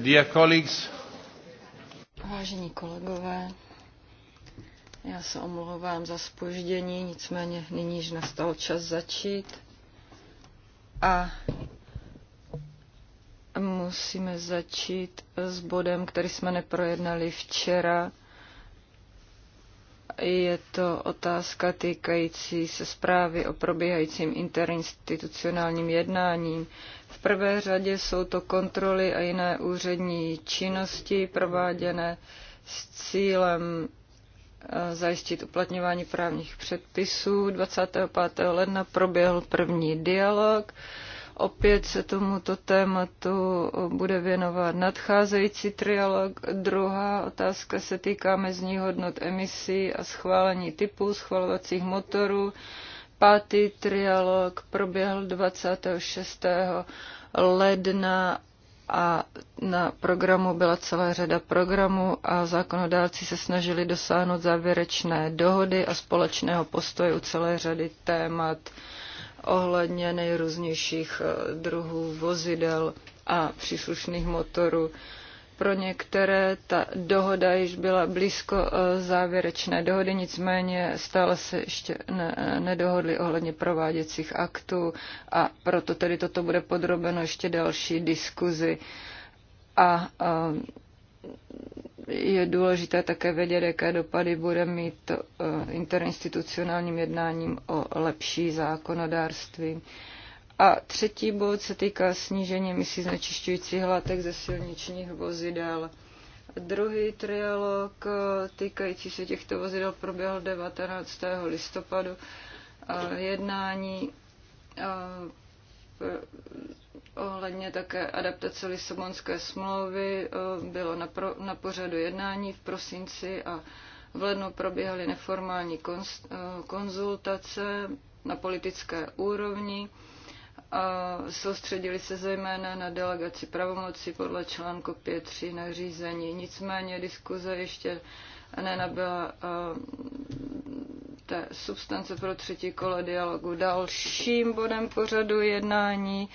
Dear colleagues. Vážení kolegové, já se omlouvám za spoždění, nicméně nyní již nastal čas začít. A musíme začít s bodem, který jsme neprojednali včera, je to otázka týkající se zprávy o probíhajícím interinstitucionálním jednáním. V prvé řadě jsou to kontroly a jiné úřední činnosti prováděné s cílem eh, zajistit uplatňování právních předpisů. 25. ledna proběhl první dialog Opět se tomuto tématu bude věnovat nadcházející trialog. Druhá otázka se týká mezní hodnot emisí a schválení typů schvalovacích motorů. Pátý trialog proběhl 26. ledna a na programu byla celá řada programů a zákonodáci se snažili dosáhnout závěrečné dohody a společného postoje u celé řady témat ohledně nejrůznějších eh, druhů vozidel a příslušných motorů. Pro některé ta dohoda již byla blízko eh, závěrečné dohody, nicméně stále se ještě ne, nedohodli ohledně prováděcích aktů a proto tedy toto bude podrobeno ještě další diskuzi. A, a eh, je důležité také vědět, jaké dopady bude mít eh, interinstitucionálním jednáním o lepší zákonodárství. A třetí bod se týká snížení emisí znečišťujících látek ze silničních vozidel. Druhý trialog eh, týkající se těchto vozidel proběhl 19. listopadu. Eh, jednání Eh, ohledně také adaptace Lisabonské smlouvy eh, bylo na, pro, na pořadu jednání v prosinci a v lednu probíhaly neformální konz, eh, konzultace na politické úrovni. A soustředili se zejména na delegaci pravomoci podle článku 5.3 nařízení. Nicméně diskuze ještě nenabyla té substance pro třetí kolo dialogu. Dalším bodem pořadu jednání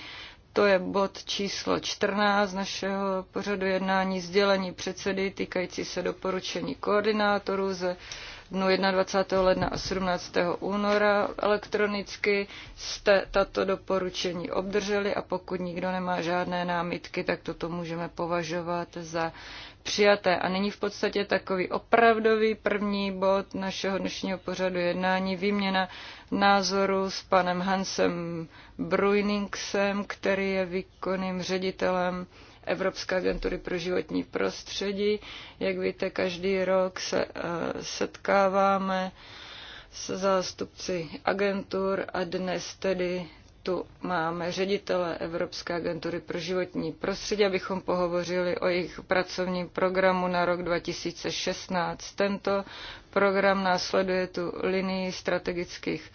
to je bod číslo 14 našeho pořadu jednání sdělení předsedy týkající se doporučení koordinátorů ze dnu 21. ledna a 17. února. Elektronicky jste tato doporučení obdrželi a pokud nikdo nemá žádné námitky, tak toto můžeme považovat za přijaté. A nyní v podstatě takový opravdový první bod našeho dnešního pořadu jednání, výměna názoru s panem Hansem Bruiningsem, který je výkonným ředitelem Evropské agentury pro životní prostředí. Jak víte, každý rok se eh, setkáváme s zástupci agentur a dnes tedy tu máme ředitele Evropské agentury pro životní prostředí, abychom pohovořili o jejich pracovním programu na rok 2016. Tento program následuje tu linii strategických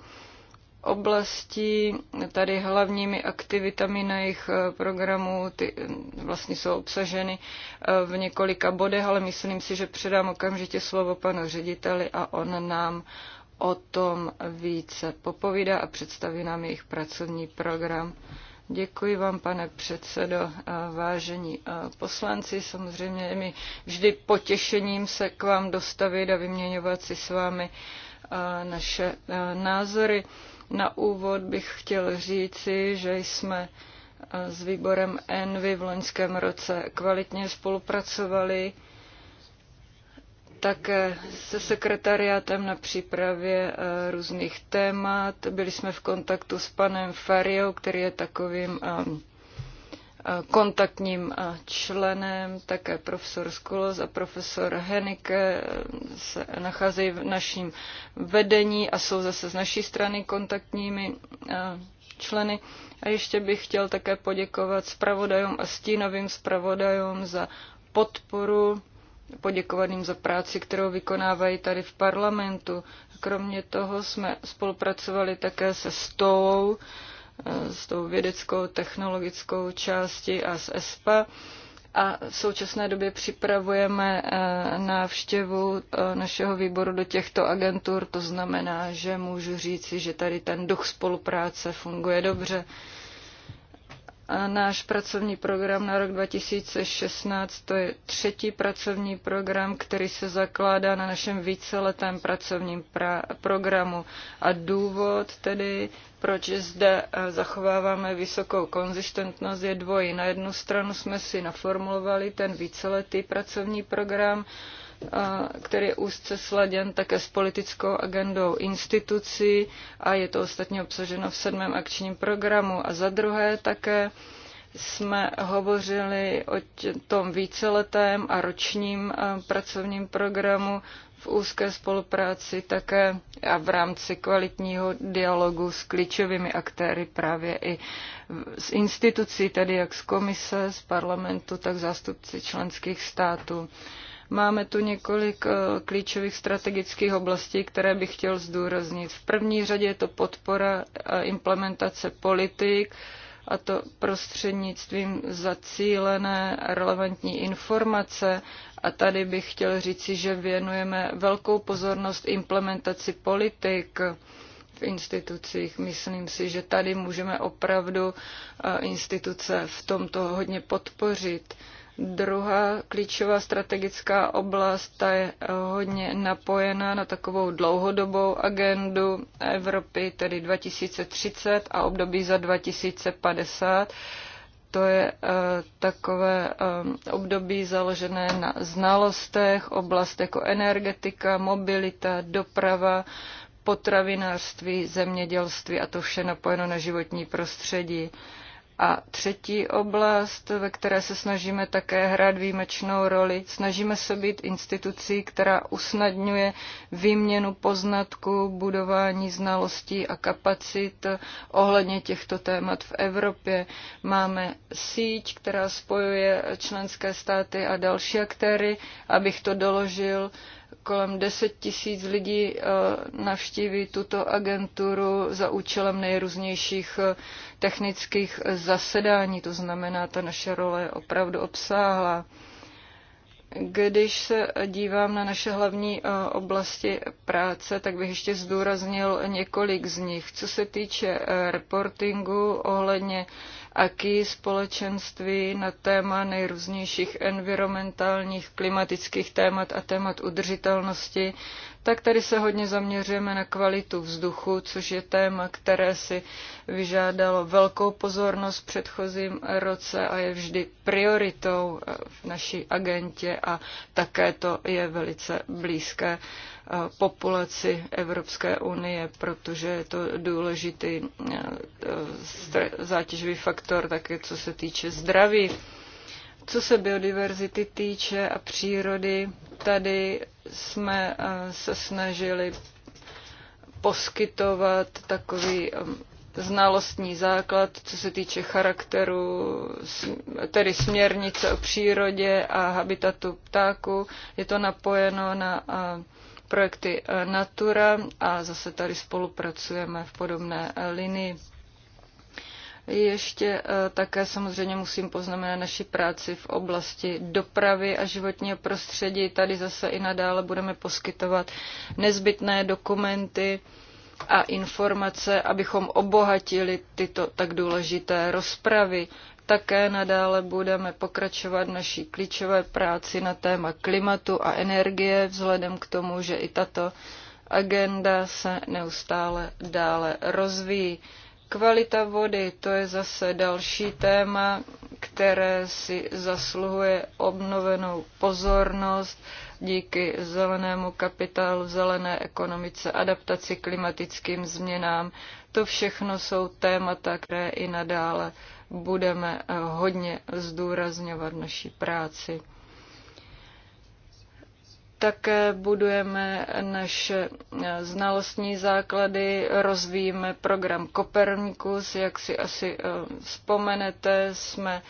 oblastí. Tady hlavními aktivitami na jejich eh, programu ty eh, vlastně jsou obsaženy eh, v několika bodech, ale myslím si, že předám okamžitě slovo panu řediteli a on nám uh, o tom více popovídá a představí nám jejich pracovní program. Děkuji vám, pane předsedo, vážení poslanci. Samozřejmě je mi vždy potěšením se k vám dostavit a vyměňovat si s vámi naše názory. Na úvod bych chtěl říci, že jsme s výborem Envy v loňském roce kvalitně spolupracovali také se sekretariátem na přípravě eh, různých témat. Byli jsme v kontaktu s panem Fariou, který je takovým ehm, eh, kontaktním eh, členem, také profesor Skulos a profesor Henike se nacházejí v našem vedení a jsou zase z naší strany kontaktními členy. A ještě bych chtěl také poděkovat zpravodajům a stínovým zpravodajům za podporu jim za práci, kterou vykonávají tady v parlamentu. Kromě toho jsme spolupracovali také se STOU, eh, s tou vědeckou technologickou částí a s ESPA. A v současné době připravujeme eh, návštěvu eh, našeho výboru do těchto agentur. To znamená, že můžu říci, že tady ten duch spolupráce funguje dobře. A náš pracovní program na rok 2016 to je třetí pracovní program, který se zakládá na našem víceletém pracovním programu. A důvod tedy, proč zde eh, zachováváme vysokou konzistentnost, je dvojí. Na jednu stranu jsme si naformulovali ten víceletý pracovní program, který je úzce sladěn také s politickou agendou institucí a je to ostatně obsaženo v sedmém akčním programu. A za druhé také jsme hovořili o tom víceletém a ročním pracovním programu v úzké spolupráci také a v rámci kvalitního dialogu s klíčovými aktéry právě i z institucí, tedy jak z komise, z parlamentu, tak zástupci členských států. Máme tu několik eh, klíčových strategických oblastí, které bych chtěl zdůraznit. V první řadě je to podpora a eh, implementace politik, a to prostřednictvím zacílené relevantní informace. A tady bych chtěl říci, že věnujeme velkou pozornost implementaci politik v institucích. Myslím si, že tady můžeme opravdu eh, instituce v tomto hodně podpořit. Druhá klíčová strategická oblast, ta je eh, hodně napojená na takovou dlouhodobou agendu Evropy, tedy 2030 a období za 2050. To je eh, takové eh, období založené na znalostech, oblast jako energetika, mobilita, doprava, potravinářství, zemědělství a to vše napojeno na životní prostředí. A třetí oblast, ve které se snažíme také hrát výjimečnou roli, snažíme se být institucí, která usnadňuje výměnu poznatků, budování znalostí a kapacit ohledně těchto témat v Evropě. Máme síť, která spojuje členské státy a další aktéry, abych to doložil kolem 10 tisíc lidí eh, navštíví tuto agenturu za účelem nejrůznějších eh, technických zasedání. To znamená, ta naše role je opravdu obsáhlá. Když se dívám na naše hlavní eh, oblasti práce, tak bych ještě zdůraznil několik z nich. Co se týče eh, reportingu ohledně aký společenství na téma nejrůznějších environmentálních, klimatických témat a témat udržitelnosti, tak tady se hodně zaměřujeme na kvalitu vzduchu, což je téma, které si vyžádalo velkou pozornost v předchozím roce a je vždy prioritou eh, v naší agentě a také to je velice blízké eh, populaci Evropské unie, protože je to důležitý eh, zátěžový faktor také co se týče zdraví. Co se biodiverzity týče a přírody, tady jsme eh, se snažili poskytovat takový znalostní základ, co se týče charakteru, tedy směrnice o přírodě a habitatu ptáku. Je to napojeno na eh, projekty eh, Natura a zase tady spolupracujeme v podobné linii. Ještě eh, také samozřejmě musím poznamenat naši práci v oblasti dopravy a životního prostředí. Tady zase i nadále budeme poskytovat nezbytné dokumenty a informace, abychom obohatili tyto tak důležité rozpravy. Také nadále budeme pokračovat naší klíčové práci na téma klimatu a energie, vzhledem k tomu, že i tato agenda se neustále dále rozvíjí. Kvalita vody, to je zase další téma, které si zasluhuje obnovenou pozornost díky zelenému kapitálu, zelené ekonomice, adaptaci klimatickým změnám. To všechno jsou témata, které i nadále budeme hodně zdůrazňovat naší práci. Také budujeme naše znalostní základy, rozvíjíme program Kopernikus, jak si asi eh, vzpomenete, jsme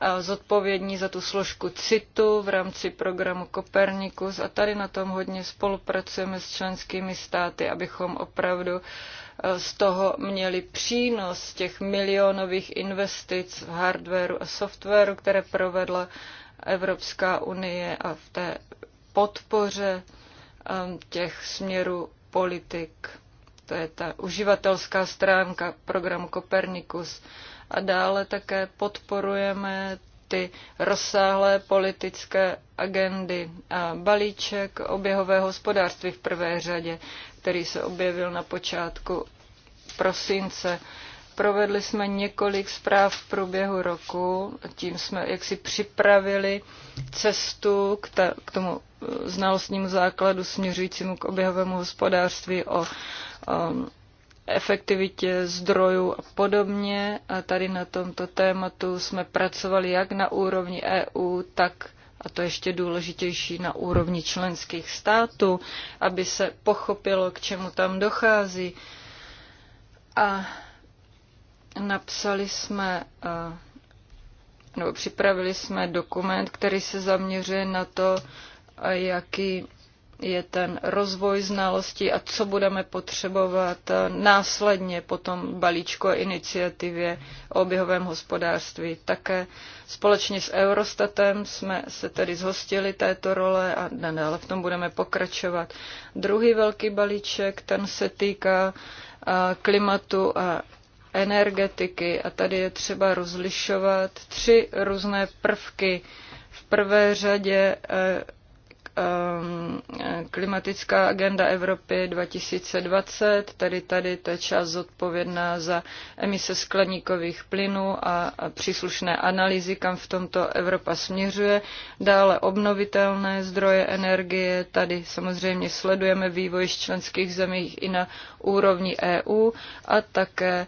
eh, zodpovědní za tu složku CITu v rámci programu Kopernikus a tady na tom hodně spolupracujeme s členskými státy, abychom opravdu eh, z toho měli přínos těch milionových investic v hardwareu a softwaru, které provedla Evropská unie a v té podpoře ehm, těch směrů politik. To je ta uživatelská stránka programu Kopernikus. A dále také podporujeme ty rozsáhlé politické agendy a balíček oběhového hospodářství v prvé řadě, který se objevil na počátku prosince Provedli jsme několik zpráv v průběhu roku, tím jsme jaksi připravili cestu k, ta, k tomu eh, znalostnímu základu směřujícímu k oběhovému hospodářství o, o um, efektivitě zdrojů a podobně. A tady na tomto tématu jsme pracovali jak na úrovni EU, tak a to ještě důležitější na úrovni členských států, aby se pochopilo, k čemu tam dochází. A Napsali jsme eh, nebo připravili jsme dokument, který se zaměřuje na to, eh, jaký je ten rozvoj znalostí a co budeme potřebovat eh, následně po tom balíčku a iniciativě o oběhovém hospodářství. Také společně s Eurostatem jsme se tedy zhostili této role a dále v tom budeme pokračovat. Druhý velký balíček, ten se týká klimatu a energetiky. A tady je třeba rozlišovat tři různé prvky. V prvé řadě eh, eh, klimatická agenda Evropy 2020, tedy tady ta část zodpovědná za emise skleníkových plynů a příslušné analýzy, kam v tomto Evropa směřuje. Dále obnovitelné zdroje energie, tady samozřejmě sledujeme vývoj z členských zemích i na úrovni EU a také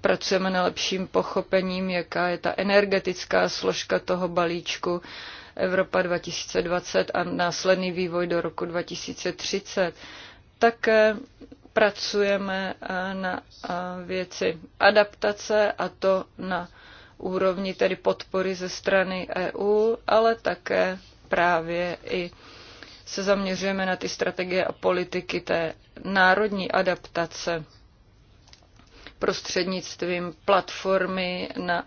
pracujeme na lepším pochopením, jaká je ta energetická složka toho balíčku Evropa 2020 a následný vývoj do roku 2030. Také pracujeme eh, na eh, věci adaptace a to na úrovni tedy podpory ze strany EU, ale také právě i se zaměřujeme na ty strategie a politiky té národní adaptace prostřednictvím platformy na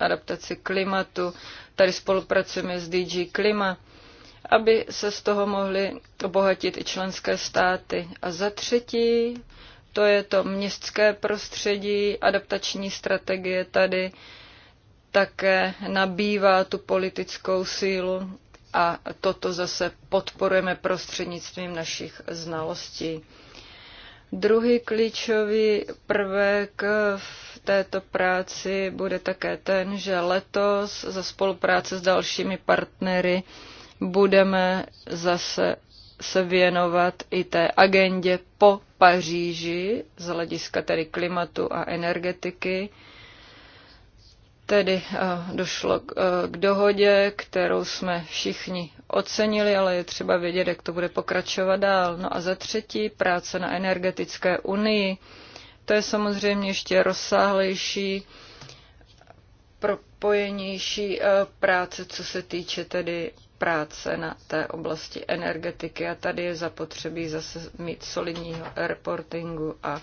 adaptaci klimatu. Tady spolupracujeme s DG Klima, aby se z toho mohly obohatit i členské státy. A za třetí, to je to městské prostředí, adaptační strategie tady také nabývá tu politickou sílu a toto zase podporujeme prostřednictvím našich znalostí. Druhý klíčový prvek v této práci bude také ten, že letos za spolupráce s dalšími partnery budeme zase se věnovat i té agendě po Paříži z hlediska tedy klimatu a energetiky. Tedy eh, došlo eh, k dohodě, kterou jsme všichni ocenili, ale je třeba vědět, jak to bude pokračovat dál. No a za třetí, práce na energetické unii. To je samozřejmě ještě rozsáhlejší, propojenější eh, práce, co se týče tedy práce na té oblasti energetiky a tady je zapotřebí zase mít solidního reportingu a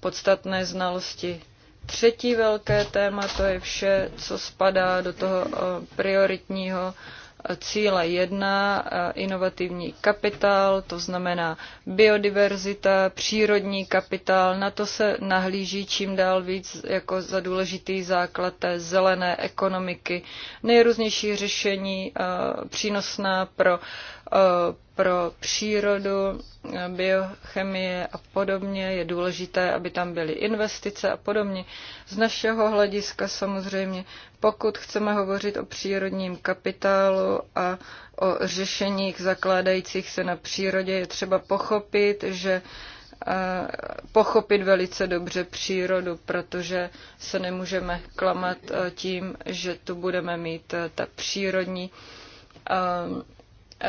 podstatné znalosti. Třetí velké téma to je vše, co spadá do toho eh, prioritního cíle 1 eh, inovativní kapitál, to znamená biodiverzita, přírodní kapitál, na to se nahlíží čím dál víc jako za důležitý základ té zelené ekonomiky. Nejrůznější řešení eh, přínosná pro Eh, pro přírodu, eh, biochemie a podobně. Je důležité, aby tam byly investice a podobně. Z našeho hlediska samozřejmě, pokud chceme hovořit o přírodním kapitálu a o řešeních zakládajících se na přírodě, je třeba pochopit, že eh, pochopit velice dobře přírodu, protože se nemůžeme klamat tím, že tu budeme mít ta přírodní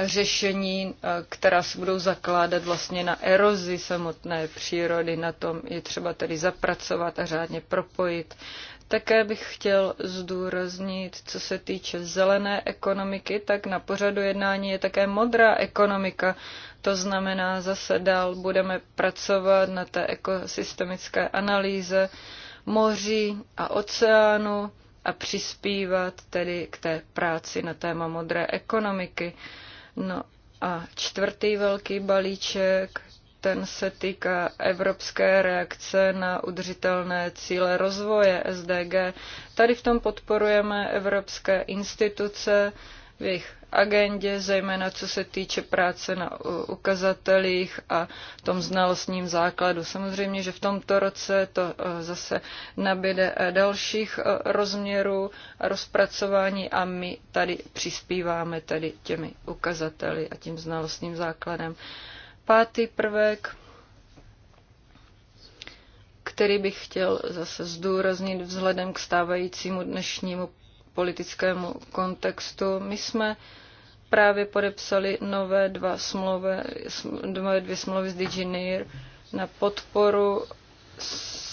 řešení, eh, která se budou zakládat vlastně na erozi samotné přírody. Na tom je třeba tedy zapracovat a řádně propojit. Také bych chtěl zdůraznit, co se týče zelené ekonomiky, tak na pořadu jednání je také modrá ekonomika. To znamená, zase dál budeme pracovat na té ekosystemické analýze moří a oceánu a přispívat tedy k té práci na téma modré ekonomiky. No a čtvrtý velký balíček, ten se týká evropské reakce na udržitelné cíle rozvoje SDG. Tady v tom podporujeme evropské instituce, v jejich agendě, zejména co se týče práce na ukazatelích a tom znalostním základu. Samozřejmě, že v tomto roce to eh, zase nabíde eh, dalších eh, rozměrů a rozpracování a my tady přispíváme tady těmi ukazateli a tím znalostním základem. Pátý prvek který bych chtěl zase zdůraznit vzhledem k stávajícímu dnešnímu politickému kontextu. My jsme právě podepsali nové dva smlouvy, nové dvě smlouvy s Diginir na podporu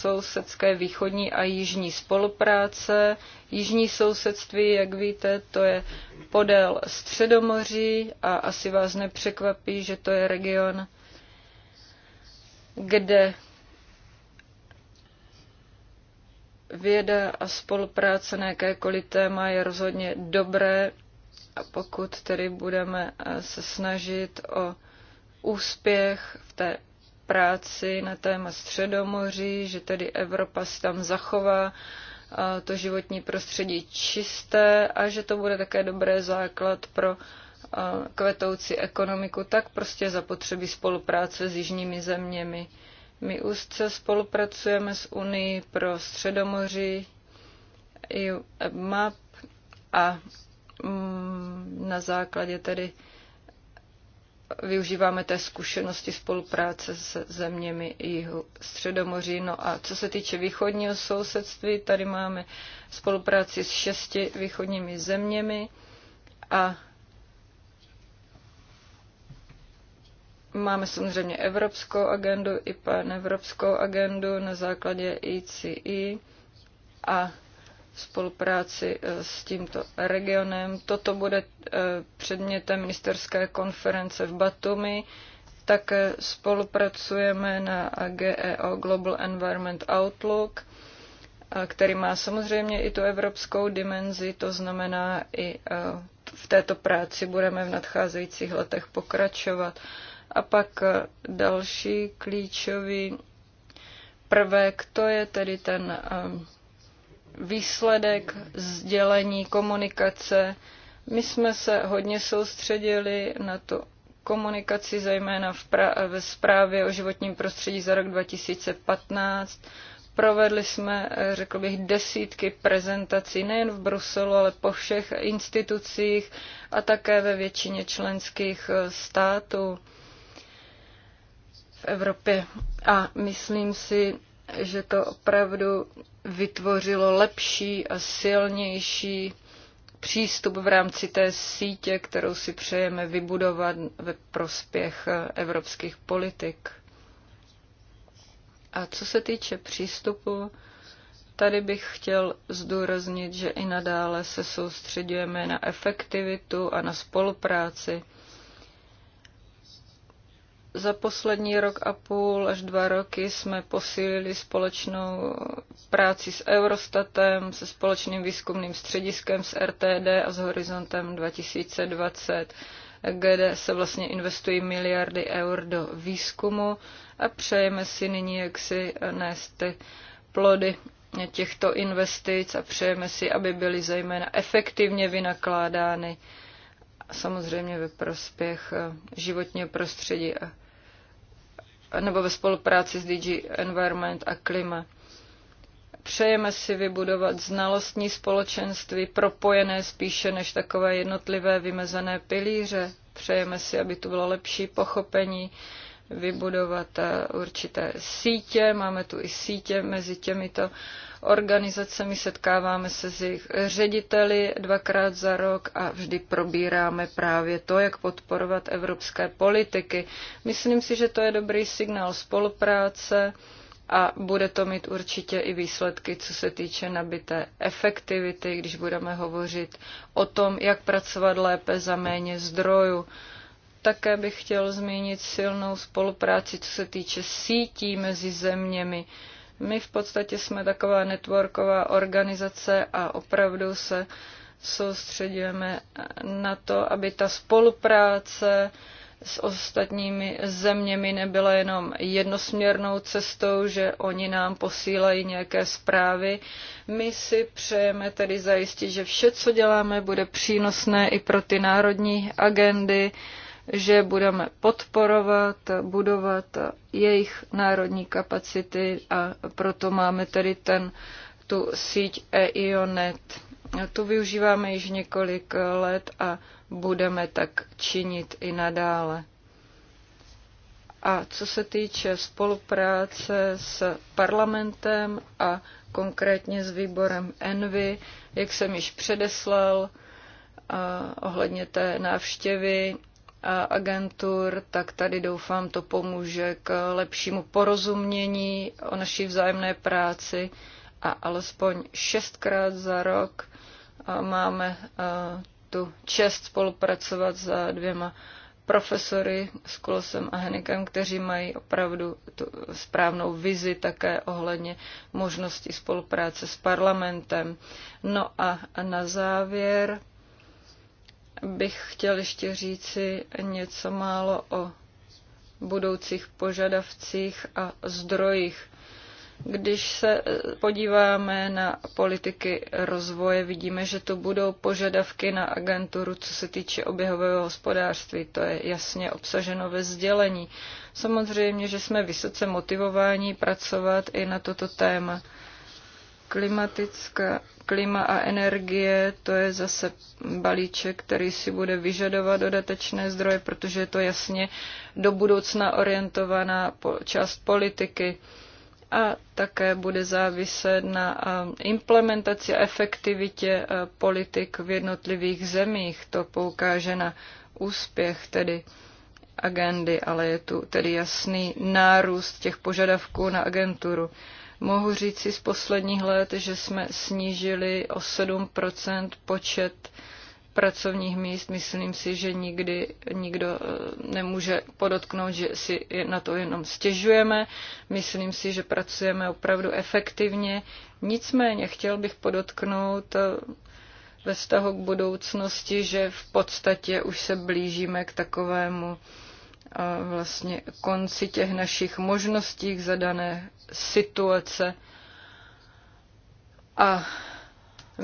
sousedské východní a jižní spolupráce. Jižní sousedství, jak víte, to je podél Středomoří a asi vás nepřekvapí, že to je region, kde Věda a spolupráce na jakékoliv téma je rozhodně dobré a pokud tedy budeme eh, se snažit o úspěch v té práci na téma Středomoří, že tedy Evropa si tam zachová eh, to životní prostředí čisté a že to bude také dobré základ pro eh, kvetoucí ekonomiku, tak prostě zapotřebí spolupráce s jižními zeměmi. My úzce spolupracujeme s Unii pro Středomoří, MAP a mm, na základě tedy využíváme té zkušenosti spolupráce s zeměmi jihu Středomoří. No a co se týče východního sousedství, tady máme spolupráci s šesti východními zeměmi a Máme samozřejmě evropskou agendu i panevropskou agendu na základě ICI a spolupráci e, s tímto regionem. Toto bude e, předmětem ministerské konference v Batumi. Také spolupracujeme na GEO Global Environment Outlook, e, který má samozřejmě i tu evropskou dimenzi, to znamená i v této práci budeme v nadcházejících letech pokračovat. A pak eh, další klíčový prvek, to je tedy ten eh, výsledek sdělení, komunikace. My jsme se hodně soustředili na to komunikaci, zejména v pra- ve zprávě o životním prostředí za rok 2015. Provedli jsme, eh, řekl bych, desítky prezentací nejen v Bruselu, ale po všech institucích a také ve většině členských států v Evropě. A myslím si, že to opravdu vytvořilo lepší a silnější přístup v rámci té sítě, kterou si přejeme vybudovat ve prospěch evropských politik. A co se týče přístupu, tady bych chtěl zdůraznit, že i nadále se soustředujeme na efektivitu a na spolupráci. Za poslední rok a půl až dva roky jsme posílili společnou práci s Eurostatem, se společným výzkumným střediskem s RTD a s horizontem 2020, kde se vlastně investují miliardy eur do výzkumu a přejeme si nyní, jak si nést ty plody těchto investic a přejeme si, aby byly zejména efektivně vynakládány samozřejmě ve prospěch životního prostředí a nebo ve spolupráci s DG Environment a Klima. Přejeme si vybudovat znalostní společenství propojené spíše než takové jednotlivé vymezené pilíře. Přejeme si, aby tu bylo lepší pochopení vybudovat eh, určité sítě. Máme tu i sítě mezi těmito organizacemi, setkáváme se s jejich řediteli dvakrát za rok a vždy probíráme právě to, jak podporovat evropské politiky. Myslím si, že to je dobrý signál spolupráce a bude to mít určitě i výsledky, co se týče nabité efektivity, když budeme hovořit o tom, jak pracovat lépe za méně zdrojů. Také bych chtěl zmínit silnou spolupráci, co se týče sítí mezi zeměmi. My v podstatě jsme taková networková organizace a opravdu se soustředujeme na to, aby ta spolupráce s ostatními zeměmi nebyla jenom jednosměrnou cestou, že oni nám posílají nějaké zprávy. My si přejeme tedy zajistit, že vše, co děláme, bude přínosné i pro ty národní agendy, že budeme podporovat, budovat jejich národní kapacity a proto máme tedy ten, tu síť EIONET. Tu využíváme již několik let a budeme tak činit i nadále. A co se týče spolupráce s parlamentem a konkrétně s výborem Envy, jak jsem již předeslal, ohledně té návštěvy agentur, tak tady doufám to pomůže k lepšímu porozumění o naší vzájemné práci a alespoň šestkrát za rok máme tu čest spolupracovat za dvěma profesory s Kulosem a Henikem, kteří mají opravdu tu správnou vizi také ohledně možnosti spolupráce s parlamentem. No a na závěr bych chtěl ještě říci něco málo o budoucích požadavcích a zdrojích. Když se eh, podíváme na politiky rozvoje, vidíme, že to budou požadavky na agenturu, co se týče oběhového hospodářství. To je jasně obsaženo ve sdělení. Samozřejmě, že jsme vysoce motivováni pracovat i na toto téma klimatická, klima a energie, to je zase balíček, který si bude vyžadovat dodatečné zdroje, protože je to jasně do budoucna orientovaná část politiky a také bude záviset na implementaci a efektivitě politik v jednotlivých zemích. To poukáže na úspěch tedy agendy, ale je tu tedy jasný nárůst těch požadavků na agenturu. Mohu říci z posledních let, že jsme snížili o 7 počet pracovních míst. Myslím si, že nikdy nikdo eh, nemůže podotknout, že si na to jenom stěžujeme. Myslím si, že pracujeme opravdu efektivně. Nicméně chtěl bych podotknout eh, ve vztahu k budoucnosti, že v podstatě už se blížíme k takovému vlastně konci těch našich možností k zadané situace. A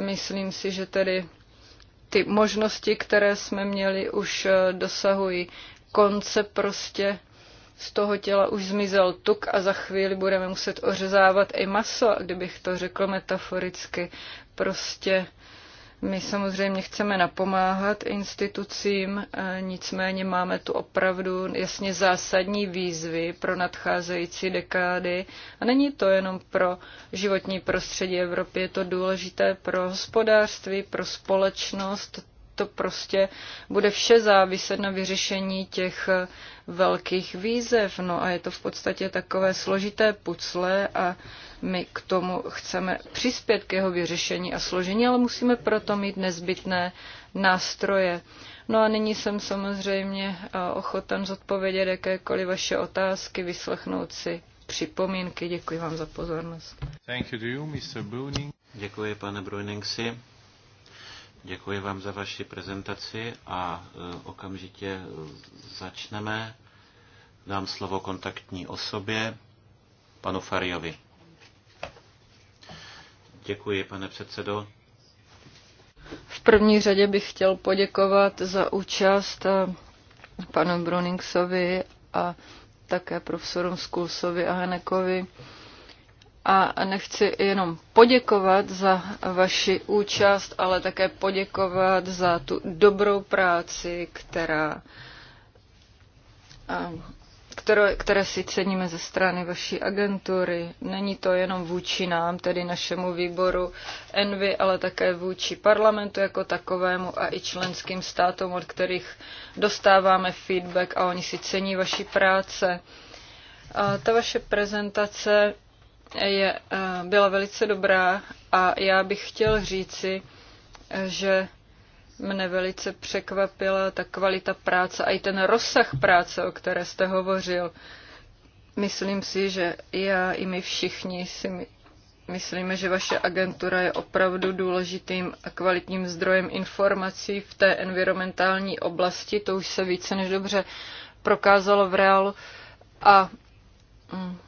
myslím si, že tedy ty možnosti, které jsme měli, už eh, dosahují konce prostě z toho těla už zmizel tuk a za chvíli budeme muset ořezávat i maso, a kdybych to řekl metaforicky, prostě my samozřejmě chceme napomáhat institucím, e, nicméně máme tu opravdu jasně zásadní výzvy pro nadcházející dekády. A není to jenom pro životní prostředí Evropy, je to důležité pro hospodářství, pro společnost, to prostě bude vše záviset na vyřešení těch velkých výzev. No a je to v podstatě takové složité pucle a my k tomu chceme přispět k jeho vyřešení a složení, ale musíme proto mít nezbytné nástroje. No a nyní jsem samozřejmě eh, ochoten zodpovědět jakékoliv vaše otázky, vyslechnout si připomínky. Děkuji vám za pozornost. Thank you to you, Mr. Děkuji, pane Bruningsi. Děkuji vám za vaši prezentaci a e, okamžitě začneme. Dám slovo kontaktní osobě, panu Fariovi. Děkuji, pane předsedo. V první řadě bych chtěl poděkovat za účast e, panu Bruningsovi a také profesorům Skulsovi a Henekovi a nechci jenom poděkovat za vaši účast, ale také poděkovat za tu dobrou práci, která, které, které si ceníme ze strany vaší agentury. Není to jenom vůči nám, tedy našemu výboru Envy, ale také vůči parlamentu jako takovému a i členským státům, od kterých dostáváme feedback a oni si cení vaší práce. A ta vaše prezentace je, eh, byla velice dobrá a já bych chtěl říci, eh, že mne velice překvapila ta kvalita práce a i ten rozsah práce, o které jste hovořil. Myslím si, že já i my všichni si my, myslíme, že vaše agentura je opravdu důležitým a kvalitním zdrojem informací v té environmentální oblasti. To už se více než dobře prokázalo v reálu. A mm,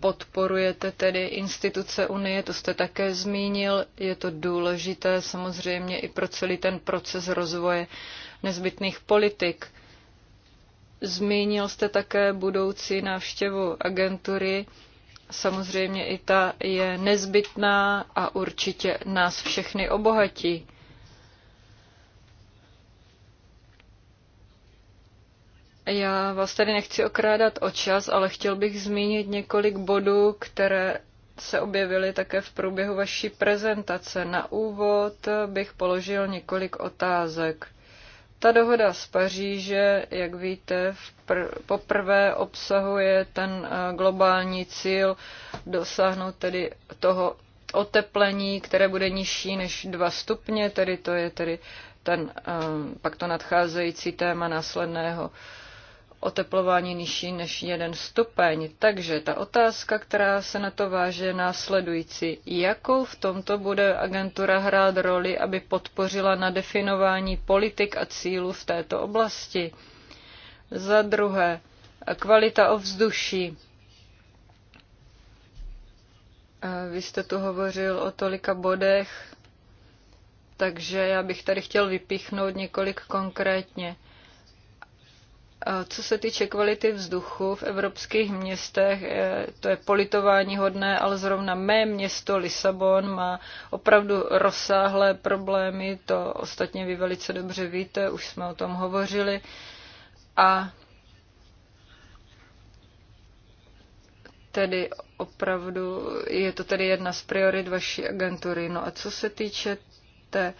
podporujete tedy instituce Unie, to jste také zmínil, je to důležité samozřejmě i pro celý ten proces rozvoje nezbytných politik. Zmínil jste také budoucí návštěvu agentury. Samozřejmě i ta je nezbytná a určitě nás všechny obohatí. Já vás tady nechci okrádat o čas, ale chtěl bych zmínit několik bodů, které se objevily také v průběhu vaší prezentace. Na úvod bych položil několik otázek. Ta dohoda z Paříže, jak víte, poprvé obsahuje ten eh, globální cíl dosáhnout tedy toho oteplení, které bude nižší než 2 stupně, tedy to je tedy ten, eh, pak to nadcházející téma následného oteplování nižší než jeden stupeň. Takže ta otázka, která se na to váže, je následující. Jakou v tomto bude agentura hrát roli, aby podpořila na definování politik a cílů v této oblasti? Za druhé, kvalita ovzduší. Vy jste tu hovořil o tolika bodech, takže já bych tady chtěl vypíchnout několik konkrétně. Co se týče kvality vzduchu v evropských městech, eh, to je politování hodné, ale zrovna mé město Lisabon má opravdu rozsáhlé problémy, to ostatně vy velice dobře víte, už jsme o tom hovořili. A tedy opravdu, je to tedy jedna z priorit vaší agentury. No a co se týče té uh,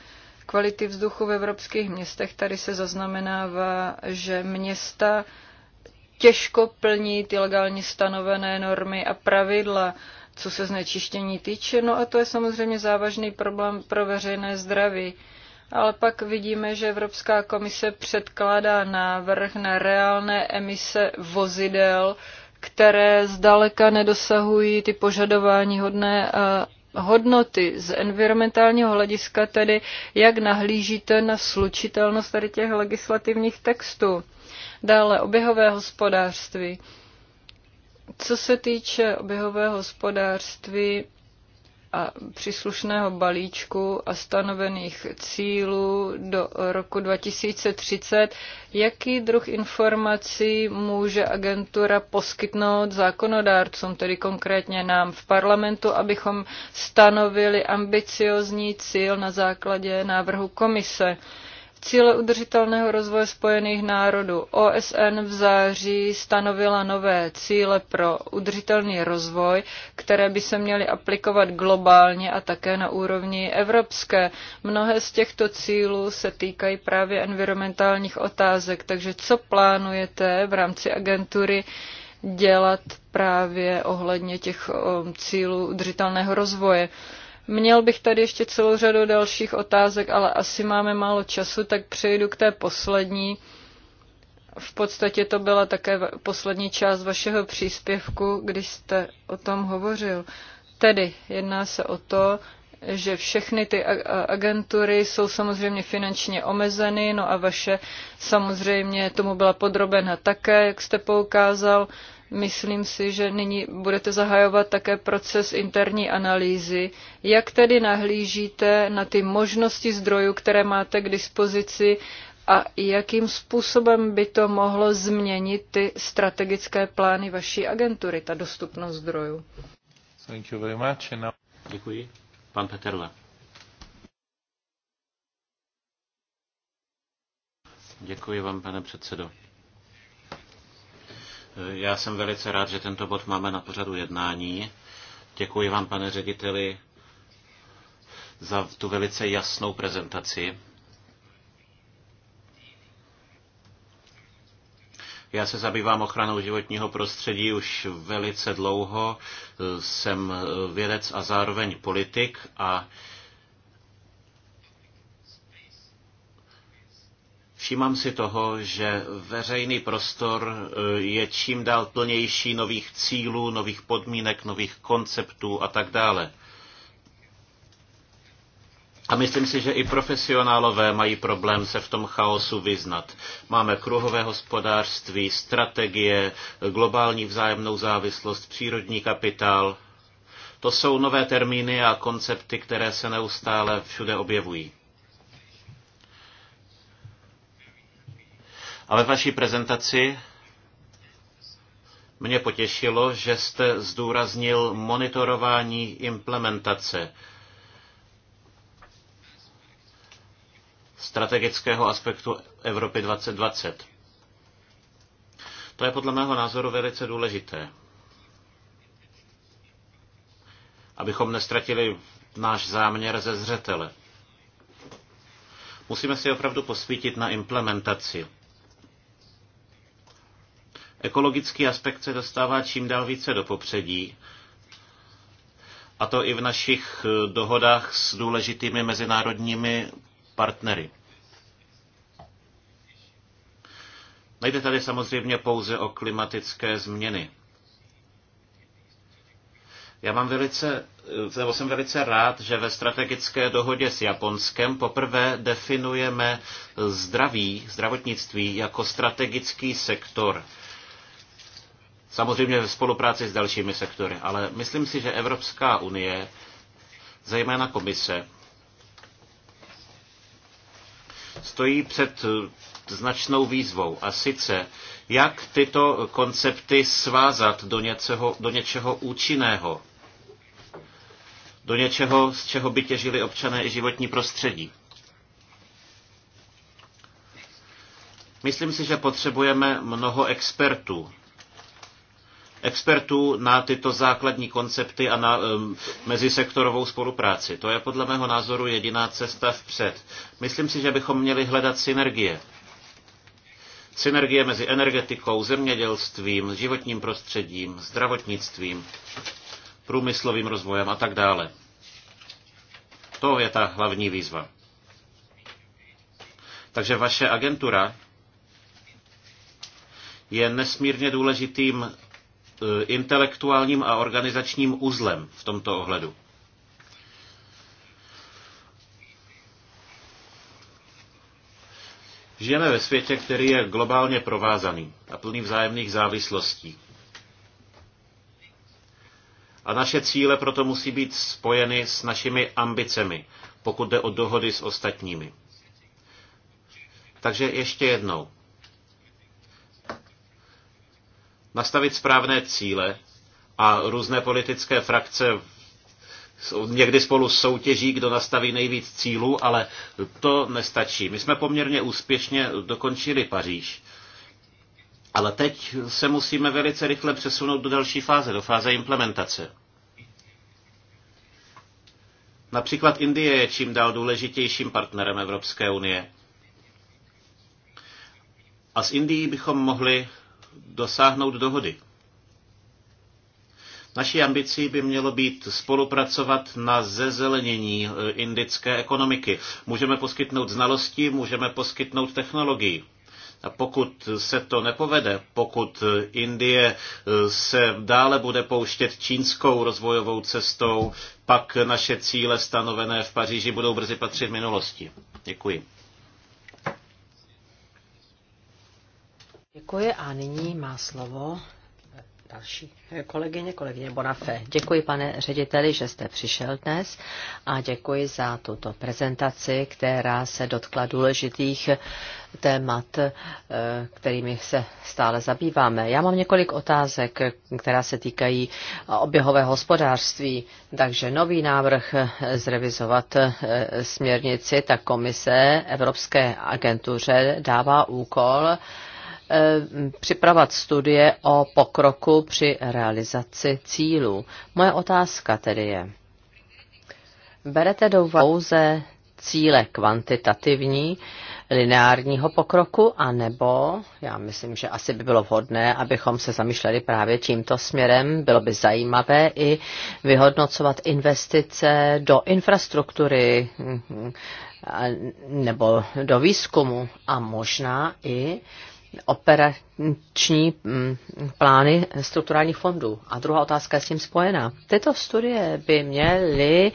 kvality vzduchu v evropských městech, tady se zaznamenává, že města těžko plní ty legálně stanovené normy a pravidla, co se znečištění týče. No a to je samozřejmě závažný problém pro veřejné zdraví. Ale pak vidíme, že Evropská komise předkládá návrh na reálné emise vozidel, které zdaleka nedosahují ty požadování hodné eh, hodnoty z environmentálního hlediska, tedy jak nahlížíte na slučitelnost tady těch legislativních textů. Dále oběhové hospodářství. Co se týče oběhového hospodářství, a příslušného balíčku a stanovených cílů do roku 2030, jaký druh informací může agentura poskytnout zákonodárcům, tedy konkrétně nám v parlamentu, abychom stanovili ambiciozní cíl na základě návrhu komise. Cíle udržitelného rozvoje Spojených národů OSN v září stanovila nové cíle pro udržitelný rozvoj, které by se měly aplikovat globálně a také na úrovni evropské. Mnohé z těchto cílů se týkají právě environmentálních otázek, takže co plánujete v rámci agentury dělat právě ohledně těch cílů udržitelného rozvoje? Měl bych tady ještě celou řadu dalších otázek, ale asi máme málo času, tak přejdu k té poslední. V podstatě to byla také poslední část vašeho příspěvku, když jste o tom hovořil. Tedy jedná se o to, že všechny ty agentury jsou samozřejmě finančně omezeny, no a vaše samozřejmě tomu byla podrobena také, jak jste poukázal. Myslím si, že nyní budete zahajovat také proces interní analýzy. Jak tedy nahlížíte na ty možnosti zdrojů, které máte k dispozici a jakým způsobem by to mohlo změnit ty strategické plány vaší agentury, ta dostupnost zdrojů? Děkuji. Pan Peterle. Děkuji vám, pane předsedo. Já jsem velice rád, že tento bod máme na pořadu jednání. Děkuji vám, pane řediteli, za tu velice jasnou prezentaci. Já se zabývám ochranou životního prostředí už velice dlouho. Jsem vědec a zároveň politik a Všímám si toho, že veřejný prostor e, je čím dál plnější nových cílů, nových podmínek, nových konceptů a tak dále. A myslím si, že i profesionálové mají problém se v tom chaosu vyznat. Máme kruhové hospodářství, strategie, globální vzájemnou závislost, přírodní kapitál. To jsou nové termíny a koncepty, které se neustále všude objevují. Ale ve vaší prezentaci mě potěšilo, že jste zdůraznil monitorování implementace strategického aspektu Evropy 2020. To je podle mého názoru velice důležité, abychom nestratili náš záměr ze zřetele. Musíme si opravdu posvítit na implementaci Ekologický aspekt se dostává čím dál více do popředí, a to i v našich eh, dohodách s důležitými mezinárodními partnery. Nejde tady samozřejmě pouze o klimatické změny. Já mám velice, eh, nebo jsem velice rád, že ve strategické dohodě s Japonskem poprvé definujeme eh, zdraví, zdravotnictví jako strategický sektor Samozřejmě ve spolupráci s dalšími sektory, ale myslím si, že Evropská unie, zejména komise, stojí před značnou výzvou. A sice, jak tyto koncepty svázat do něčeho, do něčeho účinného, do něčeho, z čeho by těžili občané i životní prostředí. Myslím si, že potřebujeme mnoho expertů, expertů na tyto základní koncepty a na um, mezisektorovou spolupráci. To je podle mého názoru jediná cesta vpřed. Myslím si, že bychom měli hledat synergie. Synergie mezi energetikou, zemědělstvím, životním prostředím, zdravotnictvím, průmyslovým rozvojem a tak dále. To je ta hlavní výzva. Takže vaše agentura je nesmírně důležitým E, intelektuálním a organizačním uzlem v tomto ohledu. Žijeme ve světě, který je globálně provázaný a plný vzájemných závislostí. A naše cíle proto musí být spojeny s našimi ambicemi, pokud jde o dohody s ostatními. Takže ještě jednou. nastavit správné cíle a různé politické frakce někdy spolu soutěží, kdo nastaví nejvíc cílů, ale to nestačí. My jsme poměrně úspěšně dokončili Paříž. Ale teď se musíme velice rychle přesunout do další fáze, do fáze implementace. Například Indie je čím dál důležitějším partnerem Evropské unie. A s Indií bychom mohli dosáhnout dohody. Naší ambicí by mělo být spolupracovat na zezelenění e, indické ekonomiky. Můžeme poskytnout znalosti, můžeme poskytnout technologii. A pokud se to nepovede, pokud e, Indie e, se dále bude pouštět čínskou rozvojovou cestou, pak naše cíle stanovené v Paříži budou brzy patřit minulosti. Děkuji. Děkuji a nyní má slovo další kolegyně, kolegyně Bonafé. Děkuji, pane řediteli, že jste přišel dnes a děkuji za tuto prezentaci, která se dotkla důležitých témat, eh, kterými se stále zabýváme. Já mám několik otázek, která se týkají oběhového hospodářství. Takže nový návrh eh, zrevizovat eh, směrnici, tak komise Evropské agentuře dává úkol Eh, připravat studie o pokroku při realizaci cílů. Moje otázka tedy je, berete do pouze cíle kvantitativní, lineárního pokroku, anebo já myslím, že asi by bylo vhodné, abychom se zamýšleli právě tímto směrem. Bylo by zajímavé i vyhodnocovat investice do infrastruktury mm, mm, nebo do výzkumu a možná i operační mm, plány strukturálních fondů. A druhá otázka je s tím spojená. Tyto studie by měly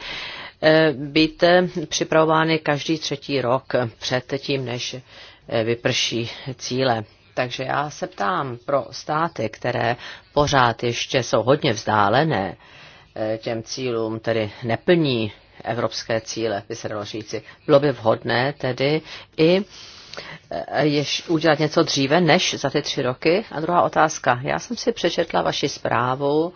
eh, být eh, připravovány každý třetí rok před tím, než eh, vyprší cíle. Takže já se ptám pro státy, které pořád ještě jsou hodně vzdálené těm cílům, tedy neplní evropské cíle, by se dalo říci. Bylo by vhodné tedy i Eh, jež udělat něco dříve než za ty tři roky? A druhá otázka. Já jsem si přečetla vaši zprávu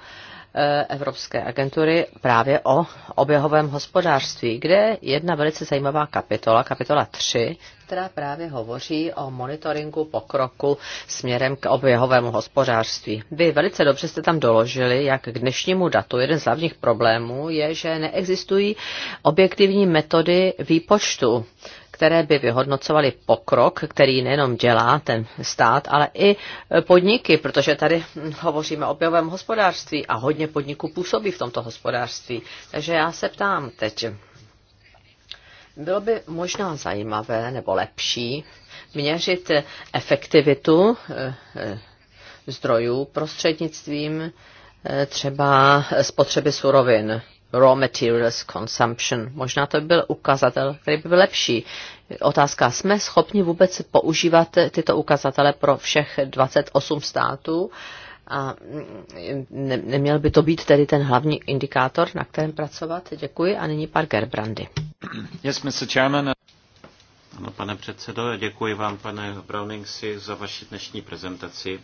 eh, Evropské agentury právě o oběhovém hospodářství, kde je jedna velice zajímavá kapitola, kapitola 3, která právě hovoří o monitoringu pokroku směrem k oběhovému hospodářství. Vy velice dobře jste tam doložili, jak k dnešnímu datu jeden z hlavních problémů je, že neexistují objektivní metody výpočtu které by vyhodnocovaly pokrok, který nejenom dělá ten stát, ale i podniky, protože tady hovoříme o běhovém hospodářství a hodně podniků působí v tomto hospodářství. Takže já se ptám teď, bylo by možná zajímavé nebo lepší měřit efektivitu eh, eh, zdrojů prostřednictvím eh, třeba spotřeby surovin raw materials consumption. Možná to by byl ukazatel, který by byl lepší. Otázka, jsme schopni vůbec používat tyto ukazatele pro všech 28 států? A ne, neměl by to být tedy ten hlavní indikátor, na kterém pracovat? Děkuji. A nyní pan Gerbrandy. Yes, Mr. Chairman. Ano, pane předsedo, děkuji vám, pane Browning, si za vaši dnešní prezentaci.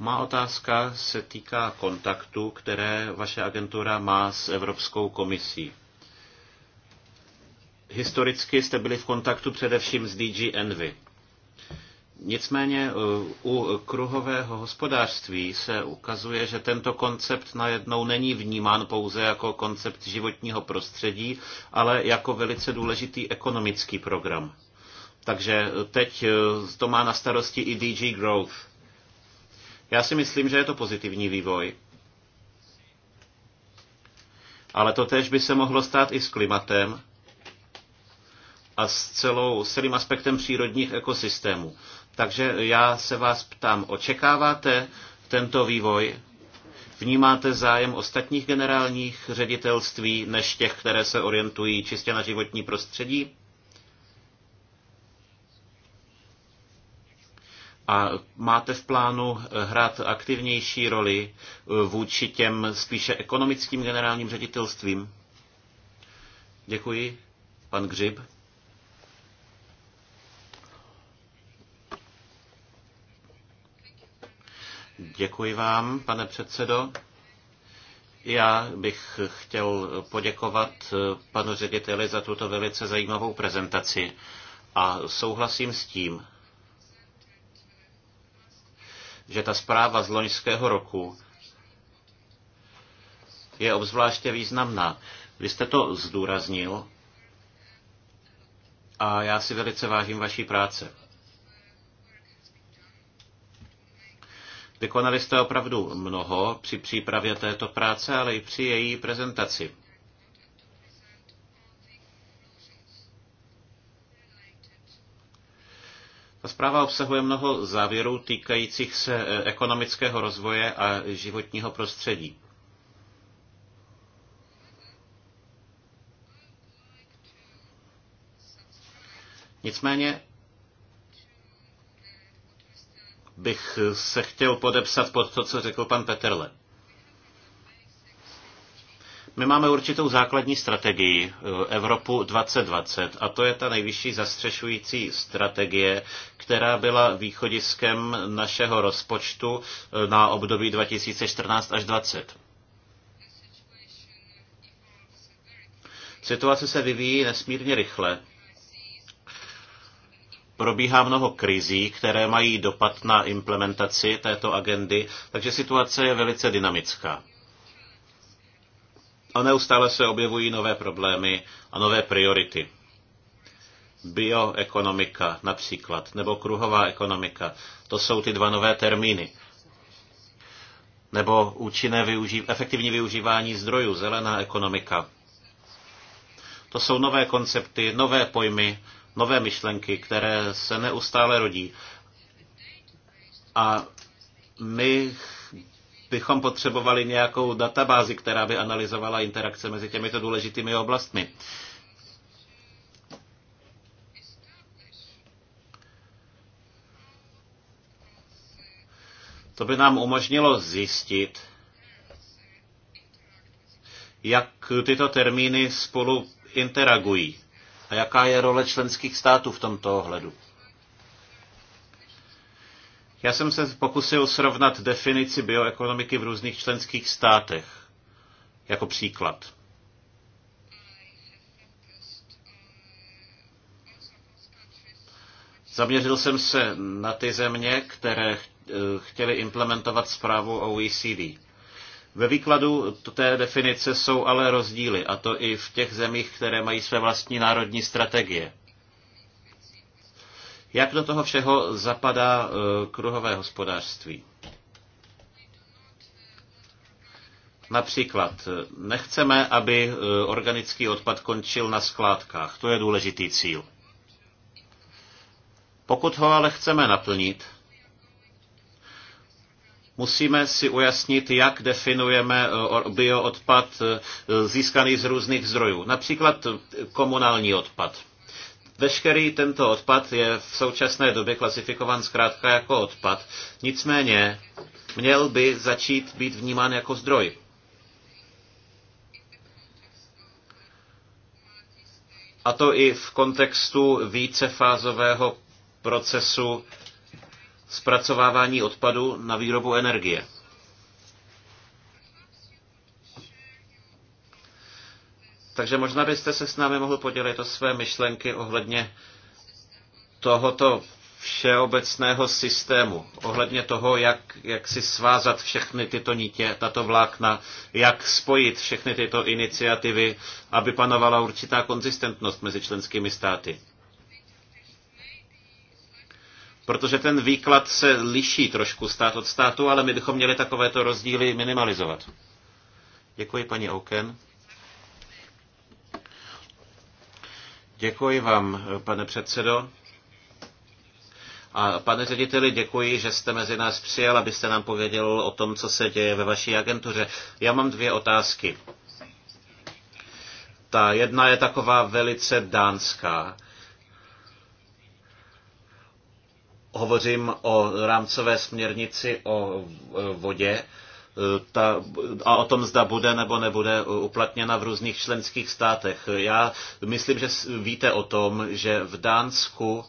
Má otázka se týká kontaktu, které vaše agentura má s Evropskou komisí. Historicky jste byli v kontaktu především s DG Envy. Nicméně eh, u kruhového hospodářství se ukazuje, že tento koncept najednou není vnímán pouze jako koncept životního prostředí, ale jako velice důležitý ekonomický program. Takže teď eh, to má na starosti i DG Growth. Já si myslím, že je to pozitivní vývoj. Ale to tež by se mohlo stát i s klimatem a s, celou, s celým aspektem přírodních ekosystémů. Takže já se vás ptám, očekáváte tento vývoj? Vnímáte zájem ostatních generálních ředitelství než těch, které se orientují čistě na životní prostředí? a máte v plánu eh, hrát aktivnější roli eh, vůči těm spíše ekonomickým generálním ředitelstvím? Děkuji. Pan Gřib. Děkuji vám, pane předsedo. Já bych chtěl poděkovat eh, panu řediteli za tuto velice zajímavou prezentaci a souhlasím s tím, že ta zpráva z loňského roku je obzvláště významná. Vy jste to zdůraznil a já si velice vážím vaší práce. Vykonali jste opravdu mnoho při přípravě této práce, ale i při její prezentaci. zpráva obsahuje mnoho závěrů týkajících se e, ekonomického rozvoje a životního prostředí. Nicméně bych se chtěl podepsat pod to, co řekl pan Peterle. My máme určitou základní strategii eh, Evropu 2020 a to je ta nejvyšší zastřešující strategie, která byla východiskem našeho rozpočtu eh, na období 2014 až 2020. Situace se vyvíjí nesmírně rychle. Probíhá mnoho krizí, které mají dopad na implementaci této agendy, takže situace je velice dynamická a neustále se objevují nové problémy a nové priority. Bioekonomika například, nebo kruhová ekonomika, to jsou ty dva nové termíny. Nebo účinné využív- efektivní využívání zdrojů, zelená ekonomika. To jsou nové koncepty, nové pojmy, nové myšlenky, které se neustále rodí. A my bychom potřebovali nějakou databázi, která by analyzovala interakce mezi těmito důležitými oblastmi. To by nám umožnilo zjistit, jak tyto termíny spolu interagují a jaká je role členských států v tomto ohledu. Já jsem se pokusil srovnat definici bioekonomiky v různých členských státech jako příklad. Zaměřil jsem se na ty země, které eh, chtěly implementovat zprávu OECD. Ve výkladu té definice jsou ale rozdíly, a to i v těch zemích, které mají své vlastní národní strategie. Jak do toho všeho zapadá e, kruhové hospodářství? Například e, nechceme, aby e, organický odpad končil na skládkách. To je důležitý cíl. Pokud ho ale chceme naplnit, musíme si ujasnit, jak definujeme bioodpad získaný z různých zdrojů. Například komunální odpad. Veškerý tento odpad je v současné době klasifikovan zkrátka jako odpad, nicméně měl by začít být vnímán jako zdroj. A to i v kontextu vícefázového procesu zpracovávání odpadu na výrobu energie. Takže možná byste se s námi mohl podělit o své myšlenky ohledně tohoto všeobecného systému, ohledně toho, jak, jak si svázat všechny tyto nítě, tato vlákna, jak spojit všechny tyto iniciativy, aby panovala určitá konzistentnost mezi členskými státy. Protože ten výklad se liší trošku stát od státu, ale my bychom měli takovéto rozdíly minimalizovat. Děkuji, paní Oken. Děkuji vám, pane předsedo. A pane řediteli, děkuji, že jste mezi nás přijel, abyste nám pověděl o tom, co se děje ve vaší agentuře. Já mám dvě otázky. Ta jedna je taková velice dánská. Hovořím o rámcové směrnici o e, vodě Eh, ta, a o tom, zda bude nebo nebude uplatněna v různých členských státech. Já myslím, že víte o tom, že v Dánsku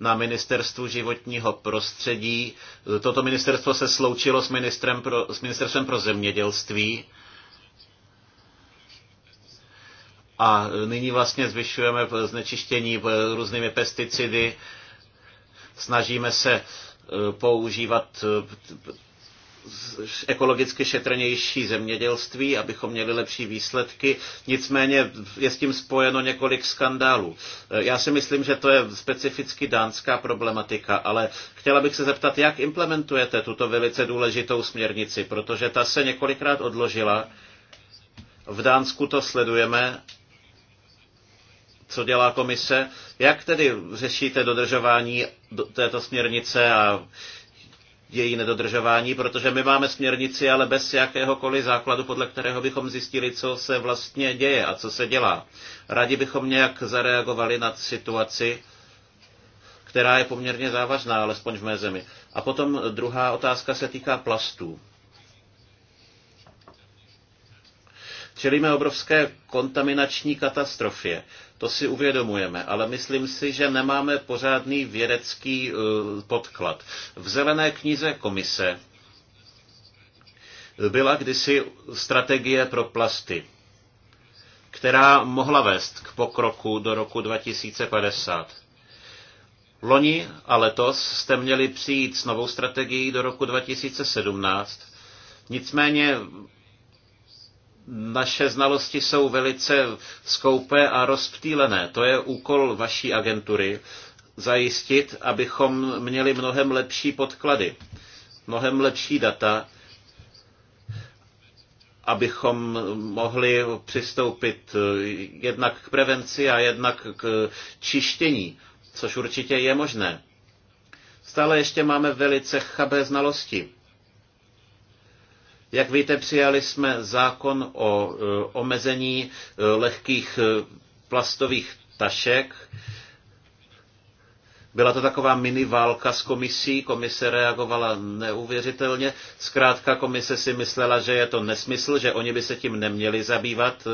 na ministerstvu životního prostředí. Eh, toto ministerstvo se sloučilo s, ministrem pro, s ministerstvem pro zemědělství. A nyní vlastně zvyšujeme znečištění různými pesticidy. Snažíme se eh, používat ekologicky šetrnější zemědělství, abychom měli lepší výsledky. Nicméně je s tím spojeno několik skandálů. E, já si myslím, že to je specificky dánská problematika, ale chtěla bych se zeptat, jak implementujete tuto velice důležitou směrnici, protože ta se několikrát odložila. V Dánsku to sledujeme co dělá komise. Jak tedy řešíte dodržování této směrnice a její nedodržování, protože my máme směrnici, ale bez jakéhokoliv základu, podle kterého bychom zjistili, co se vlastně děje a co se dělá. Rádi bychom nějak zareagovali na situaci, která je poměrně závažná, alespoň v mé zemi. A potom druhá otázka se týká plastů. Čelíme obrovské kontaminační katastrofě. To si uvědomujeme, ale myslím si, že nemáme pořádný vědecký eh, podklad. V zelené knize komise byla kdysi strategie pro plasty, která mohla vést k pokroku do roku 2050. Loni a letos jste měli přijít s novou strategií do roku 2017. Nicméně naše znalosti jsou velice skoupé a rozptýlené. To je úkol vaší agentury zajistit, abychom měli mnohem lepší podklady, mnohem lepší data, abychom mohli přistoupit jednak k prevenci a jednak k čištění, což určitě je možné. Stále ještě máme velice chabé znalosti jak víte, přijali jsme zákon o e, omezení e, lehkých e, plastových tašek. Byla to taková mini válka s komisí, komise reagovala neuvěřitelně. Zkrátka komise si myslela, že je to nesmysl, že oni by se tím neměli zabývat.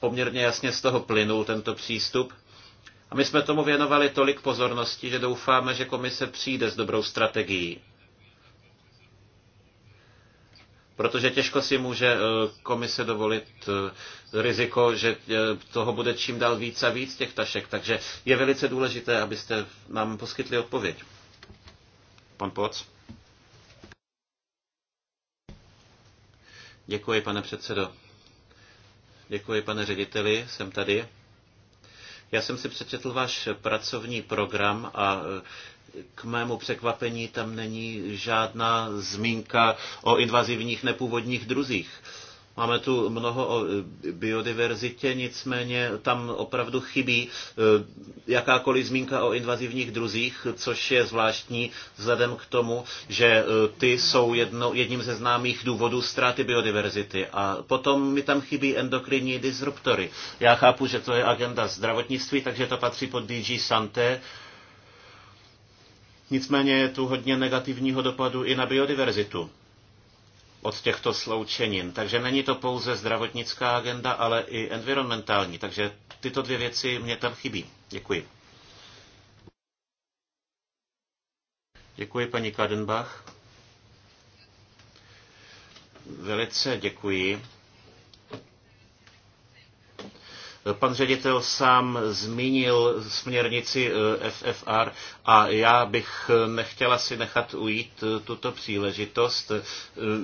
Poměrně jasně z toho plynul tento přístup. A my jsme tomu věnovali tolik pozornosti, že doufáme, že komise přijde s dobrou strategií. Protože těžko si může eh, komise dovolit eh, riziko, že eh, toho bude čím dál víc a víc těch tašek. Takže je velice důležité, abyste nám poskytli odpověď. Pan Poc. Děkuji, pane předsedo. Děkuji, pane řediteli, jsem tady. Já jsem si přečetl váš pracovní program a k mému překvapení tam není žádná zmínka o invazivních nepůvodních druzích. Máme tu mnoho o e, biodiverzitě, nicméně tam opravdu chybí e, jakákoliv zmínka o invazivních druzích, což je zvláštní vzhledem k tomu, že e, ty jsou jedno, jedním ze známých důvodů ztráty biodiverzity. A potom mi tam chybí endokrinní disruptory. Já chápu, že to je agenda zdravotnictví, takže to patří pod DG Santé, Nicméně je tu hodně negativního dopadu i na biodiverzitu od těchto sloučenin. Takže není to pouze zdravotnická agenda, ale i environmentální. Takže tyto dvě věci mě tam chybí. Děkuji. Děkuji, paní Kadenbach. Velice děkuji. Pan ředitel sám zmínil směrnici eh, FFR a já bych eh, nechtěla si nechat ujít eh, tuto příležitost.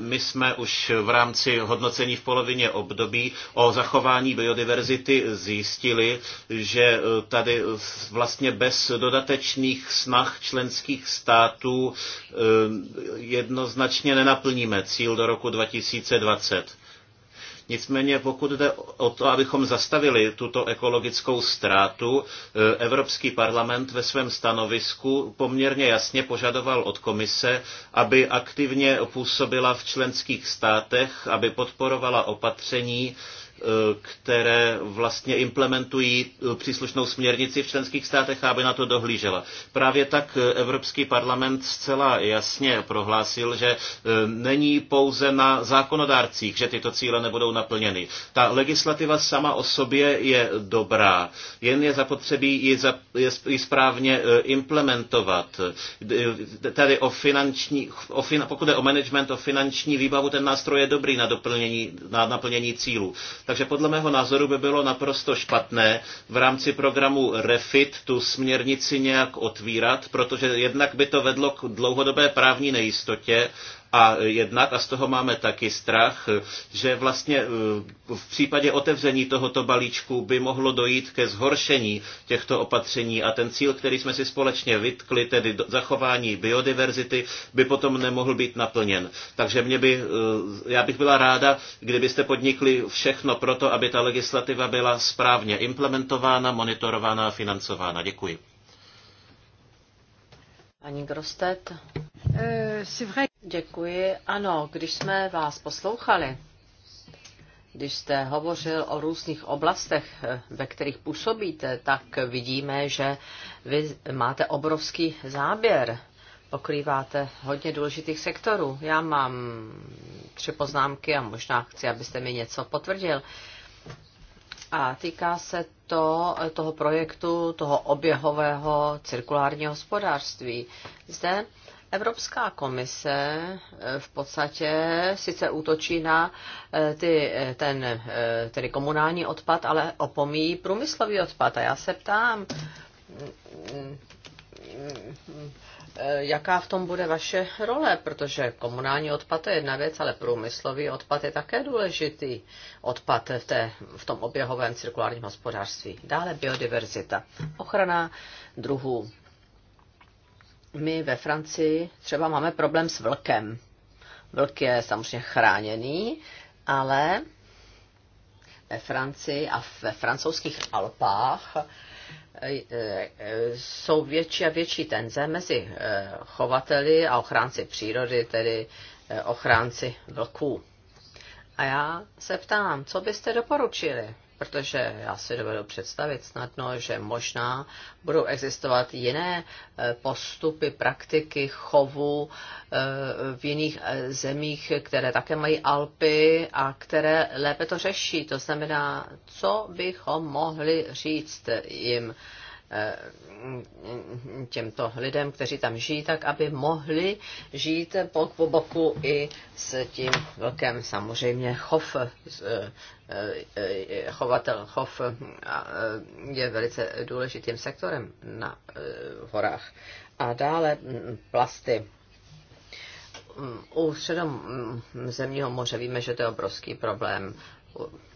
My jsme už v rámci hodnocení v polovině období o zachování biodiverzity zjistili, že tady vlastně bez dodatečných snah členských států jednoznačně nenaplníme cíl do roku 2020. Nicméně pokud jde o to, abychom zastavili tuto ekologickou ztrátu, e, Evropský parlament ve svém stanovisku poměrně jasně požadoval od komise, aby aktivně působila v členských státech, aby podporovala opatření, Eh, které vlastně implementují eh, příslušnou směrnici v členských státech, aby na to dohlížela. Právě tak eh, Evropský parlament zcela jasně prohlásil, že není pouze na zákonodárcích, že tyto cíle nebudou naplněny. Ta legislativa sama o sobě je dobrá, jen je zapotřebí ji, za, správně implementovat. Tady o finanční, o fin, pokud je o management, o finanční výbavu, ten nástroj je dobrý na, doplnění, na naplnění cílů. Takže podle mého názoru by bylo naprosto špatné v rámci programu REFIT tu směrnici nějak otvírat, protože jednak by to vedlo k dlouhodobé právní nejistotě a jednat a z toho máme taky strach, že vlastně eh, v případě otevření tohoto balíčku by mohlo dojít ke zhoršení těchto opatření a ten cíl, který jsme si společně vytkli, tedy zachování biodiverzity, by potom nemohl být naplněn. Takže mě by, eh, já bych byla ráda, kdybyste podnikli všechno pro to, aby ta legislativa byla správně implementována, monitorována a financována. Děkuji. Ani Grostet. Eh, Děkuji. Ano, když jsme vás poslouchali, když jste hovořil o různých oblastech, ve kterých působíte, tak vidíme, že vy máte obrovský záběr. Pokrýváte hodně důležitých sektorů. Já mám tři poznámky a možná chci, abyste mi něco potvrdil. A týká se to toho projektu, toho oběhového cirkulárního hospodářství. Zde Evropská komise eh, v podstatě sice útočí na eh, ty, eh, ten tedy komunální odpad, ale opomíjí průmyslový odpad. A já se ptám, jaká v tom bude vaše role, protože komunální odpad je jedna věc, ale průmyslový odpad je také důležitý odpad v, té, v tom oběhovém cirkulárním hospodářství. Dále biodiverzita, ochrana druhů my ve Francii třeba máme problém s vlkem. Vlk je samozřejmě chráněný, ale ve Francii a ve francouzských Alpách eh, eh, jsou větší a větší tenze mezi eh, chovateli a ochránci přírody, tedy ochránci vlků. A já se ptám, co byste doporučili? protože já si dovedu představit snadno, že možná budou existovat jiné eh, postupy, praktiky, chovu eh, v jiných eh, zemích, které také mají Alpy a které lépe to řeší. To znamená, co bychom mohli říct jim Eh, těmto lidem, kteří tam žijí, tak aby mohli žít bok po boku i s tím velkým Samozřejmě chov, eh, eh, chovatel, chov je velice důležitým sektorem na horách. A dále mm, plasty mm, u středom mm, zemního moře víme, že to je obrovský problém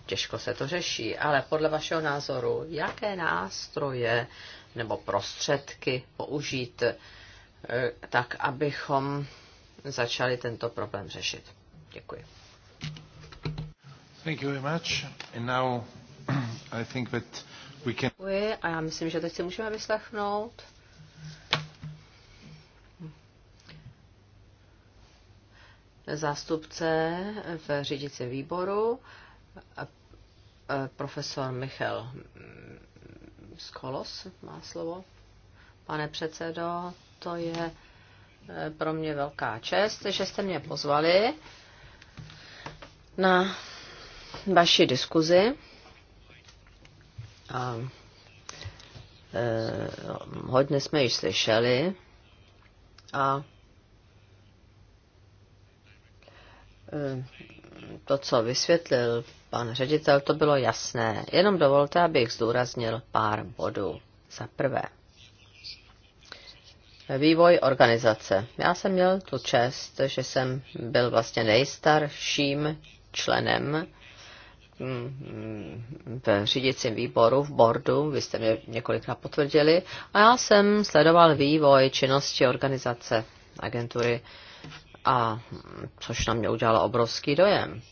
těžko se to řeší, ale podle vašeho názoru, jaké nástroje nebo prostředky použít eh, tak, abychom začali tento problém řešit? Děkuji. Thank you very much. And now I think that we can... Děkuji a já myslím, že teď si můžeme vyslechnout zástupce v řídicím výboru Profesor Michal Skolos má slovo. Pane předsedo, to je e, pro mě velká čest, že jste mě pozvali na vaši diskuzi. A, e, hodně jsme již slyšeli a e, to, co vysvětlil pan ředitel, to bylo jasné. Jenom dovolte, abych zdůraznil pár bodů. Za prvé, vývoj organizace. Já jsem měl tu čest, že jsem byl vlastně nejstarším členem mm, v řídicím výboru, v bordu, vy jste mě několikrát potvrdili, a já jsem sledoval vývoj činnosti organizace agentury, a což na mě udělalo obrovský dojem.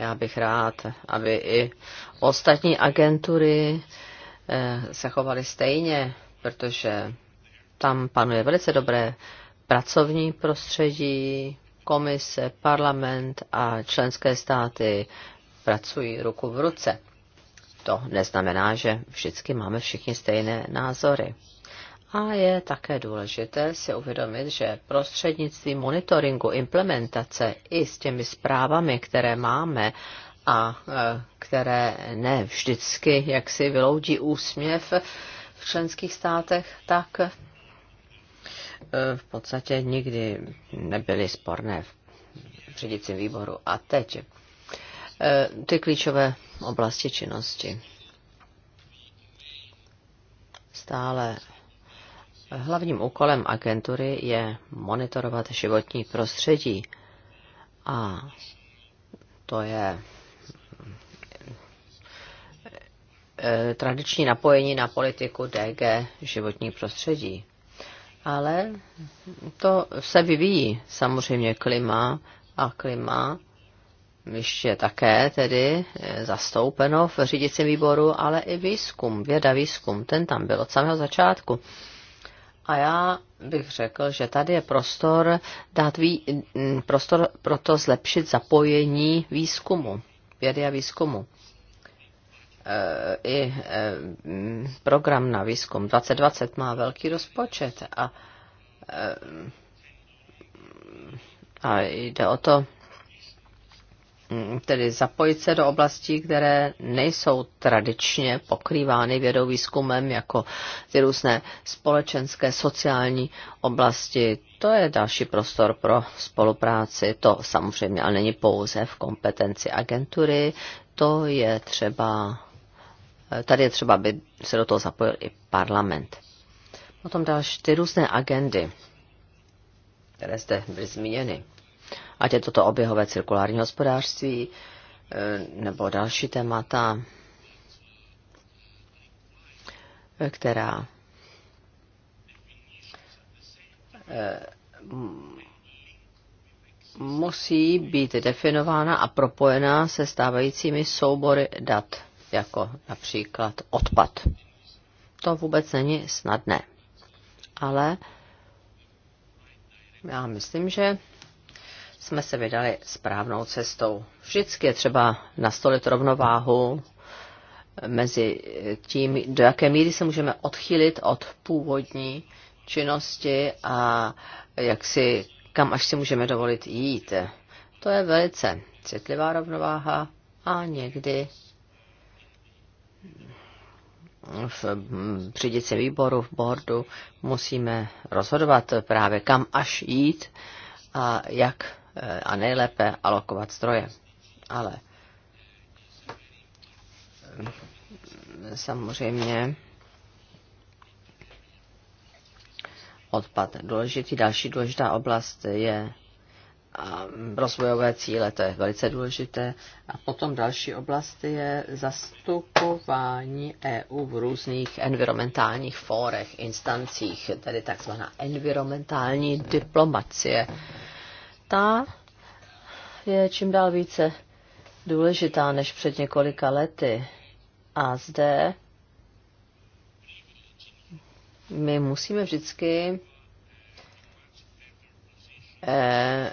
Já bych rád, aby i ostatní agentury eh, se chovaly stejně, protože tam panuje velice dobré pracovní prostředí, komise, parlament a členské státy pracují ruku v ruce. To neznamená, že vždycky máme všichni stejné názory. A je také důležité si uvědomit, že prostřednictvím monitoringu implementace i s těmi zprávami, které máme a e, které ne vždycky jak si vyloudí úsměv v členských státech, tak e, v podstatě nikdy nebyly sporné v řídicím výboru. A teď e, ty klíčové oblasti činnosti. Stále Hlavním úkolem agentury je monitorovat životní prostředí a to je e, tradiční napojení na politiku DG životní prostředí. Ale to se vyvíjí samozřejmě klima a klima ještě také tedy e, zastoupeno v řídicím výboru, ale i výzkum, věda výzkum, ten tam byl od samého začátku. A já bych řekl, že tady je prostor dát vý, mm, prostor pro to zlepšit zapojení výzkumu, vědy a výzkumu. E, I e, mm, program na výzkum 2020 má velký rozpočet a, e, mm, a jde o to Mm, tedy zapojit se do oblastí, které nejsou tradičně pokrývány vědou výzkumem, jako ty různé společenské, sociální oblasti. To je další prostor pro spolupráci. To samozřejmě ale není pouze v kompetenci agentury, to je třeba, tady je třeba, aby se do toho zapojil i parlament. Potom další ty různé agendy, které zde byly zmíněny ať je toto oběhové cirkulární hospodářství eh, nebo další témata, eh, která eh, musí být definována a propojená se stávajícími soubory dat, jako například odpad. To vůbec není snadné. Ale já myslím, že jsme se vydali správnou cestou. Vždycky je třeba nastolit rovnováhu mezi tím, do jaké míry se můžeme odchylit od původní činnosti a jak si, kam až si můžeme dovolit jít. To je velice citlivá rovnováha a někdy v řídicím výboru, v bordu musíme rozhodovat právě kam až jít a jak a nejlépe alokovat stroje. Ale samozřejmě odpad. Důležitý, další důležitá oblast je rozvojové cíle, to je velice důležité. A potom další oblast je zastupování EU v různých environmentálních fórech, instancích, tedy takzvaná environmentální diplomacie ta je čím dál více důležitá než před několika lety. A zde my musíme vždycky eh,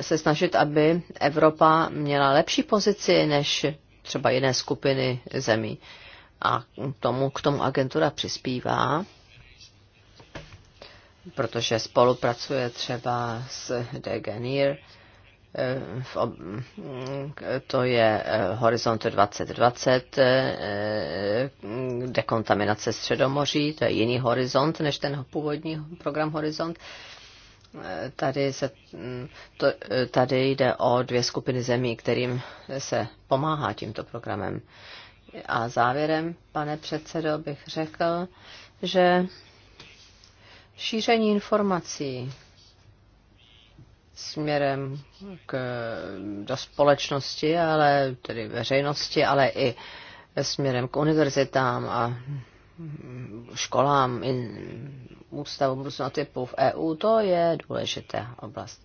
se snažit, aby Evropa měla lepší pozici než třeba jiné skupiny zemí. A k tomu, k tomu agentura přispívá protože spolupracuje třeba s Deganir, eh, to je eh, Horizont 2020, eh, dekontaminace Středomoří, to je jiný horizont než ten původní program Horizont. Tady, se, mm, to, tady jde o dvě skupiny zemí, kterým se pomáhá tímto programem. A závěrem, pane předsedo, bych řekl, že Šíření informací směrem k, do společnosti, ale tedy veřejnosti, ale i směrem k univerzitám a školám, i ústavům různého typu v EU, to je důležitá oblast.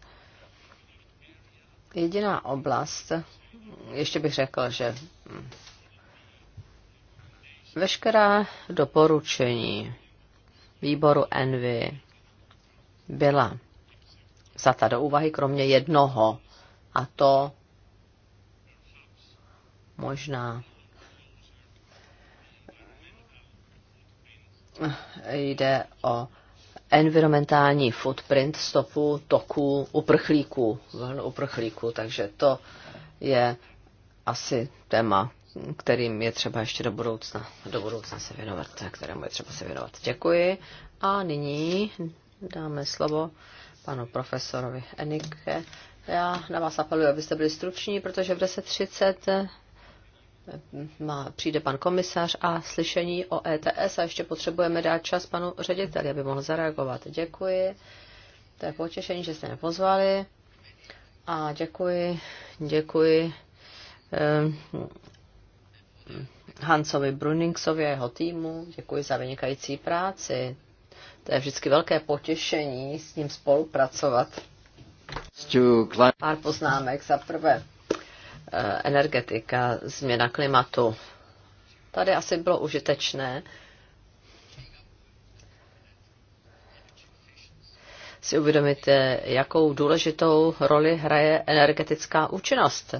Jediná oblast, ještě bych řekl, že veškerá doporučení výboru Envy byla zata do úvahy kromě jednoho a to možná jde o environmentální footprint stopu toků uprchlíků, uprchlíků, takže to je asi téma kterým je třeba ještě do budoucna, do budoucna se věnovat, kterému je třeba se věnovat. Děkuji. A nyní dáme slovo panu profesorovi Enike. Já na vás apeluji, abyste byli struční, protože v 10.30 eh, má, přijde pan komisař a slyšení o ETS a ještě potřebujeme dát čas panu řediteli, aby mohl zareagovat. Děkuji. To je potěšení, že jste mě pozvali. A děkuji, děkuji eh, Hansovi Bruningsovi a jeho týmu. Děkuji za vynikající práci. To je vždycky velké potěšení s ním spolupracovat. Pár poznámek. Za prvé, eh, energetika, změna klimatu. Tady asi bylo užitečné si uvědomit, eh, jakou důležitou roli hraje energetická účinnost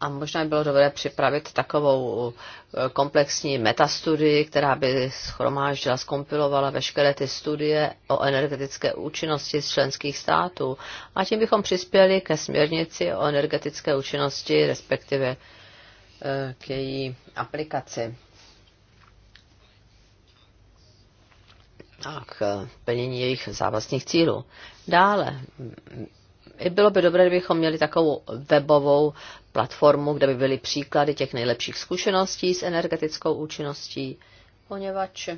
a možná by bylo dobré připravit takovou eh, komplexní metastudii, která by schromáždila, skompilovala veškeré ty studie o energetické účinnosti z členských států. A tím bychom přispěli ke směrnici o energetické účinnosti, respektive eh, k její aplikaci. A k eh, plnění jejich závazných cílů. Dále, i bylo by dobré, kdybychom měli takovou webovou platformu, kde by byly příklady těch nejlepších zkušeností s energetickou účinností, poněvadž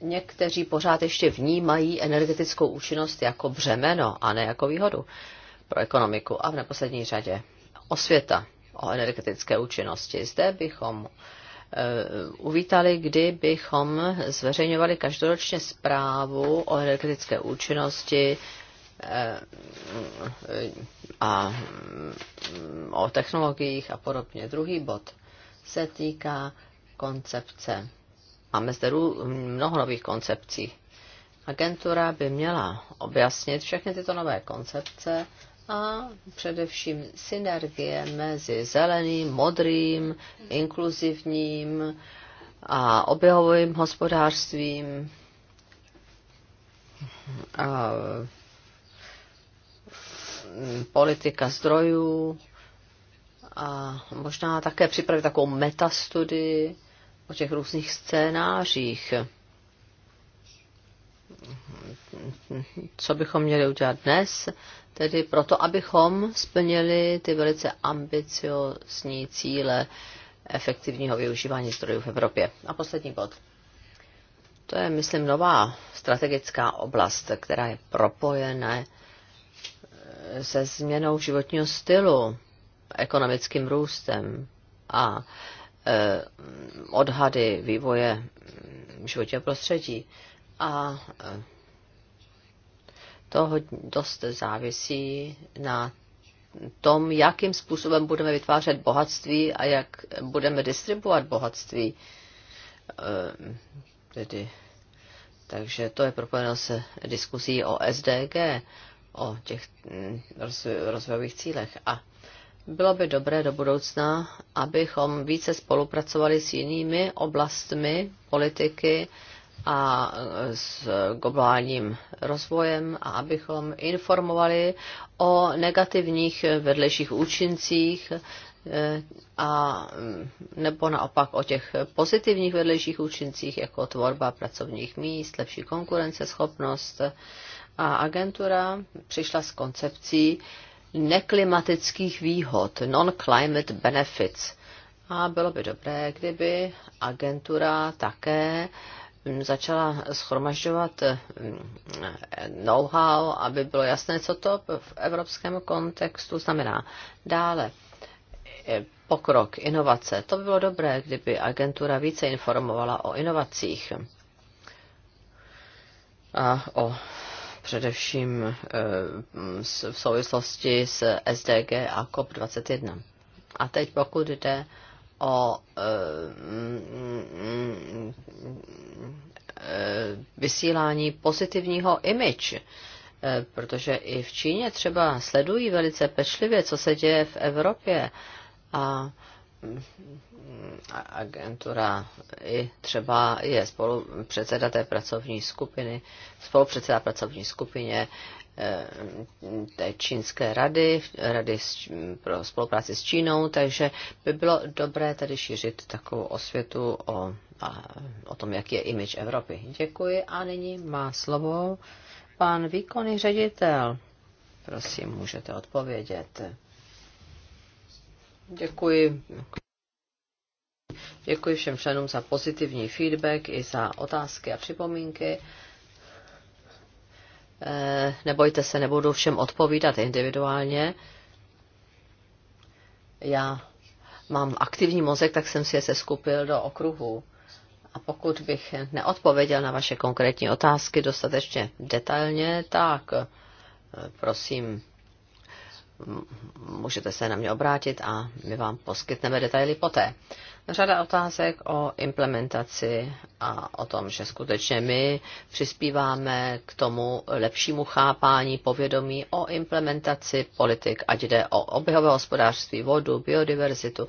někteří pořád ještě vnímají energetickou účinnost jako břemeno a ne jako výhodu pro ekonomiku a v neposlední řadě osvěta o energetické účinnosti. Zde bychom eh, uvítali, kdybychom zveřejňovali každoročně zprávu o energetické účinnosti a mm, o technologiích a podobně. Druhý bod se týká koncepce. Máme zde mnoho nových koncepcí. Agentura by měla objasnit všechny tyto nové koncepce a především synergie mezi zeleným, modrým, inkluzivním a oběhovým hospodářstvím. A politika zdrojů a možná také připravit takovou metastudii o těch různých scénářích. Co bychom měli udělat dnes? Tedy proto, abychom splnili ty velice ambiciozní cíle efektivního využívání zdrojů v Evropě. A poslední bod. To je, myslím, nová strategická oblast, která je propojená se změnou životního stylu, ekonomickým růstem a e, odhady vývoje životního prostředí. A e, to dost závisí na tom, jakým způsobem budeme vytvářet bohatství a jak budeme distribuovat bohatství. E, tedy, takže to je propojeno se diskuzí o SDG o těch mm, rozvojových cílech. A bylo by dobré do budoucna, abychom více spolupracovali s jinými oblastmi politiky a e, s globálním rozvojem a abychom informovali o negativních vedlejších účincích e, a mm, nebo naopak o těch pozitivních vedlejších účincích, jako tvorba pracovních míst, lepší konkurenceschopnost a agentura přišla s koncepcí neklimatických výhod, non-climate benefits. A bylo by dobré, kdyby agentura také začala schromažďovat mm, know-how, aby bylo jasné, co to v evropském kontextu znamená. Dále, e, pokrok, inovace. To by bylo dobré, kdyby agentura více informovala o inovacích a o především eh, v souvislosti s SDG a COP21. A teď pokud jde o eh, eh, vysílání pozitivního image, protože i v Číně třeba sledují velice pečlivě, co se děje v Evropě a agentura i třeba je předseda té pracovní skupiny, spolupředseda pracovní skupině eh, té čínské rady, rady pro spolupráci s Čínou, takže by bylo dobré tady šířit takovou osvětu o, o tom, jaký je image Evropy. Děkuji a nyní má slovo pan výkonný ředitel. Prosím, můžete odpovědět. Děkuji. Děkuji všem členům za pozitivní feedback i za otázky a připomínky. Eh, nebojte se, nebudu všem odpovídat individuálně. Já mám aktivní mozek, tak jsem si je seskupil do okruhu. A pokud bych neodpověděl na vaše konkrétní otázky dostatečně detailně, tak eh, prosím, můžete se na mě obrátit a my vám poskytneme detaily poté. Řada otázek o implementaci a o tom, že skutečně my přispíváme k tomu lepšímu chápání povědomí o implementaci politik, ať jde o oběhové hospodářství, vodu, biodiverzitu.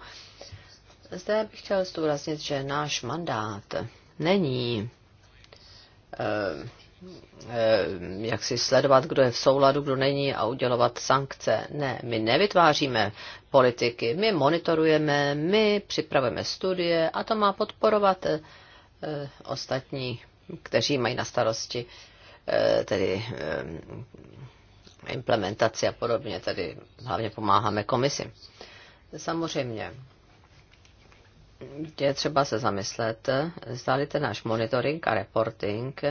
Zde bych chtěl zdůraznit, že náš mandát není eh, Eh, jak si sledovat, kdo je v souladu, kdo není a udělovat sankce. Ne, my nevytváříme politiky, my monitorujeme, my připravujeme studie a to má podporovat eh, ostatní, kteří mají na starosti eh, tedy implementaci a podobně, tedy hlavně pomáháme komisi. Samozřejmě je třeba se zamyslet, zdali ten náš monitoring a reporting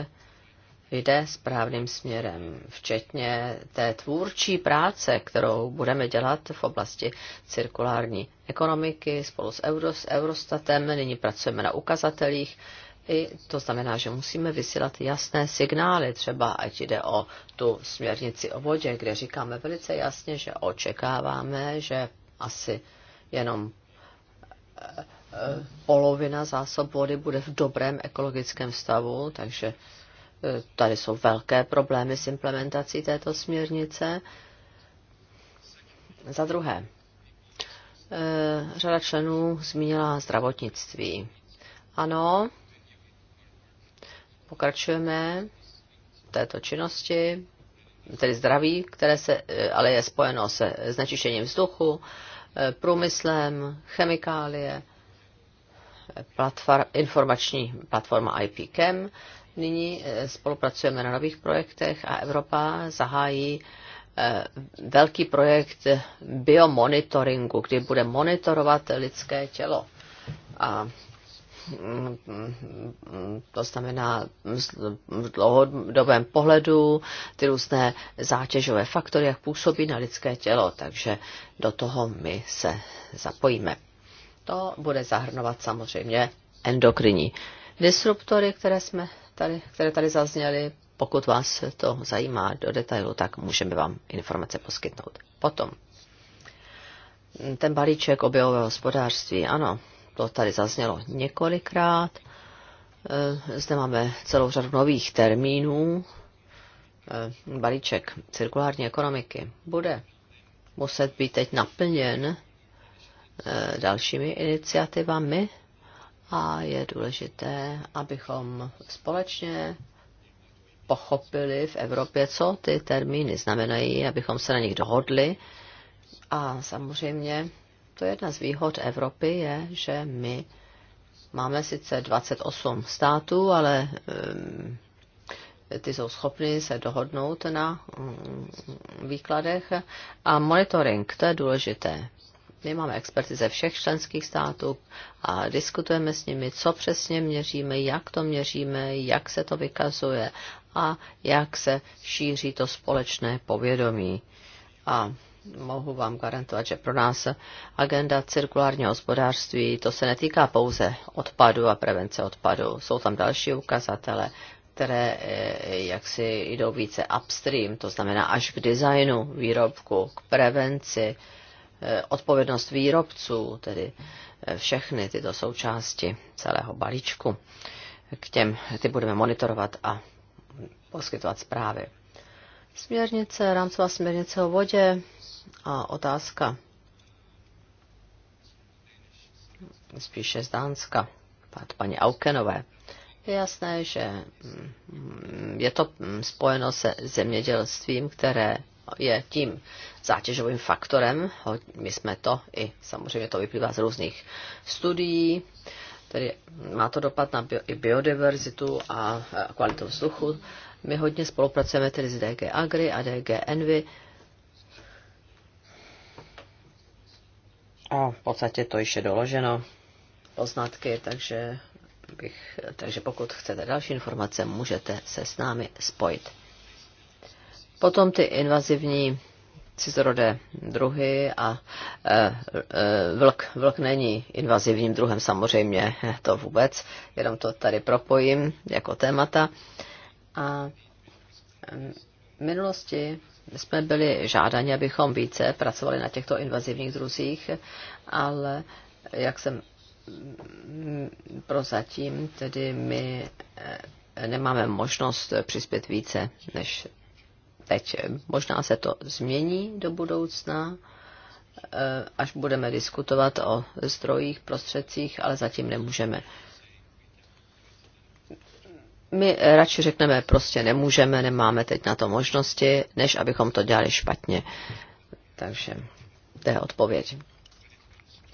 jde správným směrem, včetně té tvůrčí práce, kterou budeme dělat v oblasti cirkulární ekonomiky spolu s, Euro, s Eurostatem. Nyní pracujeme na ukazatelích. I to znamená, že musíme vysílat jasné signály, třeba ať jde o tu směrnici o vodě, kde říkáme velice jasně, že očekáváme, že asi jenom eh, eh, polovina zásob vody bude v dobrém ekologickém stavu, takže Tady jsou velké problémy s implementací této směrnice. Za druhé, eh, řada členů zmínila zdravotnictví. Ano, pokračujeme této činnosti, tedy zdraví, které se, eh, ale je spojeno se znečištěním vzduchu, eh, průmyslem, chemikálie, platform, informační platforma IPCAM, Nyní eh, spolupracujeme na nových projektech a Evropa zahájí eh, velký projekt biomonitoringu, kdy bude monitorovat lidské tělo. A mm, mm, to znamená v dlouhodobém pohledu ty různé zátěžové faktory, jak působí na lidské tělo, takže do toho my se zapojíme. To bude zahrnovat samozřejmě endokrinní disruptory, které jsme tady, které tady zazněly. Pokud vás to zajímá do detailu, tak můžeme vám informace poskytnout. Potom, ten balíček objevového hospodářství, ano, to tady zaznělo několikrát. Eh, zde máme celou řadu nových termínů. Eh, balíček cirkulární ekonomiky bude muset být teď naplněn eh, dalšími iniciativami, a je důležité, abychom společně pochopili v Evropě, co ty termíny znamenají, abychom se na nich dohodli. A samozřejmě to je jedna z výhod Evropy je, že my máme sice 28 států, ale ehm, ty jsou schopny se dohodnout na mm, výkladech. A monitoring, to je důležité. My máme experty ze všech členských států a diskutujeme s nimi, co přesně měříme, jak to měříme, jak se to vykazuje a jak se šíří to společné povědomí. A mohu vám garantovat, že pro nás agenda cirkulárního hospodářství, to se netýká pouze odpadu a prevence odpadu. Jsou tam další ukazatele, které eh, jaksi jdou více upstream, to znamená až k designu výrobku, k prevenci, Eh, odpovědnost výrobců, tedy eh, všechny tyto součásti celého balíčku. K těm ty budeme monitorovat a poskytovat zprávy. Směrnice, rámcová směrnice o vodě a otázka spíše z Dánska, paní Aukenové. Je jasné, že mm, je to mm, spojeno se zemědělstvím, které je tím zátěžovým faktorem. My jsme to i samozřejmě to vyplývá z různých studií, tedy má to dopad na bio, i biodiverzitu a kvalitu vzduchu. My hodně spolupracujeme tedy s DG Agri a DG Envy. A v podstatě to již je doloženo poznatky, takže, bych, takže pokud chcete další informace, můžete se s námi spojit. Potom ty invazivní cizorodé druhy a e, e, vlk. Vlk není invazivním druhem samozřejmě, to vůbec, jenom to tady propojím jako témata. A v minulosti jsme byli žádani, abychom více pracovali na těchto invazivních druzích, ale jak jsem prozatím, tedy my e, nemáme možnost přispět více, než teď. Možná se to změní do budoucna, eh, až budeme diskutovat o zdrojích, prostředcích, ale zatím nemůžeme. My radši řekneme, prostě nemůžeme, nemáme teď na to možnosti, než abychom to dělali špatně. Takže to je odpověď.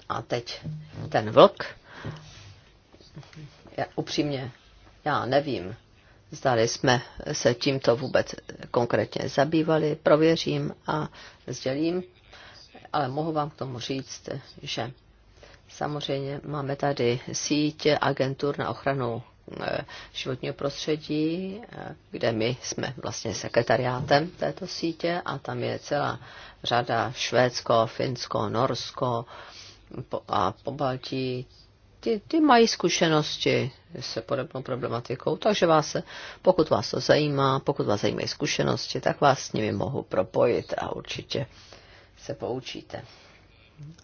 A teď ten vlk. Já, upřímně, já nevím, zdali jsme se tímto vůbec konkrétně zabývali, prověřím a sdělím, ale mohu vám k tomu říct, že samozřejmě máme tady síť agentur na ochranu e, životního prostředí, e, kde my jsme vlastně sekretariátem této sítě a tam je celá řada Švédsko, Finsko, Norsko a Baltii, ty, ty mají zkušenosti se podobnou problematikou, takže vás, pokud vás to zajímá, pokud vás zajímají zkušenosti, tak vás s nimi mohu propojit a určitě se poučíte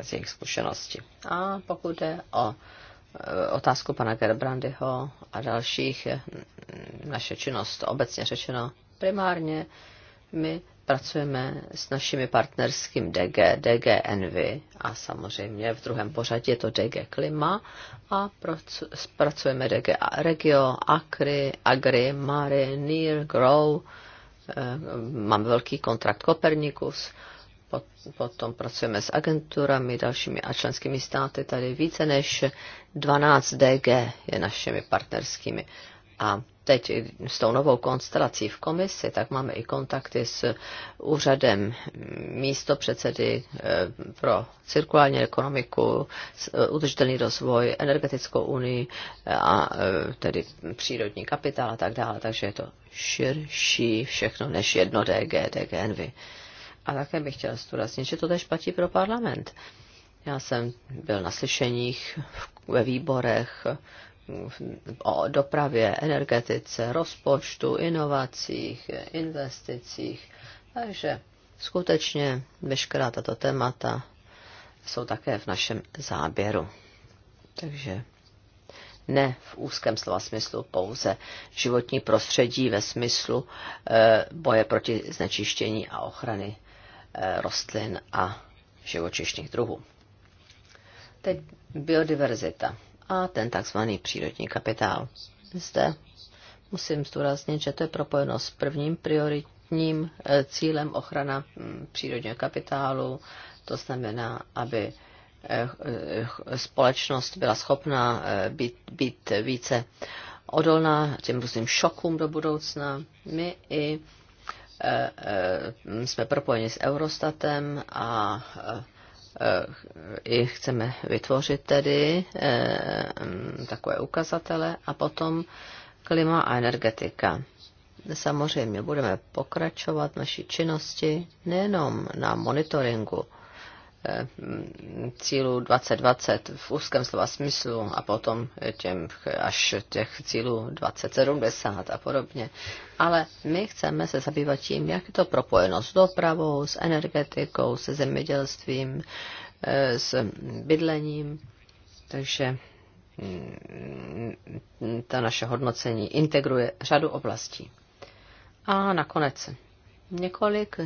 z jejich zkušenosti. A pokud jde o eh, otázku pana Gerbrandyho a dalších, mm, naše činnost obecně řečeno primárně, my pracujeme s našimi partnerským DG, DG Envy a samozřejmě v druhém pořadí je to DG Klima a pracujeme DG Regio, Akry, Agri, Mare, Near, Grow, eh, máme velký kontrakt Kopernikus, potom pracujeme s agenturami, dalšími a členskými státy, tady více než 12 DG je našimi partnerskými. A teď s tou novou konstelací v komisi, tak máme i kontakty s úřadem místo předsedy eh, pro cirkulární ekonomiku, eh, udržitelný rozvoj, energetickou unii eh, a tedy přírodní kapitál a tak dále. Takže je to širší všechno než jedno DG, DG Envy. A také bych chtěla zdůraznit, že to tež platí pro parlament. Já jsem byl na slyšeních ve výborech o dopravě, energetice, rozpočtu, inovacích, investicích. Takže skutečně veškerá tato témata jsou také v našem záběru. Takže ne v úzkém slova smyslu pouze životní prostředí ve smyslu eh, boje proti znečištění a ochrany eh, rostlin a živočišných druhů. Teď biodiverzita a ten takzvaný přírodní kapitál. Zde musím zdůraznit, že to je propojeno s prvním prioritním eh, cílem ochrana mm, přírodního kapitálu, to znamená, aby eh, eh, společnost byla schopná být, být více odolná těm různým šokům do budoucna. My i jsme propojeni s Eurostatem a Eh, i chceme vytvořit tedy eh, takové ukazatele a potom klima a energetika. Samozřejmě budeme pokračovat naší činnosti nejenom na monitoringu, Eh, cílů 2020 v úzkém slova smyslu a potom těm, až těch cílů 2070 a podobně. Ale my chceme se zabývat tím, jak je to propojeno s dopravou, s energetikou, se zemědělstvím, eh, s bydlením. Takže mm, ta naše hodnocení integruje řadu oblastí. A nakonec několik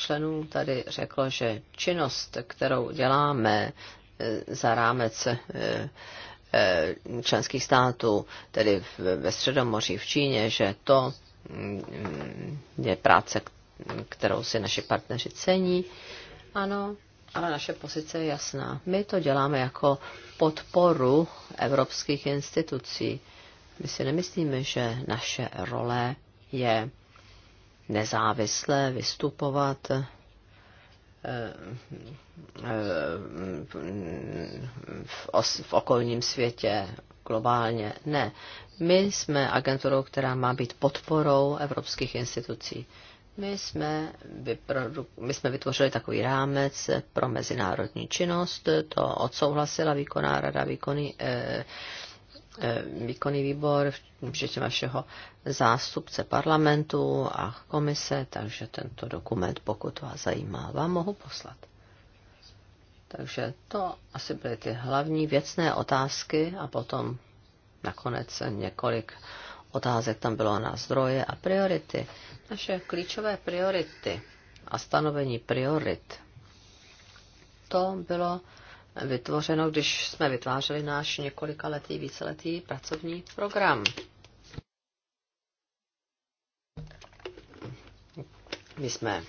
členů tady řeklo, že činnost, kterou děláme e, za rámec e, e, členských států, tedy ve Středomoří, v Číně, že to mm, je práce, kterou si naši partneři cení. Ano, ale naše pozice je jasná. My to děláme jako podporu evropských institucí. My si nemyslíme, že naše role je nezávisle vystupovat eh, eh, v, okolním světě globálně. Ne. My jsme agenturou, která má být podporou evropských institucí. My jsme, My jsme vytvořili takový rámec pro mezinárodní činnost, to odsouhlasila výkonná rada, výkony. eh, Eh, výkonný výbor, včetně vašeho zástupce parlamentu a komise, takže tento dokument, pokud vás zajímá, vám mohu poslat. Takže to asi byly ty hlavní věcné otázky a potom nakonec několik otázek tam bylo na zdroje a priority. Naše klíčové priority a stanovení priorit. To bylo vytvořeno, když jsme vytvářeli náš několikaletý, víceletý pracovní program. My jsme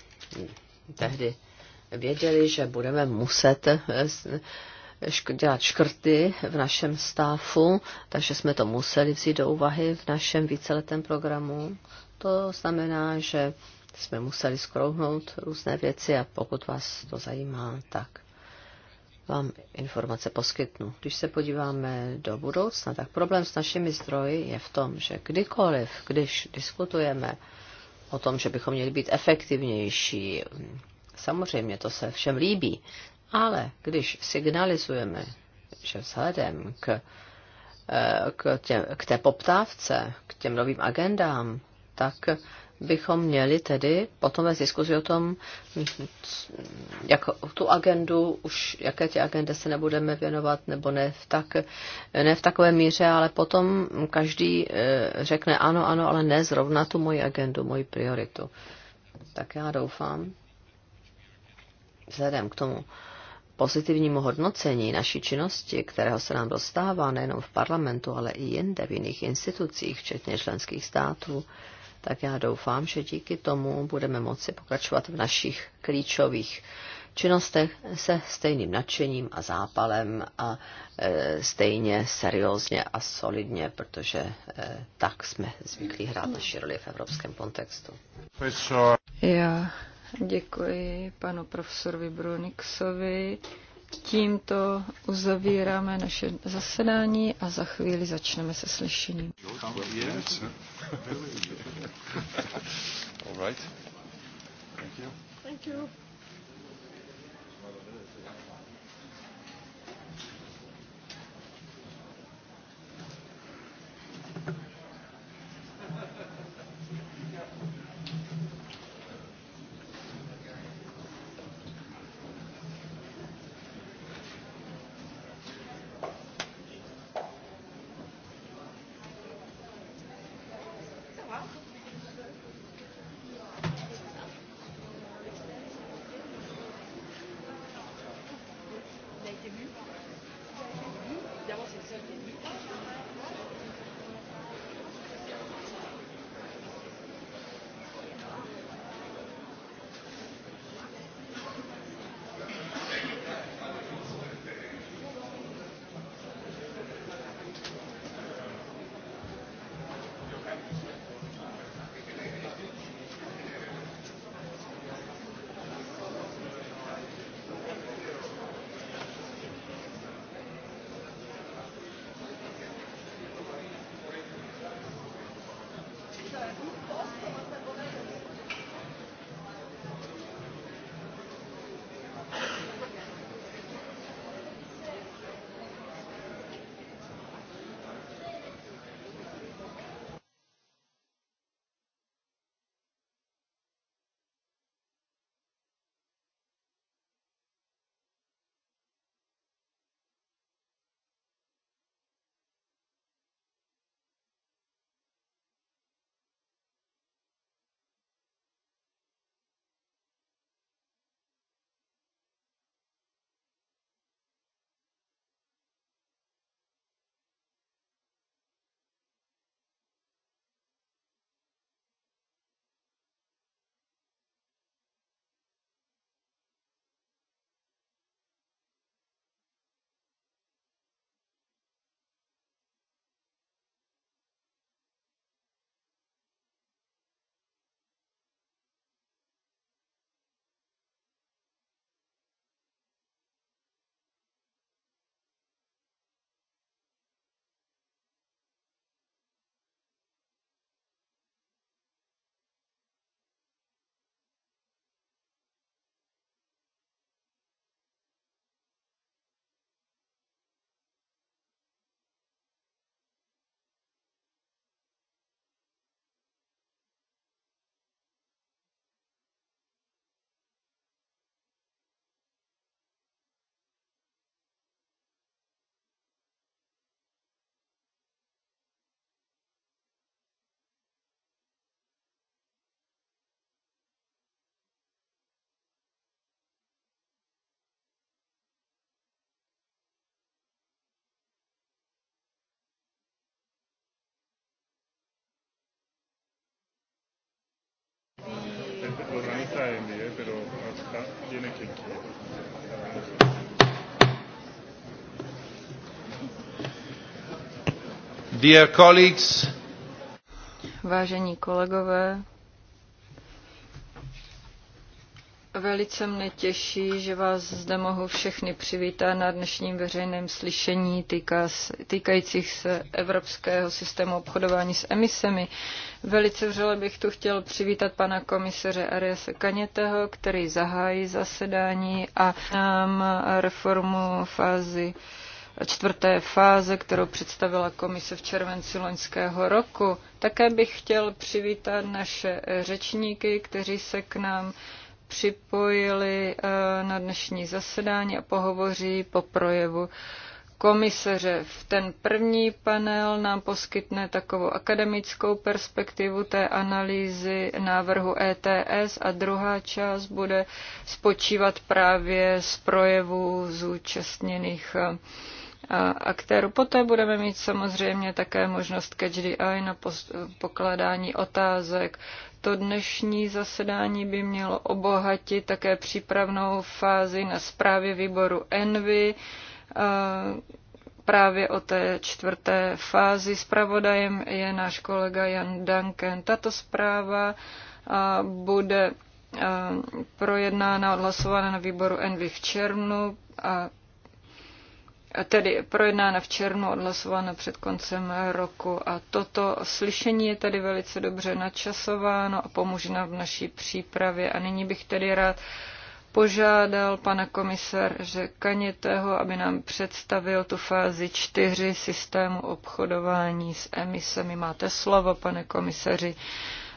tehdy věděli, že budeme muset eh, dělat škrty v našem stáfu, takže jsme to museli vzít do úvahy v našem víceletém programu. To znamená, že jsme museli skrouhnout různé věci a pokud vás to zajímá, tak vám informace poskytnu. Když se podíváme do budoucna, tak problém s našimi zdroji je v tom, že kdykoliv, když diskutujeme o tom, že bychom měli být efektivnější, samozřejmě to se všem líbí, ale když signalizujeme, že vzhledem k, eh, k, tě, k té poptávce, k těm novým agendám, tak bychom měli tedy potom vést diskuzi o tom, jak tu agendu, už jaké tě agende se nebudeme věnovat, nebo ne v, tak, ne v takové míře, ale potom každý eh, řekne ano, ano, ale ne zrovna tu moji agendu, moji prioritu. Tak já doufám, vzhledem k tomu pozitivnímu hodnocení naší činnosti, kterého se nám dostává nejenom v parlamentu, ale i jinde v jiných institucích, včetně členských států, tak já doufám, že díky tomu budeme moci pokračovat v našich klíčových činnostech se stejným nadšením a zápalem a e, stejně seriózně a solidně, protože e, tak jsme zvyklí hrát naši roli v evropském kontextu. Já děkuji panu profesorovi Bruniksovi. Tímto uzavíráme naše zasedání a za chvíli začneme se slyšením. Thank you. está en ¿eh? pero hasta tiene que Dear colleagues, Vážení kolegové, Velice mne těší, že vás zde mohu všechny přivítat na dnešním veřejném slyšení týká, týkajících se evropského systému obchodování s emisemi. Velice vřele bych tu chtěl přivítat pana komisaře Ariase Kaněteho, který zahájí zasedání a nám reformu fázy čtvrté fáze, kterou představila komise v červenci loňského roku. Také bych chtěl přivítat naše řečníky, kteří se k nám připojili eh, na dnešní zasedání a pohovoří po projevu komisaře. V ten první panel nám poskytne takovou akademickou perspektivu té analýzy návrhu ETS a druhá část bude spočívat právě z projevů zúčastněných uh, aktérů. Poté budeme mít samozřejmě také možnost catch the na pokládání otázek. To dnešní zasedání by mělo obohatit také přípravnou fázi na zprávě výboru Envy, právě o té čtvrté fázi. Spravodajem je náš kolega Jan Duncan. Tato zpráva bude projednána, odhlasována na výboru Envy v červnu a tedy projednána v černu, odhlasována před koncem roku. A toto slyšení je tady velice dobře načasováno a pomůže nám v naší přípravě. A nyní bych tedy rád požádal pana komisaře Kanětého, aby nám představil tu fázi čtyři systému obchodování s emisemi. Máte slovo, pane komisaři.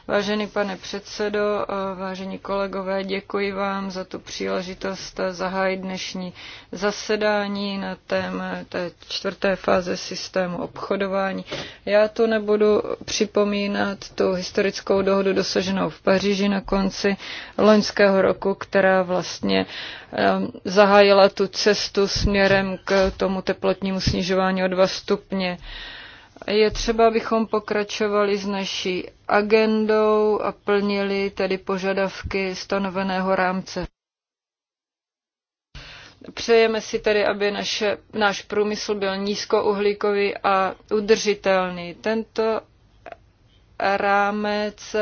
Vážený pane předsedo, eh, vážení kolegové, děkuji vám za tu příležitost eh, zahájit dnešní zasedání na téma té čtvrté fáze systému obchodování. Já tu nebudu připomínat tu historickou dohodu dosaženou v Paříži na konci loňského roku, která vlastně eh, zahájila tu cestu směrem k tomu teplotnímu snižování o dva stupně. Je třeba, abychom pokračovali s naší agendou a plnili tedy požadavky stanoveného rámce. Přejeme si tedy, aby naše, náš průmysl byl nízkouhlíkový a udržitelný. Tento rámec,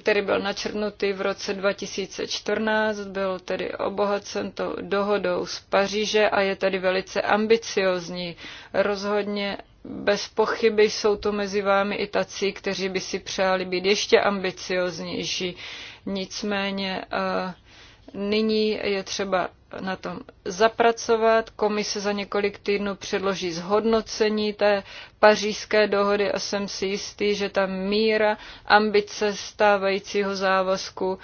který byl načrnutý v roce 2014, byl tedy obohacen tou dohodou z Paříže a je tedy velice ambiciozní. Rozhodně bez pochyby jsou to mezi vámi i tací, kteří by si přáli být ještě ambicioznější. Nicméně eh, Nyní je třeba na tom zapracovat. Komise za několik týdnů předloží zhodnocení té pařížské dohody a jsem si jistý, že ta míra ambice stávajícího závazku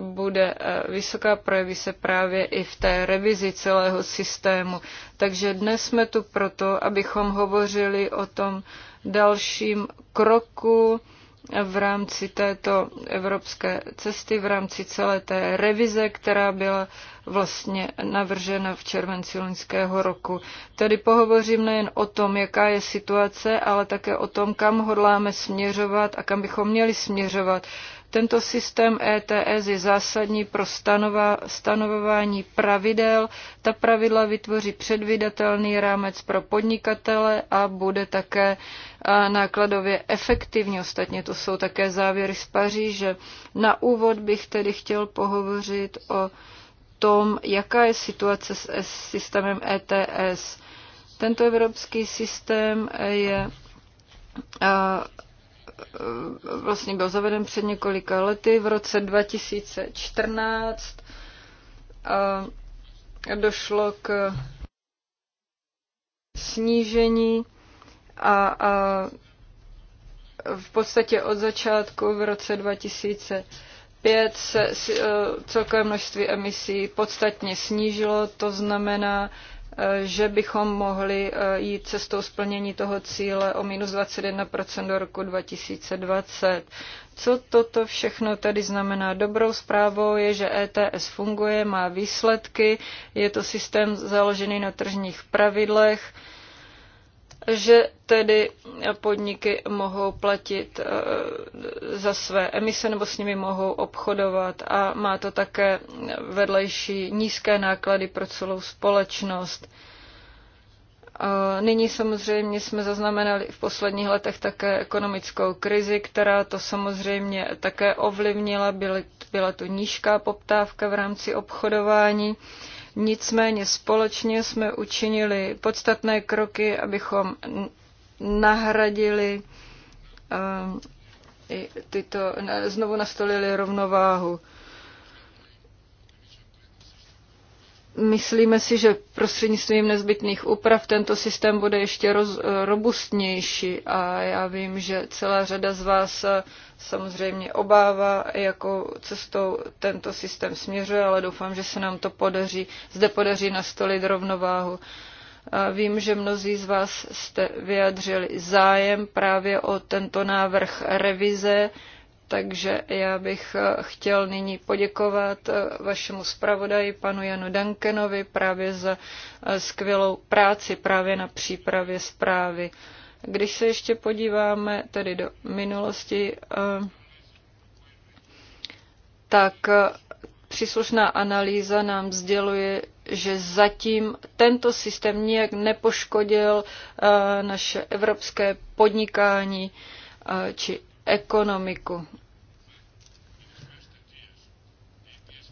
bude eh, vysoká, projeví se právě i v té revizi celého systému. Takže dnes jsme tu proto, abychom hovořili o tom dalším kroku, v rámci této evropské cesty, v rámci celé té revize, která byla vlastně navržena v červenci loňského roku. Tady pohovořím nejen o tom, jaká je situace, ale také o tom, kam hodláme směřovat a kam bychom měli směřovat. Tento systém ETS je zásadní pro stanovování pravidel. Ta pravidla vytvoří předvydatelný rámec pro podnikatele a bude také nákladově efektivní. Ostatně to jsou také závěry z Paříže. Na úvod bych tedy chtěl pohovořit o tom, jaká je situace s systémem ETS. Tento evropský systém je vlastně byl zaveden před několika lety v roce 2014. A došlo k snížení a, a v podstatě od začátku v roce 2005 se eh, celkové množství emisí podstatně snížilo, to znamená, že bychom mohli eh, jít cestou splnění toho cíle o minus 21% do roku 2020. Co toto všechno tedy znamená? Dobrou zprávou je, že ETS funguje, má výsledky, je to systém založený na tržních pravidlech, že tedy podniky mohou platit eh, za své emise nebo s nimi mohou obchodovat a má to také vedlejší nízké náklady pro celou společnost. Nyní samozřejmě jsme zaznamenali v posledních letech také ekonomickou krizi, která to samozřejmě také ovlivnila. Byla tu nížká poptávka v rámci obchodování. Nicméně společně jsme učinili podstatné kroky, abychom nahradili eh, tyto, znovu nastolili rovnováhu. Myslíme si, že prostřednictvím nezbytných úprav tento systém bude ještě roz, robustnější a já vím, že celá řada z vás samozřejmě obává, jakou cestou tento systém směřuje, ale doufám, že se nám to podaří, zde podaří nastolit rovnováhu. A vím, že mnozí z vás jste vyjadřili zájem právě o tento návrh revize, takže já bych eh, chtěl nyní poděkovat eh, vašemu zpravodaji, panu Janu Dankenovi, právě za eh, skvělou práci právě na přípravě zprávy. Když se ještě podíváme tedy do minulosti, tak příslušná analýza nám sděluje, že zatím tento systém nijak nepoškodil naše evropské podnikání či ekonomiku.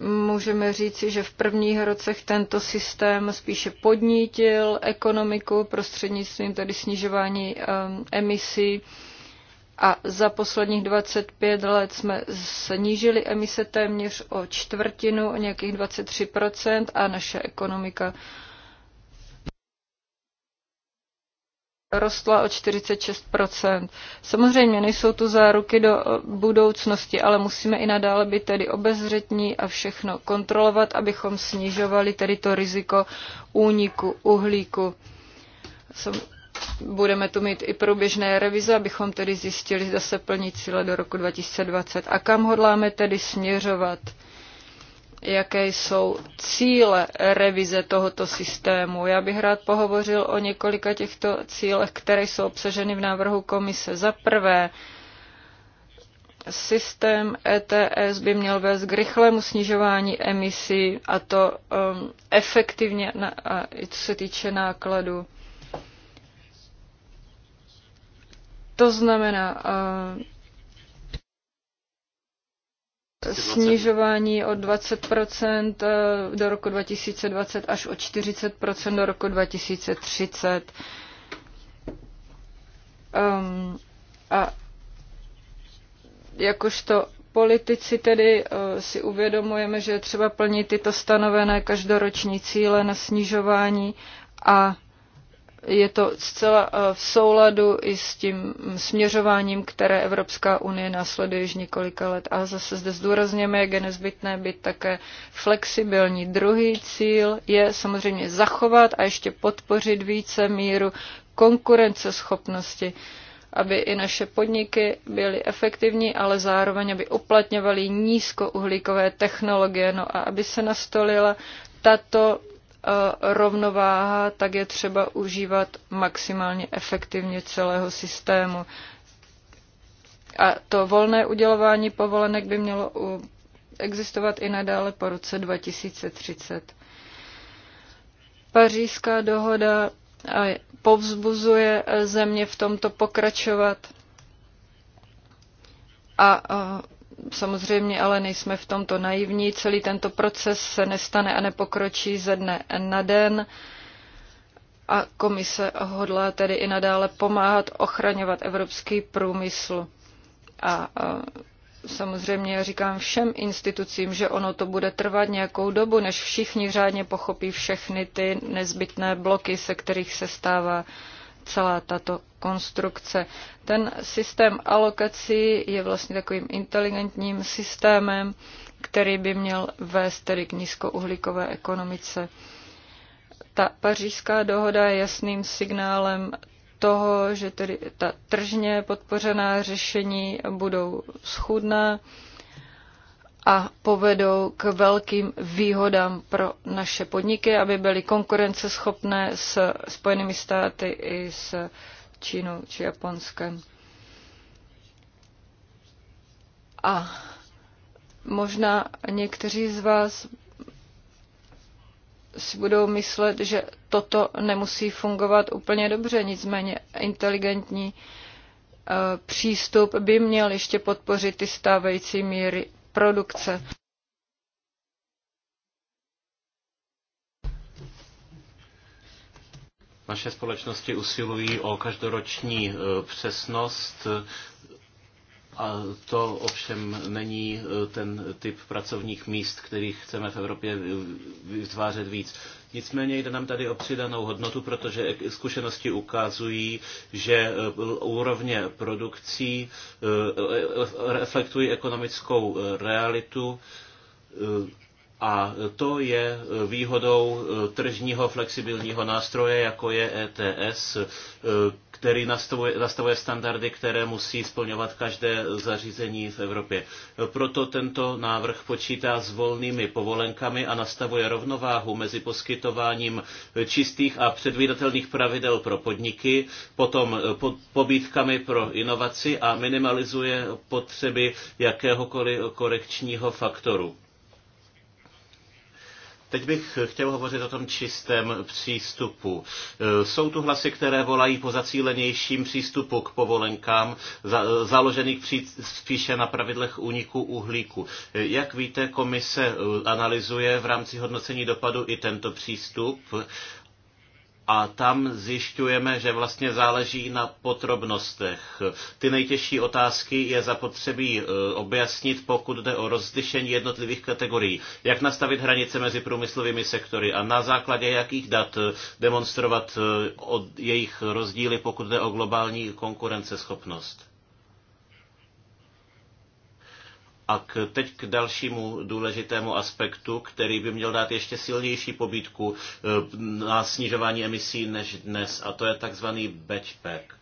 Můžeme říci, že v prvních rocech tento systém spíše podnítil ekonomiku prostřednictvím tedy snižování um, emisí a za posledních 25 let jsme snížili emise téměř o čtvrtinu, o nějakých 23 a naše ekonomika rostla o 46 Samozřejmě nejsou tu záruky do budoucnosti, ale musíme i nadále být tedy obezřetní a všechno kontrolovat, abychom snižovali tedy to riziko úniku uhlíku. Budeme tu mít i průběžné revize, abychom tedy zjistili, zda se plní cíle do roku 2020 a kam hodláme tedy směřovat jaké jsou cíle revize tohoto systému. Já bych rád pohovořil o několika těchto cílech, které jsou obsaženy v návrhu komise. Za prvé, systém ETS by měl vést k rychlému snižování emisí a to um, efektivně, na, a i co se týče nákladu. To znamená, uh, snižování o 20 eh, do roku 2020 až o 40 do roku 2030. Um, ehm, a jakožto politici tedy eh, si uvědomujeme, že je třeba plnit tyto stanovené každoroční cíle na snižování a je to zcela eh, v souladu i s tím směřováním, které Evropská unie následuje již několika let. A zase zde zdůrazněme, jak je nezbytné být také flexibilní. Druhý cíl je samozřejmě zachovat a ještě podpořit více míru konkurenceschopnosti aby i naše podniky byly efektivní, ale zároveň, aby uplatňovaly nízkouhlíkové technologie, no a aby se nastolila tato rovnováha, tak je třeba užívat maximálně efektivně celého systému. A to volné udělování povolenek by mělo existovat i nadále po roce 2030. Pařížská dohoda povzbuzuje e, země v tomto pokračovat a Samozřejmě ale nejsme v tomto naivní. Celý tento proces se nestane a nepokročí ze dne na den a komise hodlá tedy i nadále pomáhat ochraňovat evropský průmysl. A, a samozřejmě já říkám všem institucím, že ono to bude trvat nějakou dobu, než všichni řádně pochopí všechny ty nezbytné bloky, se kterých se stává celá tato konstrukce. Ten systém alokací je vlastně takovým inteligentním systémem, který by měl vést tedy k nízkouhlíkové ekonomice. Ta pařížská dohoda je jasným signálem toho, že tedy ta tržně podpořená řešení budou schudná a povedou k velkým výhodám pro naše podniky, aby byly konkurenceschopné s Spojenými státy i s Čínou či Japonskem. A možná někteří z vás si budou myslet, že toto nemusí fungovat úplně dobře, nicméně inteligentní eh, přístup by měl ještě podpořit ty stávající míry produkce. Naše společnosti usilují o každoroční e, přesnost a to ovšem není e, ten typ pracovních míst, kterých chceme v Evropě e, vytvářet víc. Nicméně jde nám tady o přidanou hodnotu, protože zkušenosti ukazují, že e, úrovně produkcí reflektují ekonomickou realitu a to je výhodou eh, tržního flexibilního nástroje, jako je ETS, eh, který nastavuje, nastavuje standardy, které musí splňovat každé zařízení v Evropě. Proto tento návrh počítá s volnými povolenkami a nastavuje rovnováhu mezi poskytováním čistých a předvídatelných pravidel pro podniky, potom eh, po, pobítkami pro inovaci a minimalizuje potřeby jakéhokoliv korekčního faktoru. Teď bych chtěl hovořit o tom čistém přístupu. E, jsou tu hlasy, které volají po zacílenějším přístupu k povolenkám, založených spíše na pravidlech úniku uhlíku. E, jak víte, komise e, analyzuje v rámci hodnocení dopadu i tento přístup a tam zjišťujeme, že vlastně záleží na potrobnostech. Ty nejtěžší otázky je zapotřebí e, objasnit, pokud jde o rozlišení jednotlivých kategorií. Jak nastavit hranice mezi průmyslovými sektory a na základě jakých dat e, demonstrovat e, od jejich rozdíly, pokud jde o globální konkurenceschopnost. A k, teď k dalšímu důležitému aspektu, který by měl dát ještě silnější pobídku eh, na snižování emisí než dnes, a to je takzvaný batchpack.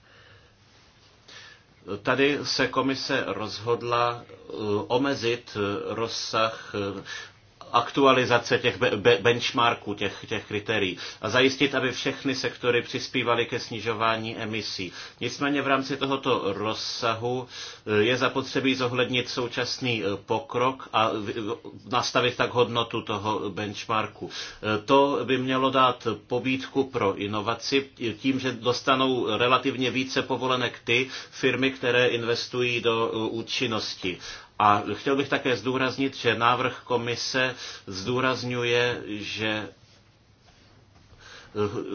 Tady se komise rozhodla eh, omezit eh, rozsah aktualizace těch benchmarků, těch, těch kritérií a zajistit, aby všechny sektory přispívaly ke snižování emisí. Nicméně v rámci tohoto rozsahu eh, je zapotřebí zohlednit současný eh, pokrok a nastavit tak hodnotu toho benchmarku. Eh, to by mělo dát pobídku pro inovaci tím, že dostanou relativně více povolenek ty firmy, které investují do účinnosti. A chtěl bych také zdůraznit, že návrh komise zdůrazňuje, že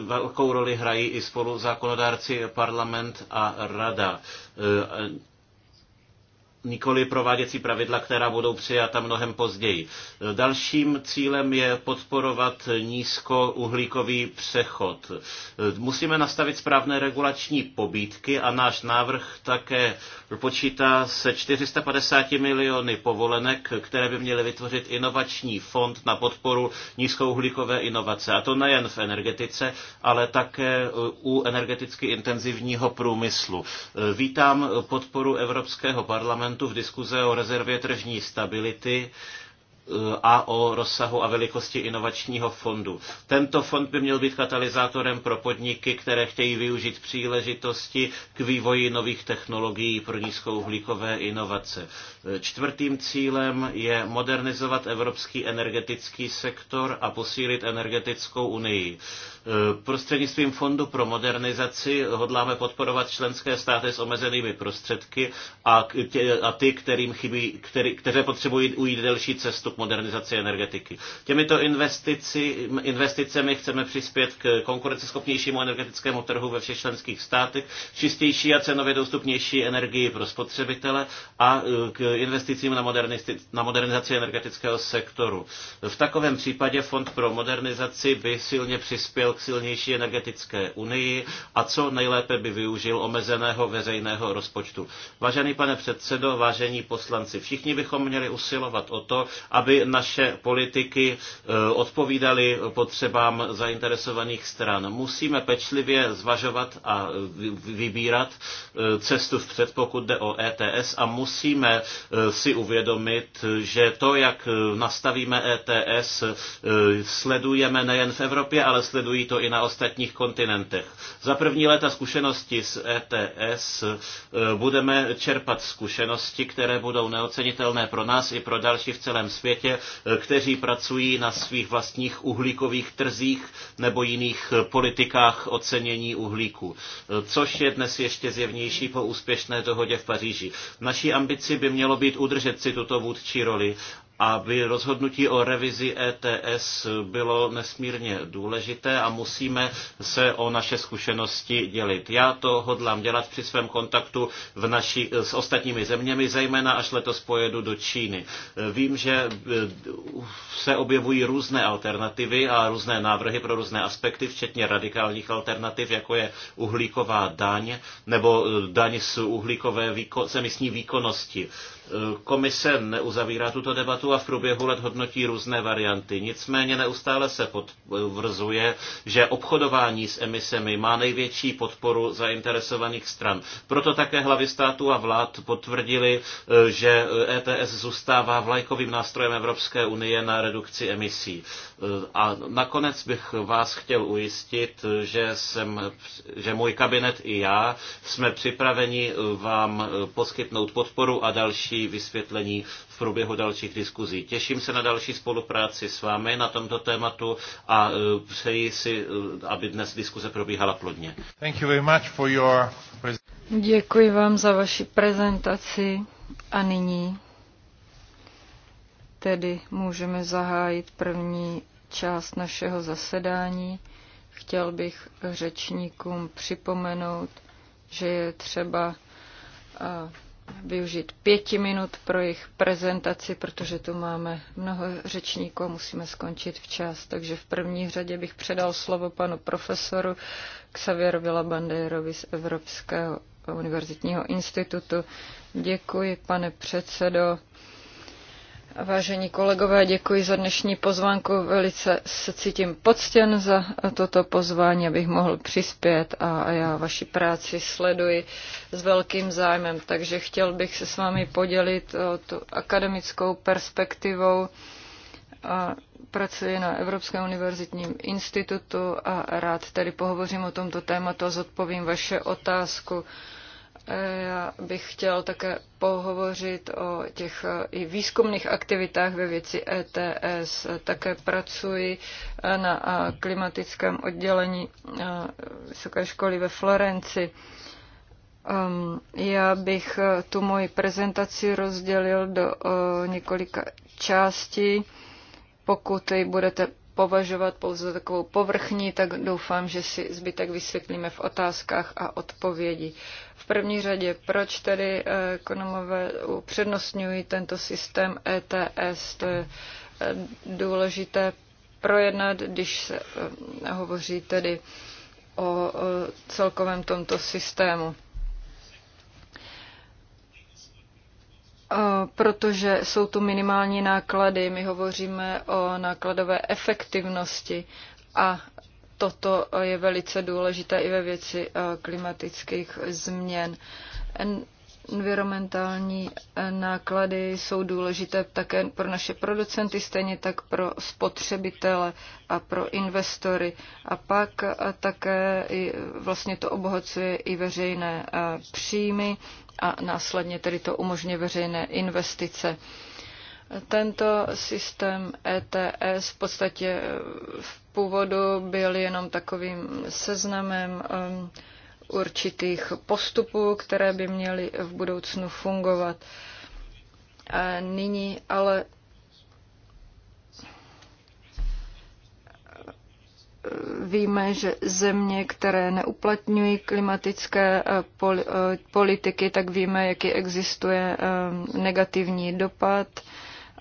velkou roli hrají i spolu zákonodárci parlament a rada nikoli prováděcí pravidla, která budou přijata mnohem později. Dalším cílem je podporovat nízkouhlíkový přechod. Musíme nastavit správné regulační pobídky a náš návrh také počítá se 450 miliony povolenek, které by měly vytvořit inovační fond na podporu nízkouhlíkové inovace. A to nejen v energetice, ale také u energeticky intenzivního průmyslu. Vítám podporu Evropského parlamentu parlamentu v diskuze o rezervě tržní stability a o rozsahu a velikosti inovačního fondu. Tento fond by měl být katalyzátorem pro podniky, které chtějí využít příležitosti k vývoji nových technologií pro nízkouhlíkové inovace. Čtvrtým cílem je modernizovat evropský energetický sektor a posílit energetickou unii. Prostřednictvím Fondu pro modernizaci hodláme podporovat členské státy s omezenými prostředky a, ty, kterým chybí, který, které potřebují ujít delší cestu k modernizaci energetiky. Těmito investici, investicemi chceme přispět k konkurenceschopnějšímu energetickému trhu ve všech členských státech, čistější a cenově dostupnější energii pro spotřebitele a e, k investicím na, na modernizaci energetického sektoru. V takovém případě Fond pro modernizaci by silně přispěl k silnější energetické unii a co nejlépe by využil omezeného veřejného rozpočtu. Vážený pane předsedo, vážení poslanci, všichni bychom měli usilovat o to, aby aby naše politiky eh, odpovídaly potřebám zainteresovaných stran. Musíme pečlivě zvažovat a eh, vybírat eh, cestu vpřed, pokud jde o ETS a musíme si uvědomit, že to, jak nastavíme ETS, sledujeme nejen v Evropě, ale sledují to i na ostatních kontinentech. Za první léta zkušenosti s ETS budeme čerpat zkušenosti, které budou neocenitelné pro nás i pro další v celém světě světě, eh, kteří pracují na svých vlastních uhlíkových trzích nebo jiných eh, politikách ocenění uhlíku, eh, což je dnes ještě zjevnější po úspěšné dohodě v Paříži. Naší ambici by mělo být udržet si tuto vůdčí roli aby rozhodnutí o revizi ETS bylo nesmírně důležité a musíme se o naše zkušenosti dělit. Já to hodlám dělat při svém kontaktu v naši, s ostatními zeměmi, zejména až letos pojedu do Číny. Vím, že e, se objevují různé alternativy a různé návrhy pro různé aspekty, včetně radikálních alternativ, jako je uhlíková daň nebo e, daň z uhlíkové výkon, z emisní výkonnosti. Komise neuzavírá tuto debatu a v průběhu let hodnotí různé varianty. Nicméně neustále se podvrzuje, že obchodování s emisemi má největší podporu zainteresovaných stran. Proto také hlavy států a vlád potvrdili, že ETS zůstává vlajkovým nástrojem Evropské unie na redukci emisí. A nakonec bych vás chtěl ujistit, že, jsem, že můj kabinet i já jsme připraveni vám poskytnout podporu a další další vysvětlení v průběhu dalších diskuzí. Těším se na další spolupráci s vámi na tomto tématu a e, přeji si, e, aby dnes diskuze probíhala plodně. Thank you very much for your Děkuji vám za vaši prezentaci a nyní tedy můžeme zahájit první část našeho zasedání. Chtěl bych řečníkům připomenout, že je třeba využít pěti minut pro jejich prezentaci, protože tu máme mnoho řečníků a musíme skončit včas. Takže v první řadě bych předal slovo panu profesoru Xavierovi Labandérovi z Evropského univerzitního institutu. Děkuji, pane předsedo. Vážení kolegové, děkuji za dnešní pozvánku. Velice se cítím poctěn za toto pozvání, abych mohl přispět a já vaši práci sleduji s velkým zájmem. Takže chtěl bych se s vámi podělit o tu akademickou perspektivou. A pracuji na Evropském univerzitním institutu a rád tedy pohovořím o tomto tématu a zodpovím vaše otázku. Já bych chtěl také pohovořit o těch i výzkumných aktivitách ve věci ETS. Také pracuji na klimatickém oddělení eh, Vysoké školy ve Florenci. Ehm, já bych eh, tu moji prezentaci rozdělil do eh, několika částí. Pokud ji budete považovat pouze za takovou povrchní, tak doufám, že si zbytek vysvětlíme v otázkách a odpovědi. V první řadě, proč tedy eh, ekonomové upřednostňují tento systém ETS? To je eh, důležité projednat, když se eh, hovoří tedy o celkovém tomto systému. protože jsou to minimální náklady. My hovoříme o nákladové efektivnosti a toto je velice důležité i ve věci klimatických změn environmentální eh, náklady jsou důležité také pro naše producenty, stejně tak pro spotřebitele a pro investory. A pak eh, také vlastně to obohacuje i veřejné eh, příjmy a následně tedy to umožňuje veřejné investice. Tento systém ETS v podstatě v původu byl jenom takovým seznamem určitých postupů, které by měly v budoucnu fungovat. A nyní ale víme, že země, které neuplatňují klimatické eh, eh, politiky, tak víme, jaký existuje eh, negativní dopad,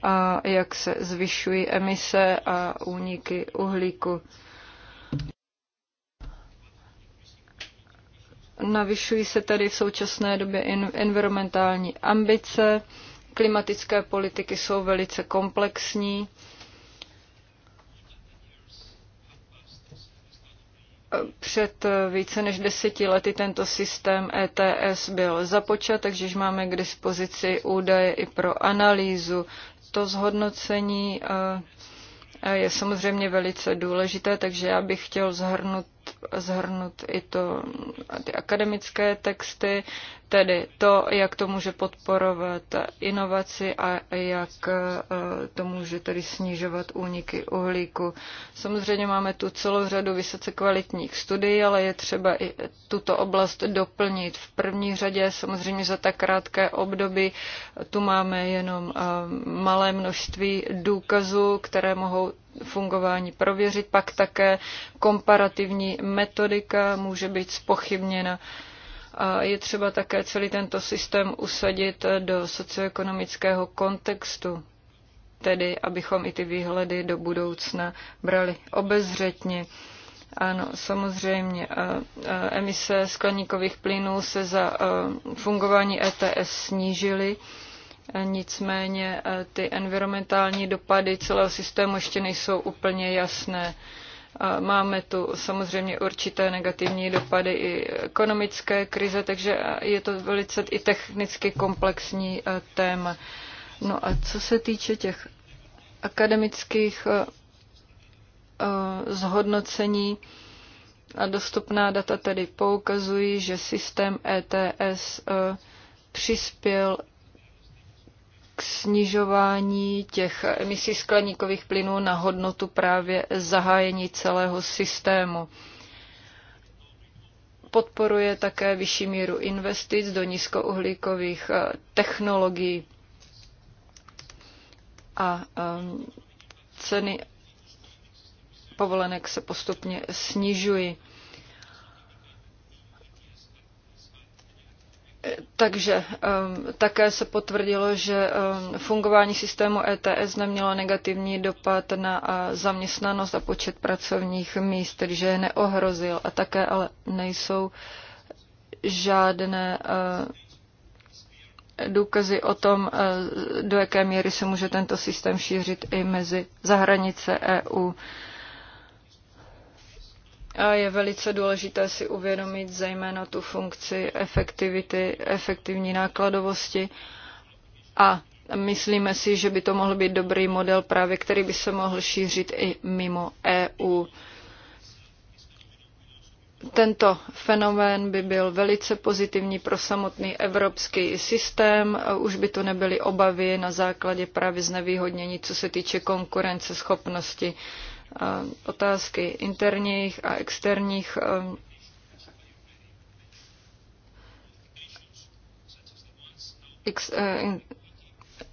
a jak se zvyšují emise a úniky uhlíku. Navyšují se tady v současné době environmentální ambice, klimatické politiky jsou velice komplexní. Před více než deseti lety tento systém ETS byl započat, takže máme k dispozici údaje i pro analýzu. To zhodnocení eh, je samozřejmě velice důležité, takže já bych chtěl zhrnout zhrnut i to, ty akademické texty, tedy to, jak to může podporovat inovaci a jak eh, to může tedy snižovat úniky uhlíku. Samozřejmě máme tu celou řadu vysoce kvalitních studií, ale je třeba i tuto oblast doplnit. V první řadě samozřejmě za tak krátké období tu máme jenom eh, malé množství důkazů, které mohou fungování prověřit. Pak také komparativní metodika může být spochybněna. A je třeba také celý tento systém usadit do socioekonomického kontextu, tedy abychom i ty výhledy do budoucna brali obezřetně. Ano, samozřejmě. Emise skleníkových plynů se za fungování ETS snížily Nicméně eh, ty environmentální dopady celého systému ještě nejsou úplně jasné. Eh, máme tu samozřejmě určité negativní dopady i ekonomické krize, takže eh, je to velice i technicky komplexní téma. No a co se týče těch akademických zhodnocení, a dostupná data tedy poukazují, že systém ETS přispěl k snižování těch emisí skleníkových plynů na hodnotu právě zahájení celého systému. Podporuje také vyšší míru investic do nízkouhlíkových eh, technologií a ehm, ceny povolenek se postupně snižují. Takže ehm, také se potvrdilo, že ehm, fungování systému ETS nemělo negativní dopad na eh, zaměstnanost a počet pracovních míst, takže je neohrozil. A také ale nejsou žádné eh, důkazy o tom, eh, do jaké míry se může tento systém šířit i mezi zahranice EU je velice důležité si uvědomit zejména tu funkci efektivity, efektivní nákladovosti a myslíme si, že by to mohl být dobrý model právě, který by se mohl šířit i mimo EU. Tento fenomén by byl velice pozitivní pro samotný evropský systém. Už by to nebyly obavy na základě právě znevýhodnění, co se týče konkurenceschopnosti. schopnosti otázky interních a externích ehm, ex, eh,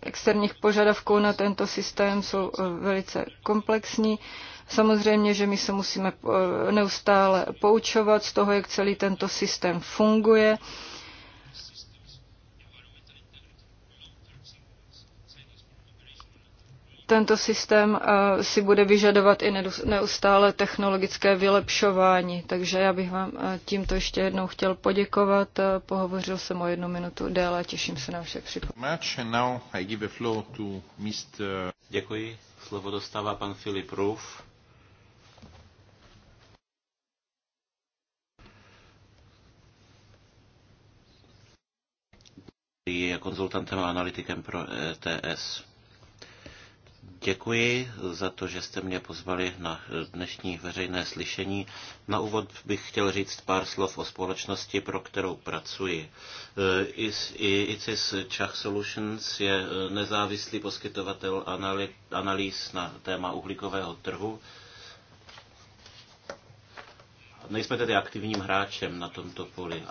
externích požadavků na tento systém jsou eh, velice komplexní. Samozřejmě, že my se musíme eh, neustále poučovat z toho, jak celý tento systém funguje. tento systém eh, si bude vyžadovat i neustále technologické vylepšování. Takže já bych vám eh, tímto ještě jednou chtěl poděkovat. Eh, pohovořil jsem o jednu minutu déle a těším se na vše připomínky. Děkuji. Slovo dostává pan Filip Ruf. je konzultantem a analytikem pro ETS. Děkuji za to, že jste mě pozvali na dnešní veřejné slyšení. Na úvod bych chtěl říct pár slov o společnosti, pro kterou pracuji. Eh, ICIS Czech Solutions je eh, nezávislý poskytovatel analýz na téma uhlíkového trhu nejsme tedy aktivním hráčem na tomto poli.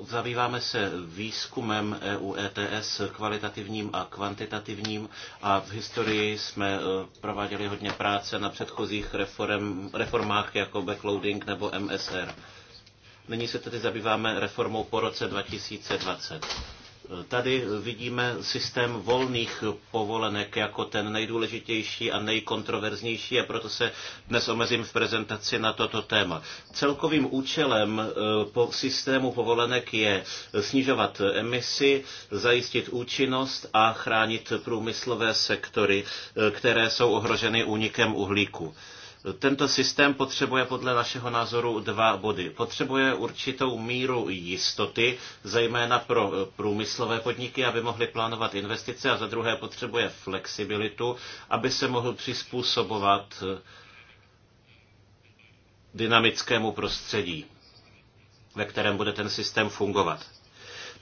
Zabýváme se výzkumem EU ETS kvalitativním a kvantitativním a v historii jsme e, prováděli hodně práce na předchozích reform, reformách jako backloading nebo MSR. Nyní se tedy zabýváme reformou po roce 2020. Tady vidíme systém volných povolenek jako ten nejdůležitější a nejkontroverznější a proto se dnes omezím v prezentaci na toto téma. Celkovým účelem eh, po systému povolenek je snižovat emisy, zajistit účinnost a chránit průmyslové sektory, eh, které jsou ohroženy únikem uhlíku. Tento systém potřebuje podle našeho názoru dva body. Potřebuje určitou míru jistoty, zejména pro eh, průmyslové podniky, aby mohly plánovat investice a za druhé potřebuje flexibilitu, aby se mohl přizpůsobovat eh, dynamickému prostředí, ve kterém bude ten systém fungovat.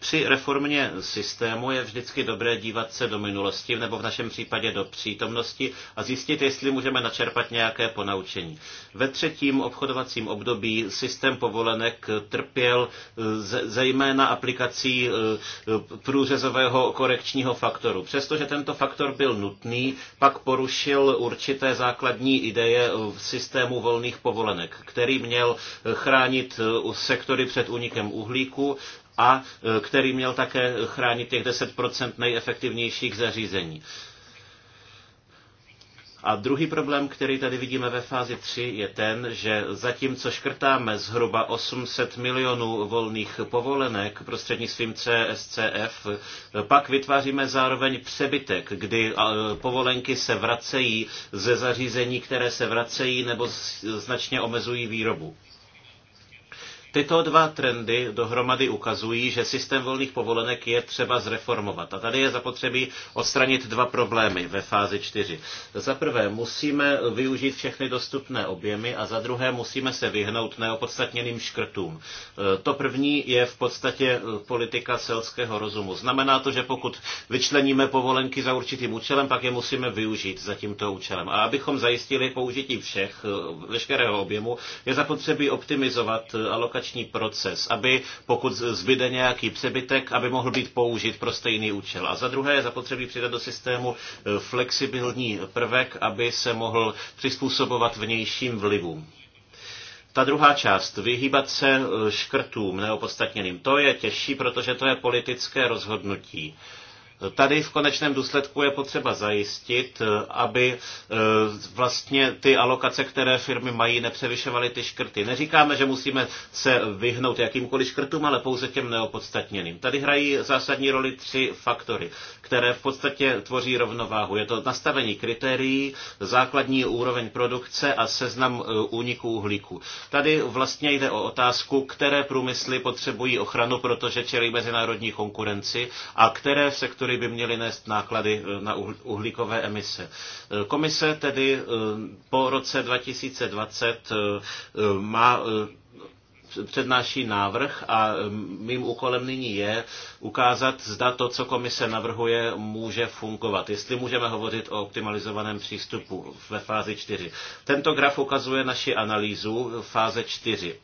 Při reformě systému je vždycky dobré dívat se do minulosti, nebo v našem případě do přítomnosti a zjistit, jestli můžeme načerpat nějaké ponaučení. Ve třetím obchodovacím období systém povolenek trpěl eh, zejména aplikací eh, průřezového korekčního faktoru. Přestože tento faktor byl nutný, pak porušil určité základní ideje systému volných povolenek, který měl eh, chránit sektory před únikem uhlíku, a e, který měl také chránit těch 10% nejefektivnějších zařízení. A druhý problém, který tady vidíme ve fázi 3, je ten, že zatímco škrtáme zhruba 800 milionů volných povolenek prostřednictvím CSCF, pak vytváříme zároveň přebytek, kdy e, povolenky se vracejí ze zařízení, které se vracejí nebo značně omezují výrobu. Tyto dva trendy dohromady ukazují, že systém volných povolenek je třeba zreformovat. A tady je zapotřebí odstranit dva problémy ve fázi 4. Za prvé musíme využít všechny dostupné objemy a za druhé musíme se vyhnout neopodstatněným škrtům. E, to první je v podstatě e, politika selského rozumu. Znamená to, že pokud vyčleníme povolenky za určitým účelem, pak je musíme využít za tímto účelem. A abychom zajistili použití všech, e, veškerého objemu, je zapotřebí optimizovat alokaci adaptační proces, aby pokud zbyde nějaký přebytek, aby mohl být použit pro stejný účel. A za druhé je zapotřebí přidat do systému e, flexibilní prvek, aby se mohl přizpůsobovat vnějším vlivům. Ta druhá část, vyhýbat se e, škrtům neopodstatněným, to je těžší, protože to je politické rozhodnutí. Tady v konečném důsledku je potřeba zajistit, eh, aby eh, vlastně ty alokace, které firmy mají, nepřevyšovaly ty škrty. Neříkáme, že musíme se vyhnout jakýmkoliv škrtům, ale pouze těm neopodstatněným. Tady hrají zásadní roli tři faktory, které v podstatě tvoří rovnováhu. Je to nastavení kritérií, základní úroveň produkce a seznam eh, úniků uhlíku. Tady vlastně jde o otázku, které průmysly potřebují ochranu, protože čelí mezinárodní konkurenci a které v sektoru sektory by měly nést náklady eh, na uhlíkové emise. Eh, komise tedy eh, po roce 2020 má přednáší návrh a mým úkolem nyní je ukázat, zda to, co komise navrhuje, může fungovat. Jestli můžeme hovořit o optimalizovaném přístupu ve fázi 4. Tento graf ukazuje naši analýzu fáze 4.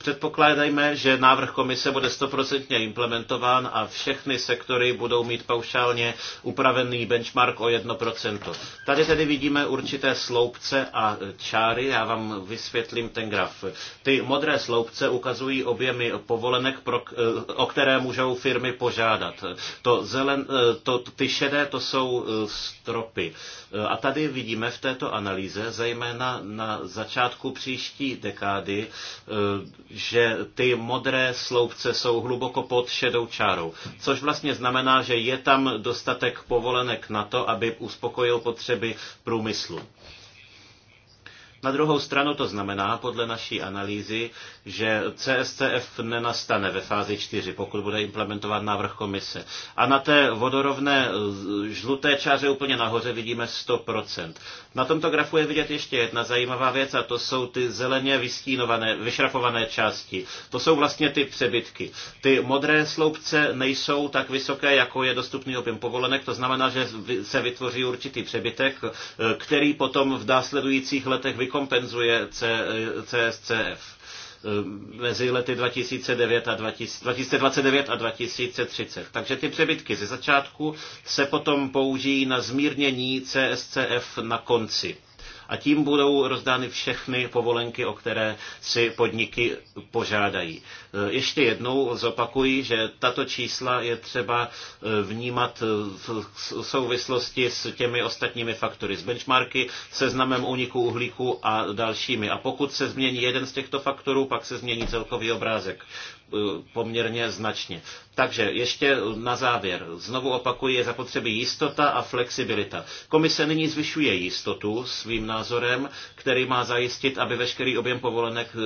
Předpokládejme, že návrh komise bude stoprocentně implementován a všechny sektory budou mít paušálně upravený benchmark o 1%. Tady tedy vidíme určité sloupce a čáry, já vám vysvětlím ten graf. Ty modré sloupce ukazují objemy povolenek, pro, o které můžou firmy požádat. To zelen, to, ty šedé to jsou e, stropy. E, a tady vidíme v této analýze, zejména na začátku příští dekády, e, že ty modré sloupce jsou hluboko pod šedou čárou, což vlastně znamená, že je tam dostatek povolenek na to, aby uspokojil potřeby průmyslu. Na druhou stranu to znamená, podle naší analýzy, že CSCF nenastane ve fázi 4, pokud bude implementován návrh komise. A na té vodorovné eh, žluté čáře úplně nahoře vidíme 100%. Na tomto grafu je vidět ještě jedna zajímavá věc a to jsou ty zeleně vystínované, vyšrafované části. To jsou vlastně ty přebytky. Ty modré sloupce nejsou tak vysoké, jako je dostupný objem povolenek, to znamená, že se vytvoří určitý přebytek, eh, který potom v následujících letech vykompenzuje CSCF eh, eh, mezi lety 2009 a 20, 2029 a 2030. Takže ty přebytky ze začátku se potom použijí na zmírnění CSCF na konci a tím budou rozdány všechny povolenky, o které si podniky požádají. E, ještě jednou zopakuji, že tato čísla je třeba e, vnímat e, v souvislosti s těmi ostatními faktory, s benchmarky, seznamem úniku uhlíku a dalšími. A pokud se změní jeden z těchto faktorů, pak se změní celkový obrázek poměrně značně. Takže ještě na závěr. Znovu opakuji, je zapotřebí jistota a flexibilita. Komise nyní zvyšuje jistotu svým názorem, který má zajistit, aby veškerý objem povolenek eh,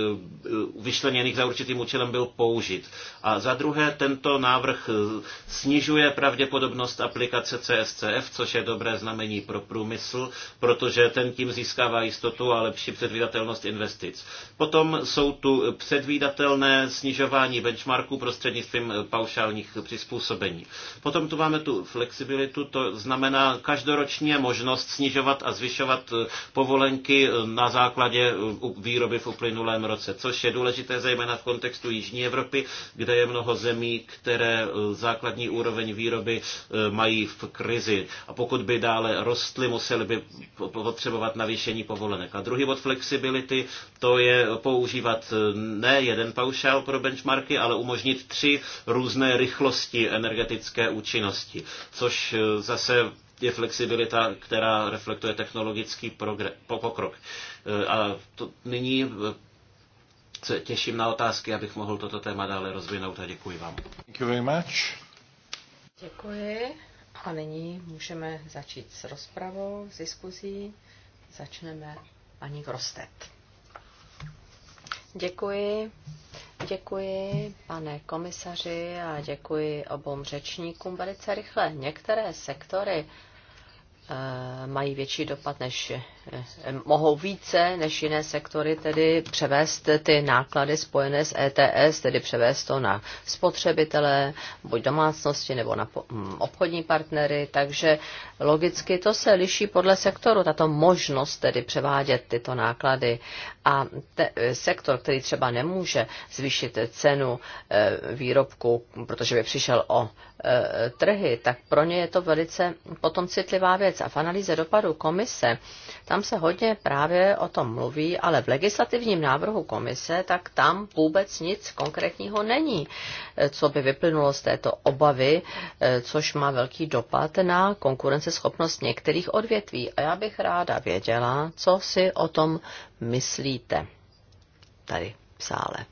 vyšleněných za určitým účelem byl použit. A za druhé, tento návrh eh, snižuje pravděpodobnost aplikace CSCF, což je dobré znamení pro průmysl, protože ten tím získává jistotu a lepší předvídatelnost investic. Potom jsou tu předvídatelné snižování benchmarku prostřednictvím paušální digitálních přizpůsobení. Potom tu máme tu flexibilitu, to znamená každoročně možnost snižovat a zvyšovat eh, povolenky eh, na základě eh, výroby v uplynulém roce, což je důležité zejména v kontextu Jižní Evropy, kde je mnoho zemí, které základní úroveň výroby mají v krizi. A pokud by dále rostly, museli by potřebovat navýšení povolenek. A druhý bod flexibility, to je používat ne jeden paušál pro benchmarky, ale umožnit tři různé různé rychlosti energetické účinnosti, což eh, zase je flexibilita, která reflektuje technologický pokrok. Eh, a to nyní eh, se těším na otázky, abych mohl toto téma dále rozvinout a děkuji vám. Thank you very much. Děkuji. A nyní můžeme začít s rozpravou, s diskuzí. Začneme paní Grostet. Děkuji. Děkuji, pane komisaři, a děkuji obou řečníkům velice rychle. Některé sektory eh, mají větší dopad než Eh, mohou více než jiné sektory tedy převést ty náklady spojené s ETS, tedy převést to na spotřebitele, buď domácnosti nebo na mm, obchodní partnery, takže logicky to se liší podle sektoru, tato možnost tedy převádět tyto náklady a te, eh, sektor, který třeba nemůže zvýšit cenu e, výrobku, protože by přišel o e, trhy, tak pro ně je to velice potom citlivá věc. A v analýze dopadu komise tam tam se hodně právě o tom mluví, ale v legislativním návrhu komise, tak tam vůbec nic konkrétního není, eh, co by vyplynulo z této obavy, eh, což má velký dopad na konkurenceschopnost některých odvětví. A já bych ráda věděla, co si o tom myslíte tady v sále.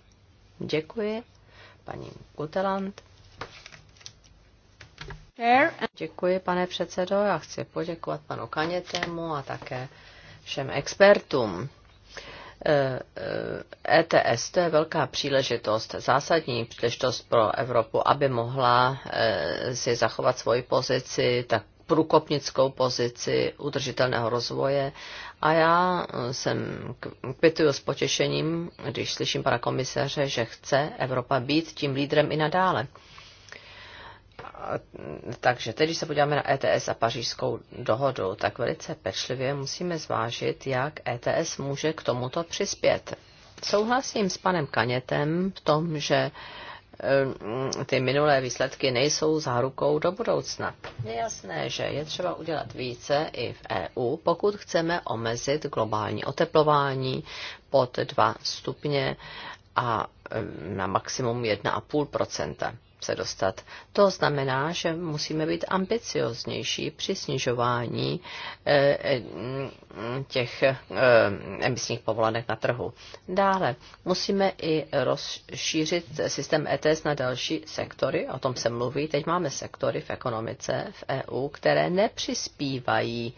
Děkuji, paní Guteland. Děkuji, pane předsedo. Já chci poděkovat panu Kanětému a také všem expertům. ETS e, e to je velká příležitost, zásadní příležitost pro Evropu, aby mohla e, si zachovat svoji pozici, tak průkopnickou pozici udržitelného rozvoje. A já jsem kvituju s potěšením, když slyším pana komisaře, že chce Evropa být tím lídrem i nadále takže teď, když se podíváme na ETS a pařížskou dohodu, tak velice pečlivě musíme zvážit, jak ETS může k tomuto přispět. Souhlasím s panem Kanětem v tom, že eh, ty minulé výsledky nejsou zárukou do budoucna. Je jasné, že je třeba udělat více i v EU, pokud chceme omezit globální oteplování pod 2 stupně a eh, na maximum 1,5 se dostat. To znamená, že musíme být ambicioznější při snižování eh, eh, těch eh, emisních povolenek na trhu. Dále musíme i rozšířit systém ETS na další sektory, o tom se mluví. Teď máme sektory v ekonomice v EU, které nepřispívají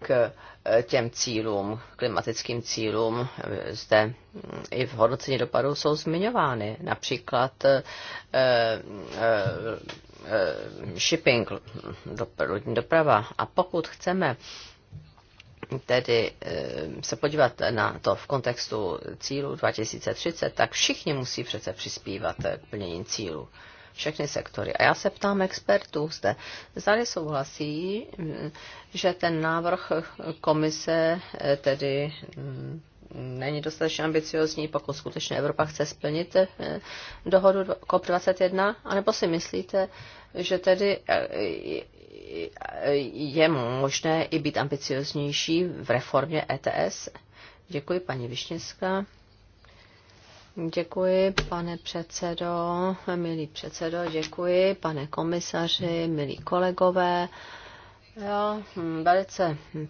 k eh, těm cílům, klimatickým cílům, eh, zde mm, i v hodnocení dopadů jsou zmiňovány. Například eh, shipping, doprava. A pokud chceme tedy se podívat na to v kontextu cílu 2030, tak všichni musí přece přispívat k plnění cílu všechny sektory. A já se ptám expertů zde, zdali souhlasí, že ten návrh komise eh, tedy mm, není dostatečně ambiciozní, pokud skutečně Evropa chce splnit eh, dohodu COP21, anebo si myslíte, že tedy eh, je možné i být ambicioznější v reformě ETS? Děkuji, paní Višněvská. Děkuji, pane předsedo, milý předsedo, děkuji, pane komisaři, milí kolegové. Já hm, velice hm,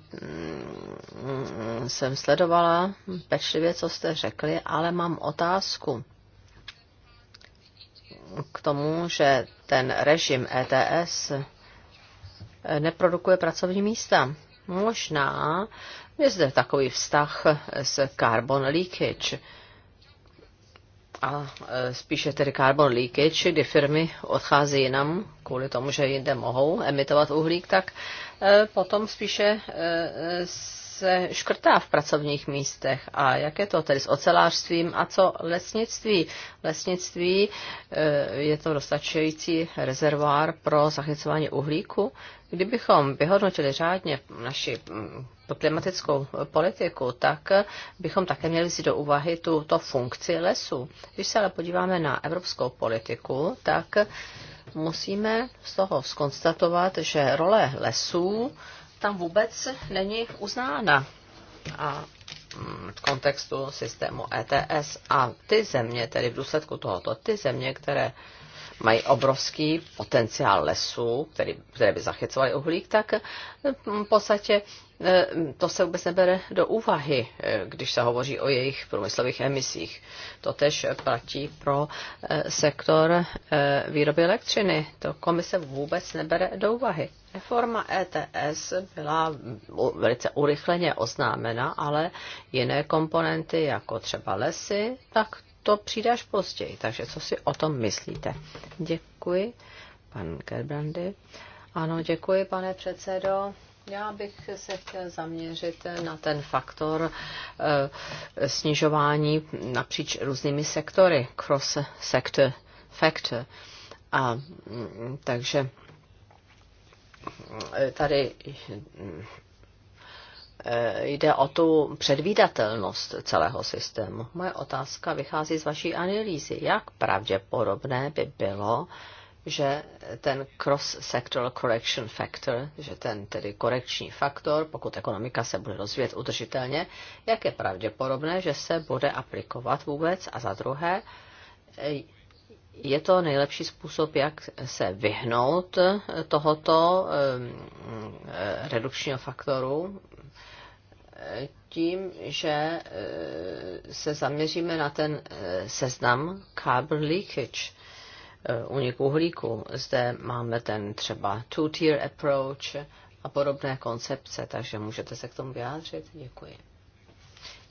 jsem sledovala pečlivě, co jste řekli, ale mám otázku k tomu, že ten režim ETS neprodukuje pracovní místa. Možná je zde takový vztah s carbon leakage a e, spíše tedy carbon leakage, kdy firmy odchází jinam kvůli tomu, že jinde mohou emitovat uhlík, tak e, potom spíše e, se škrtá v pracovních místech. A jak je to tedy s ocelářstvím a co lesnictví? Lesnictví eh, je to dostačující rezervoár pro zachycování uhlíku. Kdybychom vyhodnotili řádně naši mm, klimatickou politiku, tak bychom také měli si do úvahy tuto funkci lesu. Když se ale podíváme na evropskou politiku, tak musíme z toho skonstatovat, že role lesů tam vůbec není uznána a mm, v kontextu systému ETS. A ty země, tedy v důsledku tohoto, ty země, které mají obrovský potenciál lesů, který, které by zachycovaly uhlík, tak eh, v podstatě eh, to se vůbec nebere do úvahy, eh, když se hovoří o jejich průmyslových emisích. To tež platí pro sektor výroby elektřiny. To komise vůbec nebere do úvahy. Reforma ETS byla velice urychleně oznámena, ale jiné komponenty, jako třeba lesy, tak to přijde až později. Takže co si o tom myslíte? Děkuji, pan Gerbrandy. Ano, děkuji, pane předsedo. Já bych se chtěl zaměřit na ten faktor eh, snižování napříč různými sektory, cross sector factor. A mm, takže eh, tady E, jde o tu předvídatelnost celého systému. Moje otázka vychází z vaší analýzy. Jak pravděpodobné by bylo, že ten cross-sectoral correction factor, že ten tedy korekční faktor, pokud ekonomika se bude rozvíjet udržitelně, jak je pravděpodobné, že se bude aplikovat vůbec? A za druhé, je to nejlepší způsob, jak se vyhnout tohoto ehm, eh, redukčního faktoru tím, že eh, se zaměříme na ten eh, seznam carbon leakage, unik uhlíku. Zde máme ten třeba two-tier approach a podobné koncepce, takže můžete se k tomu vyjádřit. Děkuji.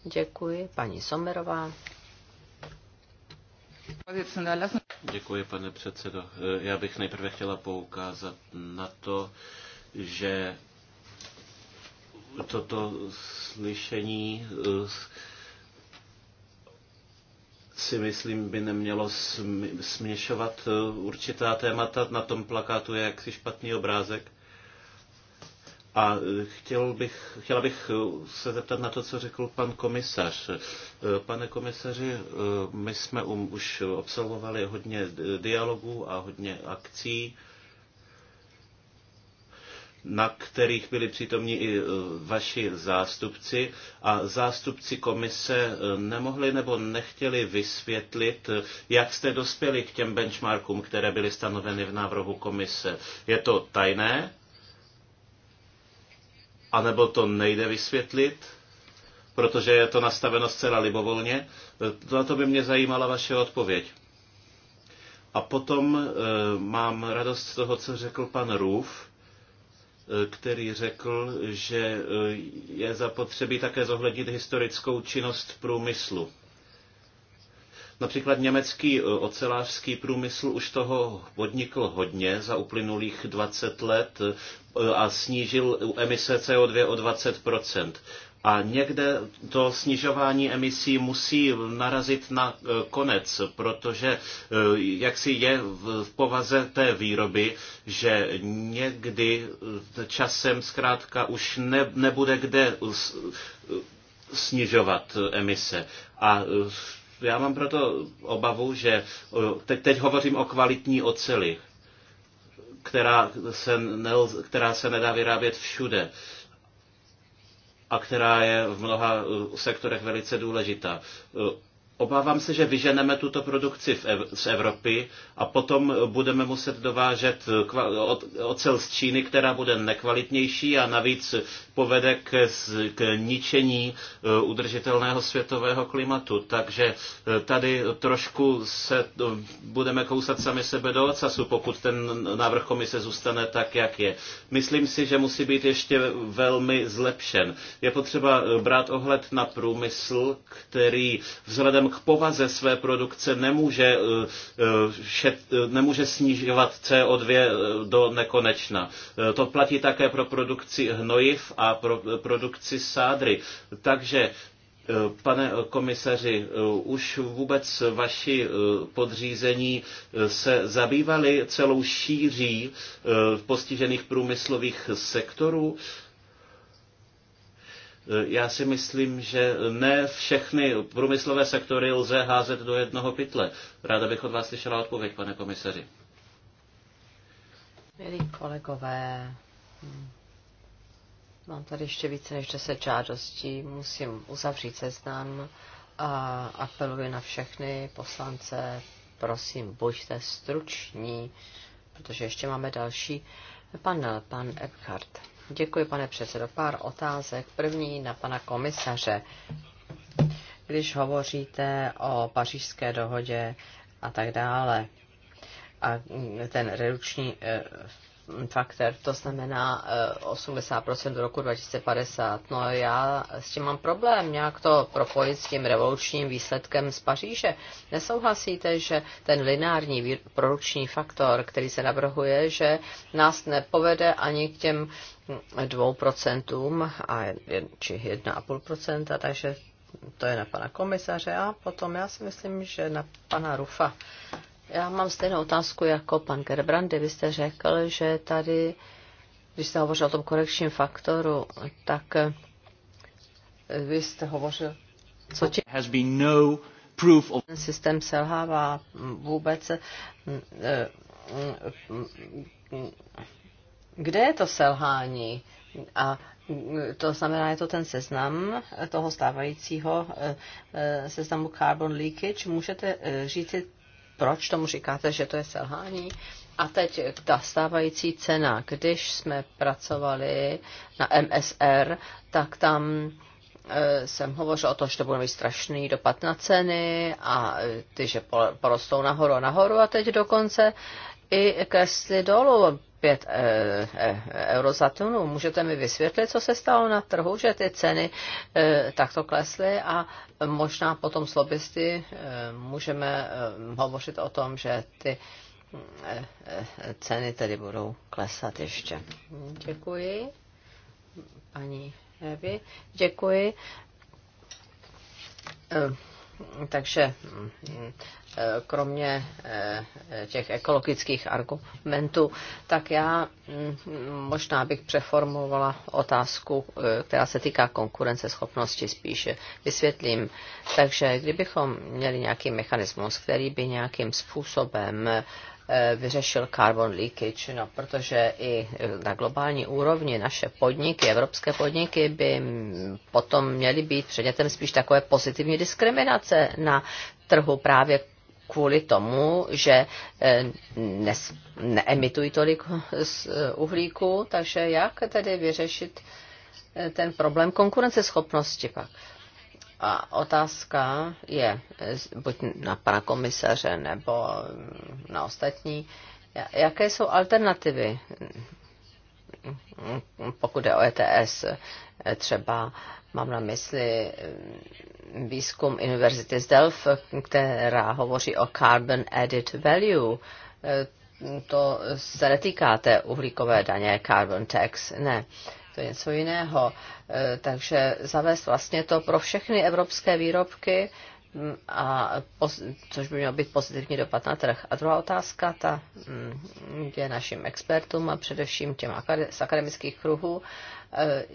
Děkuji, paní Somerová. Děkuji, pane předsedo. Eh, já bych nejprve chtěla poukázat na to, že toto slyšení eh, si myslím, by nemělo směšovat eh, určitá témata. Na tom plakátu je jaksi špatný obrázek. A chtěl bych, chtěla bych se zeptat na to, co řekl pan komisař. Pane komisaři, my jsme um, už absolvovali hodně dialogů a hodně akcí, na kterých byli přítomní i e, vaši zástupci a zástupci komise e, nemohli nebo nechtěli vysvětlit, e, jak jste dospěli k těm benchmarkům, které byly stanoveny v návrhu komise. Je to tajné? anebo to nejde vysvětlit, protože je to nastaveno zcela libovolně. Na to by mě zajímala vaše odpověď. A potom e, mám radost z toho, co řekl pan Růf, e, který řekl, že e, je zapotřebí také zohlednit historickou činnost průmyslu. Například německý e, ocelářský průmysl už toho podnikl hodně za uplynulých 20 let e, a snížil emise CO2 o 20 a někde to snižování emisí musí narazit na e, konec, protože jak si je v povaze té výroby, že někdy časem zkrátka už ne, nebude kde snižovat emise. A já mám proto obavu, že teď, teď hovořím o kvalitní oceli, která se, nel, která se nedá vyrábět všude a která je v mnoha sektorech velice důležitá. Obávám se, že vyženeme tuto produkci z Evropy a potom budeme muset dovážet ocel z Číny, která bude nekvalitnější a navíc povede k, k ničení eh, udržitelného světového klimatu. Takže eh, tady trošku se eh, budeme kousat sami sebe do ocasu, pokud ten návrh komise zůstane tak, jak je. Myslím si, že musí být ještě velmi zlepšen. Je potřeba brát ohled na průmysl, který vzhledem k povaze své produkce nemůže, eh, eh, šet, eh, nemůže snižovat CO2 do nekonečna. To platí také pro produkci hnojiv a pro produkci sádry. Takže Pane komisaři, už vůbec vaši podřízení se zabývali celou šíří postižených průmyslových sektorů? Eh, já si myslím, že ne všechny průmyslové sektory lze házet do jednoho pytle. Ráda bych od vás slyšela odpověď, pane komisaři. Milí kolegové, mám tady ještě více než 10 žádostí, musím uzavřít seznam a apeluji na všechny poslance, prosím, buďte struční, protože ještě máme další panel, pan Eckhart. Děkuji, pane předsedo. Pár otázek. První na pana komisaře. Když hovoříte o pařížské dohodě a tak dále, a ten redukční eh, faktor, to znamená 80% eh, do roku 2050. No já s tím mám problém nějak to propojit s tím revolučním výsledkem z Paříže. Nesouhlasíte, že ten lineární produkční faktor, který se navrhuje, že nás nepovede ani k těm 2% a, či 1,5%, takže to je na pana komisaře a potom já si myslím, že na pana Rufa já mám stejnou otázku jako pan Gerbrandy. Vy jste řekl, že tady, když jste hovořil o tom korekčním faktoru, tak eh, vy jste hovořil, co tě... Has been no proof of... Systém selhává vůbec. Eh, eh, kde je to selhání? A to znamená, je to ten seznam toho stávajícího seznamu carbon leakage. Můžete říct? proč tomu říkáte, že to je selhání? A teď ta stávající cena, když jsme pracovali na MSR, tak tam e, jsem hovořil o tom, že to bude mít strašný dopad na ceny a e, ty, že porostou nahoru a nahoru a teď dokonce i kresly dolů. Pět e, e, Eurozatonu. Můžete mi vysvětlit, co se stalo na trhu, že ty ceny eh, takto klesly a možná potom s lobbysty můžeme hovořit o tom, že ty ceny tedy budou klesat ještě. Děkuji, paní Evi. Děkuji. takže mm, Eh, kromě eh, těch ekologických argumentů, tak já mm, možná bych přeformovala otázku, eh, která se týká konkurenceschopnosti spíše. Vysvětlím. Takže kdybychom měli nějaký mechanismus, který by nějakým způsobem vyřešil carbon leakage, no, protože i na globální úrovni naše podniky, evropské podniky by potom měly být předmětem spíš takové pozitivní diskriminace na trhu právě kvůli tomu, že eh, nes, neemitují tolik z eh, eh, uhlíku, takže jak tedy vyřešit ten problém konkurenceschopnosti pak? A otázka je buď na pana komisaře nebo na ostatní, jaké jsou alternativy, mm, mm, pokud je o ETS, třeba Mám na mysli mm, výzkum Univerzity z Delft, která hovoří o carbon added value. E, to se netýká té uhlíkové daně, carbon tax, ne. To je něco jiného. E, takže zavést vlastně to pro všechny evropské výrobky, mm, a což by mělo být pozitivní dopad na trh. A druhá otázka, ta mm, je našim expertům a především těm z akademických kruhů, e,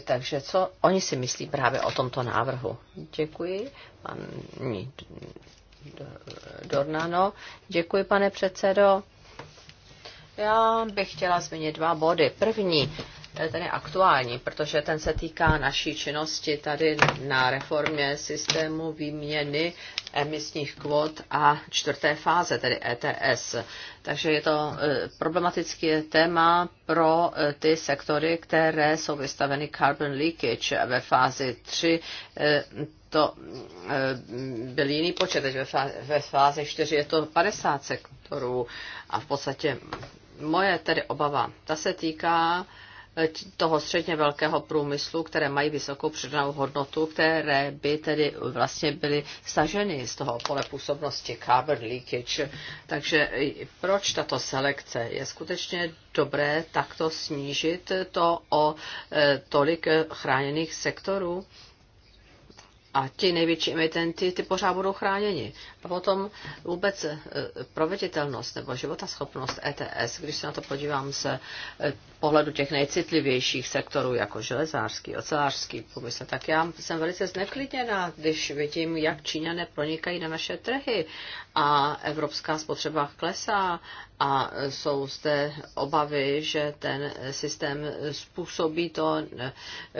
takže co oni si myslí právě o tomto návrhu? Děkuji. Pan Dornano. Děkuji, pane předsedo. Já bych chtěla zmínit dva body. První ten je aktuální, protože ten se týká naší činnosti tady na reformě systému výměny emisních kvot a čtvrté fáze, tedy ETS. Takže je to e, problematické téma pro e, ty sektory, které jsou vystaveny carbon leakage ve fázi 3 e, to byl jiný počet, teď ve, ve fázi 4 je to 50 sektorů a v podstatě moje tedy obava, ta se týká toho středně velkého průmyslu, které mají vysokou přidanou hodnotu, které by tedy vlastně byly staženy z toho pole působnosti carbon leakage. Takže proč tato selekce? Je skutečně dobré takto snížit to o e, tolik chráněných sektorů? a ti největší emitenty, ty pořád budou chráněni. A potom vůbec eh, proveditelnost nebo životaschopnost ETS, když se na to podívám se eh, pohledu těch nejcitlivějších sektorů, jako železářský, ocelářský průmysl, tak já jsem velice zneklidněná, když vidím, jak Číňané pronikají na naše trhy a evropská spotřeba klesá a jsou zde obavy, že ten systém způsobí to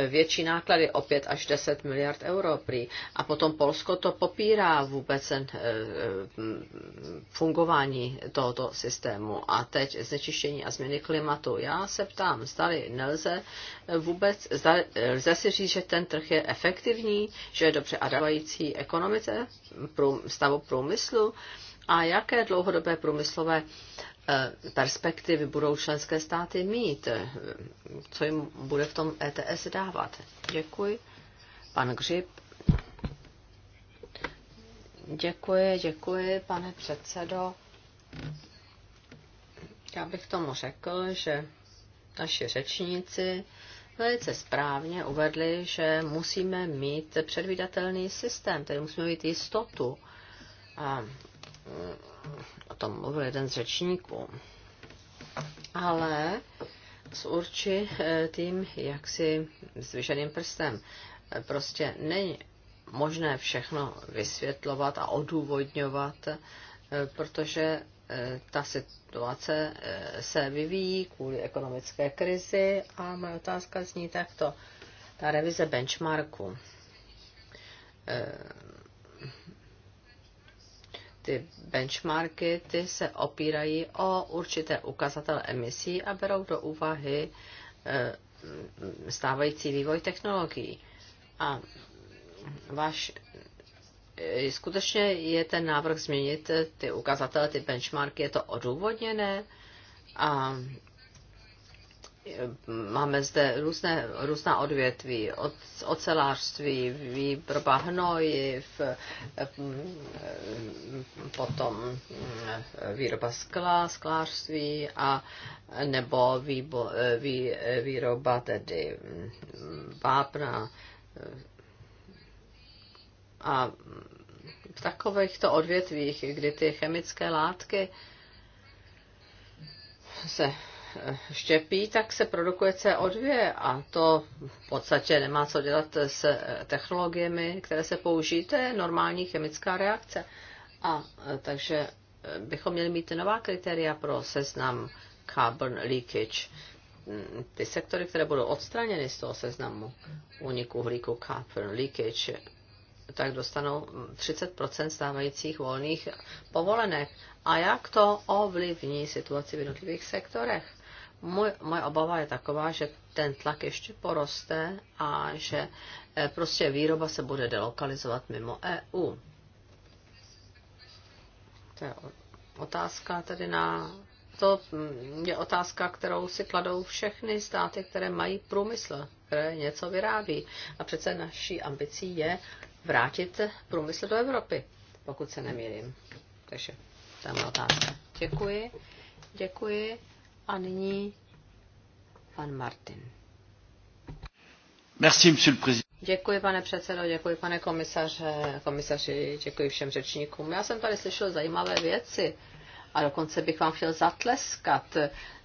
větší náklady o 5 až 10 miliard euro prý. A potom Polsko to popírá vůbec eh, fungování tohoto systému. A teď znečištění a změny klimatu. Já se ptám, zdali nelze vůbec, zdali, eh, lze si říct, že ten trh je efektivní, že je dobře adaptující ekonomice, stavu průmyslu, a jaké dlouhodobé průmyslové Eh, perspektivy budou členské státy mít, eh, co jim bude v tom ETS dávat. Děkuji. Pan Gřib. Děkuji, děkuji, pane předsedo. Já bych tomu řekl, že naši řečníci velice správně uvedli, že musíme mít předvídatelný systém, tedy musíme mít jistotu. A o tom mluvil jeden z řečníků. Ale s určitým eh, jaksi zvyšeným prstem. Eh, prostě není možné všechno vysvětlovat a odůvodňovat, eh, protože ta situace se vyvíjí kvůli ekonomické krizi a moje otázka zní takto. Ta revize benchmarku ty benchmarky, ty se opírají o určité ukazatele emisí a berou do úvahy eh, stávající vývoj technologií. A váš eh, skutečně je ten návrh změnit eh, ty ukazatele, ty benchmarky, je to odůvodněné a máme zde různé, různá odvětví, od, ocelářství, výroba hnojiv, potom výroba skla, sklářství a nebo výbo, vý, výroba tedy vápna a v takovýchto odvětvích, kdy ty chemické látky se štěpí, tak se produkuje CO2 a to v podstatě nemá co dělat s eh, technologiemi, které se použijí. To je normální chemická reakce. A eh, takže eh, bychom měli mít nová kritéria pro seznam carbon leakage. Mm, ty sektory, které budou odstraněny z toho seznamu úniku uhlíku carbon leakage, tak dostanou 30 mm, stávajících volných povolenek. A jak to ovlivní situaci v jednotlivých sektorech? Moj, moje obava je taková, že ten tlak ještě poroste a že eh, prostě výroba se bude delokalizovat mimo EU. To je otázka tedy na to mm, je otázka, kterou si kladou všechny státy, které mají průmysl, které něco vyrábí. A přece naší ambicí je vrátit průmysl do Evropy, pokud se nemýlím. Takže to je otázka. Děkuji. Děkuji. A nyní pan Martin. Merci, monsieur le président. Děkuji, pane předsedo, děkuji, pane komisaře, komisaři, děkuji všem řečníkům. Já jsem tady slyšel zajímavé věci a dokonce bych vám chtěl zatleskat,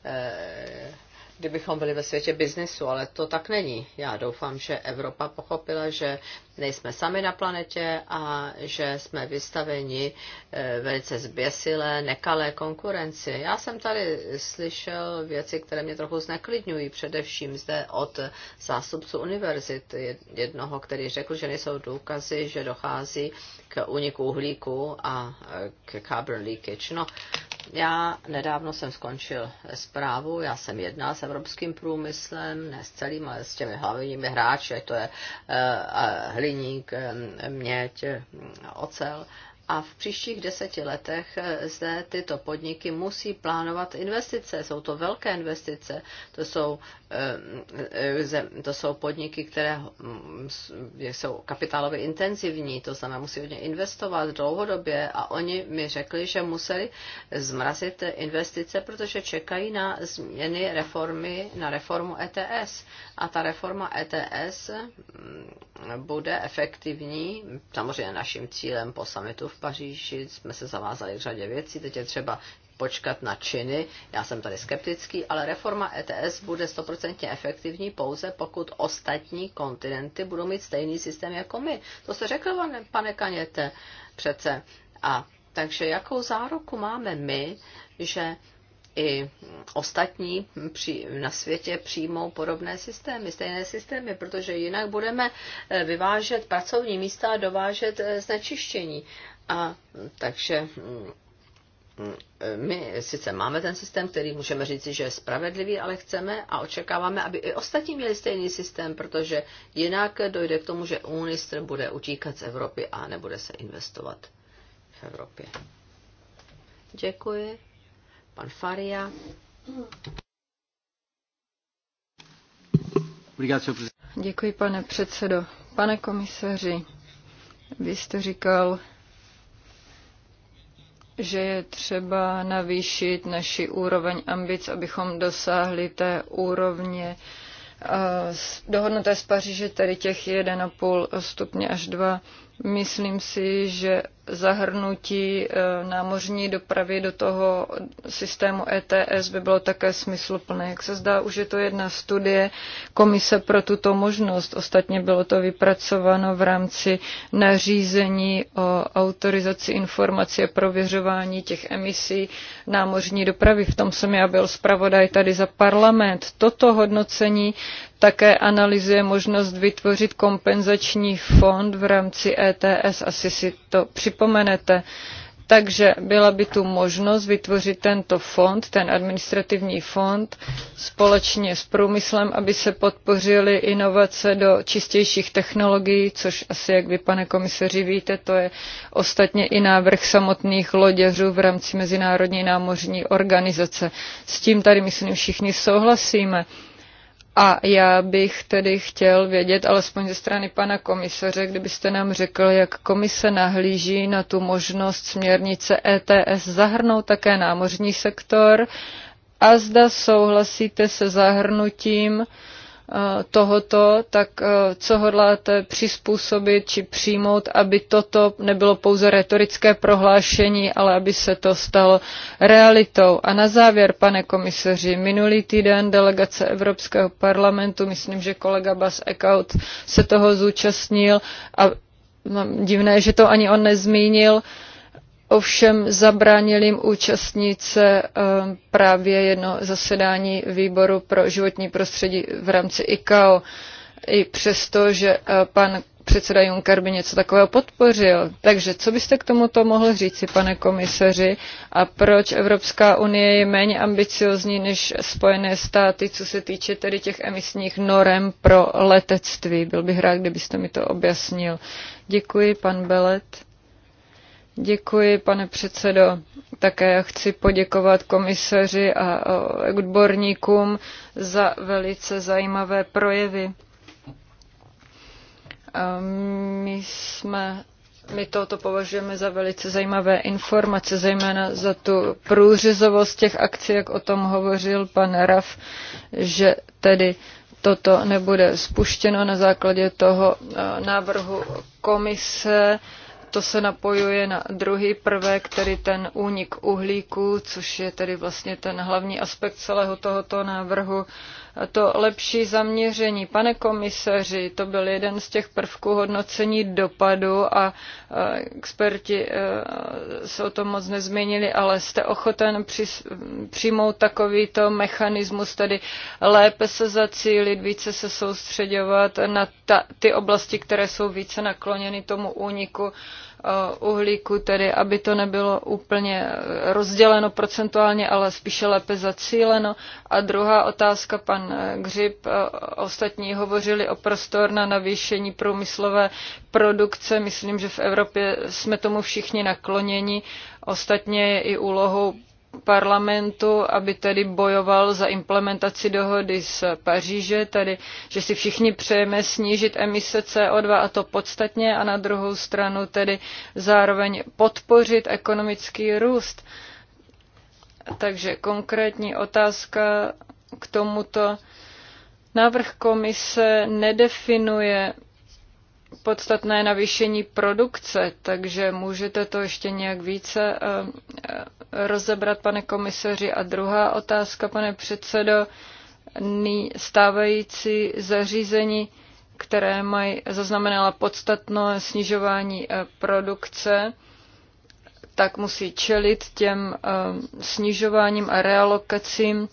eh, kdybychom byli ve světě biznesu, ale to tak není. Já doufám, že Evropa pochopila, že nejsme sami na planetě a že jsme vystaveni eh, velice zběsilé, nekalé konkurenci. Já jsem tady slyšel věci, které mě trochu zneklidňují, především zde od zástupců univerzit jednoho, který řekl, že nejsou důkazy, že dochází k uniku uhlíku a eh, k carbon leakage. No, já nedávno jsem skončil zprávu, já jsem jednal s evropským průmyslem, ne s celým, ale s těmi hlavními hráči, to je uh, hliník, měď, ocel a v příštích deseti letech eh, zde tyto podniky musí plánovat investice. Jsou to velké investice. To jsou, eh, eh, to jsou podniky, které hm, jsou kapitálově intenzivní, to znamená, musí hodně investovat dlouhodobě a oni mi řekli, že museli zmrazit investice, protože čekají na změny reformy, na reformu ETS. A ta reforma ETS hm, bude efektivní, samozřejmě naším cílem po summitu v Paříži jsme se zavázali k řadě věcí, teď je třeba počkat na činy. Já jsem tady skeptický, ale reforma ETS bude stoprocentně efektivní pouze, pokud ostatní kontinenty budou mít stejný systém jako my. To se řekl, pane, pane Kaněte, přece. A takže jakou záruku máme my, že i ostatní na světě přijmou podobné systémy, stejné systémy, protože jinak budeme eh, vyvážet pracovní místa a dovážet eh, znečištění. A takže mm, mm, my sice máme ten systém, který můžeme říci, že je spravedlivý, ale chceme a očekáváme, aby i ostatní měli stejný systém, protože jinak dojde k tomu, že Unistr bude utíkat z Evropy a nebude se investovat v Evropě. Děkuji. Pan Faria. Děkuji, pane předsedo. Pane komisaři, vy jste říkal, že je třeba navýšit naši úroveň ambic, abychom dosáhli té úrovně eh, dohodnuté z Paříže, tedy těch 1,5 stupně až 2 Myslím si, že zahrnutí eh, námořní dopravy do toho systému ETS by bylo také smysluplné. Jak se zdá, už je to jedna studie Komise pro tuto možnost. Ostatně bylo to vypracováno v rámci nařízení o autorizaci informací a prověřování těch emisí námořní dopravy. V tom jsem já byl zpravodaj tady za parlament. Toto hodnocení také analyzuje možnost vytvořit kompenzační fond v rámci ETS, asi si to připomenete. Takže byla by tu možnost vytvořit tento fond, ten administrativní fond, společně s průmyslem, aby se podpořily inovace do čistějších technologií, což asi, jak vy, pane komisaři, víte, to je ostatně i návrh samotných loděřů v rámci Mezinárodní námořní organizace. S tím tady, myslím, všichni souhlasíme. A já bych tedy chtěl vědět, alespoň ze strany pana komisaře, kdybyste nám řekl, jak komise nahlíží na tu možnost směrnice ETS zahrnout také námořní sektor a zda souhlasíte se zahrnutím uh, Eh, tohoto, tak eh, co hodláte přizpůsobit či přijmout, aby toto nebylo pouze retorické prohlášení, ale aby se to stalo realitou. A na závěr, pane komisaři, minulý týden delegace Evropského parlamentu, myslím, že kolega Bas Ekaut se toho zúčastnil a divné, že to ani on nezmínil, ovšem zabránil jim účastnit se eh, právě jedno zasedání výboru pro životní prostředí v rámci ICAO. I přesto, že eh, pan předseda Juncker by něco takového podpořil. Takže co byste k tomuto mohl říci, pane komisaři, a proč Evropská unie je méně ambiciozní než Spojené státy, co se týče tedy těch emisních norem pro letectví? Byl bych rád, kdybyste mi to objasnil. Děkuji, pan Belet. Děkuji, pane předsedo. Také chci poděkovat komisaři a odborníkům za velice zajímavé projevy. my jsme my toto považujeme za velice zajímavé informace, zejména za tu průřezovost těch akcí, jak o tom hovořil pan Raf, že tedy toto nebude spuštěno na základě toho návrhu komise, to se napojuje na druhý prvek, tedy ten únik uhlíku, což je tedy vlastně ten hlavní aspekt celého tohoto návrhu to lepší zaměření. Pane komisaři, to byl jeden z těch prvků hodnocení dopadu a e, experti e, se o tom moc nezměnili, ale jste ochoten při, přijmout takovýto mechanismus, tedy lépe se zacílit, více se soustředovat na ta, ty oblasti, které jsou více nakloněny tomu úniku Uh, uhlíku, tedy aby to nebylo úplně rozděleno procentuálně, ale spíše lépe zacíleno. A druhá otázka, pan Gřib, uh, ostatní hovořili o prostor na navýšení průmyslové produkce. Myslím, že v Evropě jsme tomu všichni nakloněni. Ostatně je i úlohou parlamentu, aby tedy bojoval za implementaci dohody z Paříže, tedy že si všichni přejeme snížit emise CO2 a to podstatně a na druhou stranu tedy zároveň podpořit ekonomický růst. Takže konkrétní otázka k tomuto. Návrh komise nedefinuje podstatné navýšení produkce, takže můžete to ještě nějak více eh, eh, rozebrat, pane komisaři. A druhá otázka, pane předsedo, stávající zařízení, které mají, zaznamenala podstatné snižování eh, produkce, tak musí čelit těm snižováním a realokacím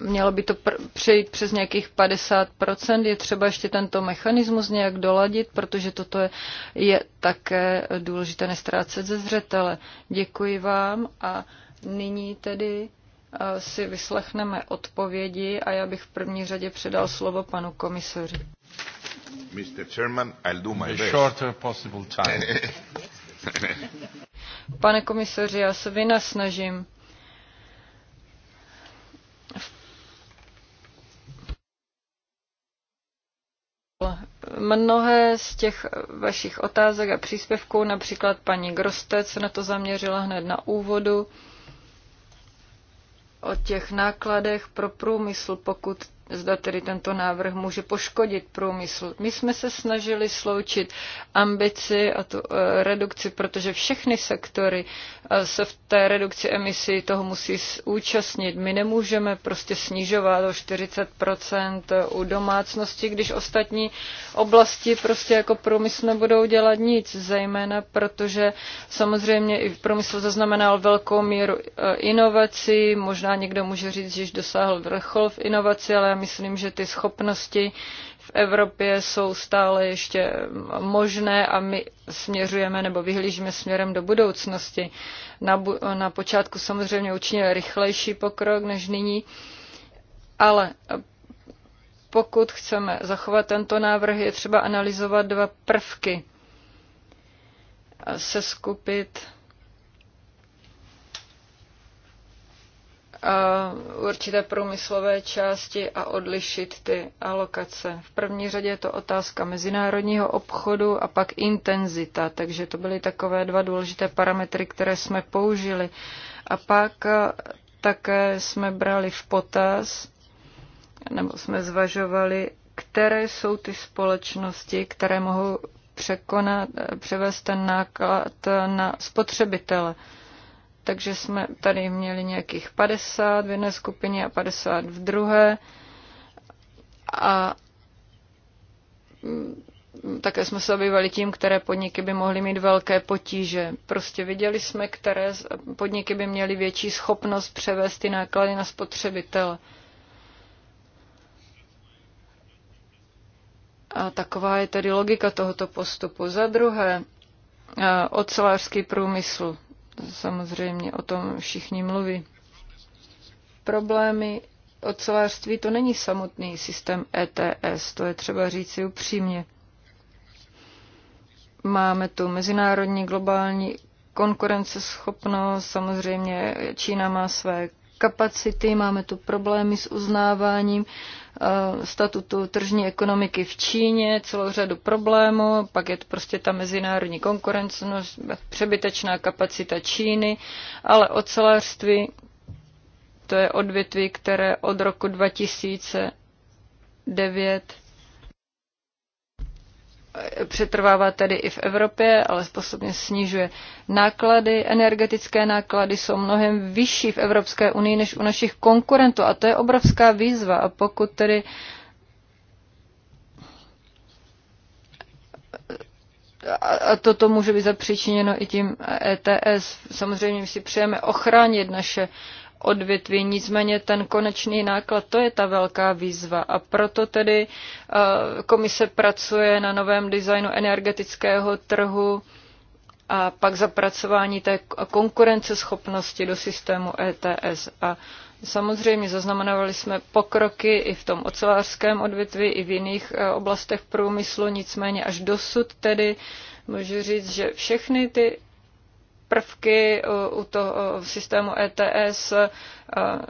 mělo by to pr- přejít přes nějakých 50%. Je třeba ještě tento mechanismus nějak doladit, protože toto je, je také důležité nestrácet ze zřetele. Děkuji vám a nyní tedy eh, si vyslechneme odpovědi a já bych v první řadě předal slovo panu komisaři. Mr. Chairman, I'll do my best. Uh, Pane komisaři, já se vynasnažím. Mnohé z těch vašich otázek a příspěvků, například paní Grostec se na to zaměřila hned na úvodu, o těch nákladech pro průmysl, pokud zda tedy tento návrh může poškodit průmysl. My jsme se snažili sloučit ambici a tu eh, redukci, protože všechny sektory eh, se v té redukci emisí toho musí účastnit. My nemůžeme prostě snižovat o 40 eh, u domácnosti, když ostatní oblasti prostě jako průmysl nebudou dělat nic, zejména protože samozřejmě i průmysl zaznamenal velkou míru inovací, možná někdo může říct, že již dosáhl vrchol v inovaci, ale myslím, že ty schopnosti v Evropě jsou stále ještě možné a my směřujeme nebo vyhlížíme směrem do budoucnosti. Na, bu- na počátku samozřejmě učinil rychlejší pokrok než nyní, ale pokud chceme zachovat tento návrh, je třeba analyzovat dva prvky. Seskupit skupit určité průmyslové části a odlišit ty alokace. V první řadě je to otázka mezinárodního obchodu a pak intenzita, takže to byly takové dva důležité parametry, které jsme použili. A pak také jsme brali v potaz, nebo jsme zvažovali, které jsou ty společnosti, které mohou překonat, převést ten náklad na spotřebitele takže jsme tady měli nějakých 50 v jedné skupině a 50 v druhé. A také jsme se obývali tím, které podniky by mohly mít velké potíže. Prostě viděli jsme, které podniky by měly větší schopnost převést ty náklady na spotřebitele. A taková je tedy logika tohoto postupu. Za druhé, ocelářský průmysl. Samozřejmě o tom všichni mluví. Problémy ocelářství to není samotný systém ETS, to je třeba říci upřímně. Máme tu mezinárodní globální konkurenceschopnost, samozřejmě Čína má své kapacity, máme tu problémy s uznáváním eh, statutu tržní ekonomiky v Číně, celou řadu problémů, pak je to prostě ta mezinárodní konkurencnost přebytečná kapacita Číny, ale ocelářství to je odvětví, které od roku 2009 přetrvává tedy i v Evropě, ale způsobně snižuje náklady. Energetické náklady jsou mnohem vyšší v Evropské unii než u našich konkurentů a to je obrovská výzva. A pokud tedy a toto může být zapříčiněno i tím ETS. Samozřejmě my si přejeme ochránit naše uh, odvětví, nicméně ten konečný náklad, to je ta velká výzva. A proto tedy eh, komise pracuje na novém designu energetického trhu a pak zapracování té konkurenceschopnosti do systému ETS. A Samozřejmě zaznamenovali jsme pokroky i v tom ocelářském odvětví, i v jiných eh, oblastech průmyslu, nicméně až dosud tedy můžu říct, že všechny ty prvky eh, u toho eh, systému ETS eh,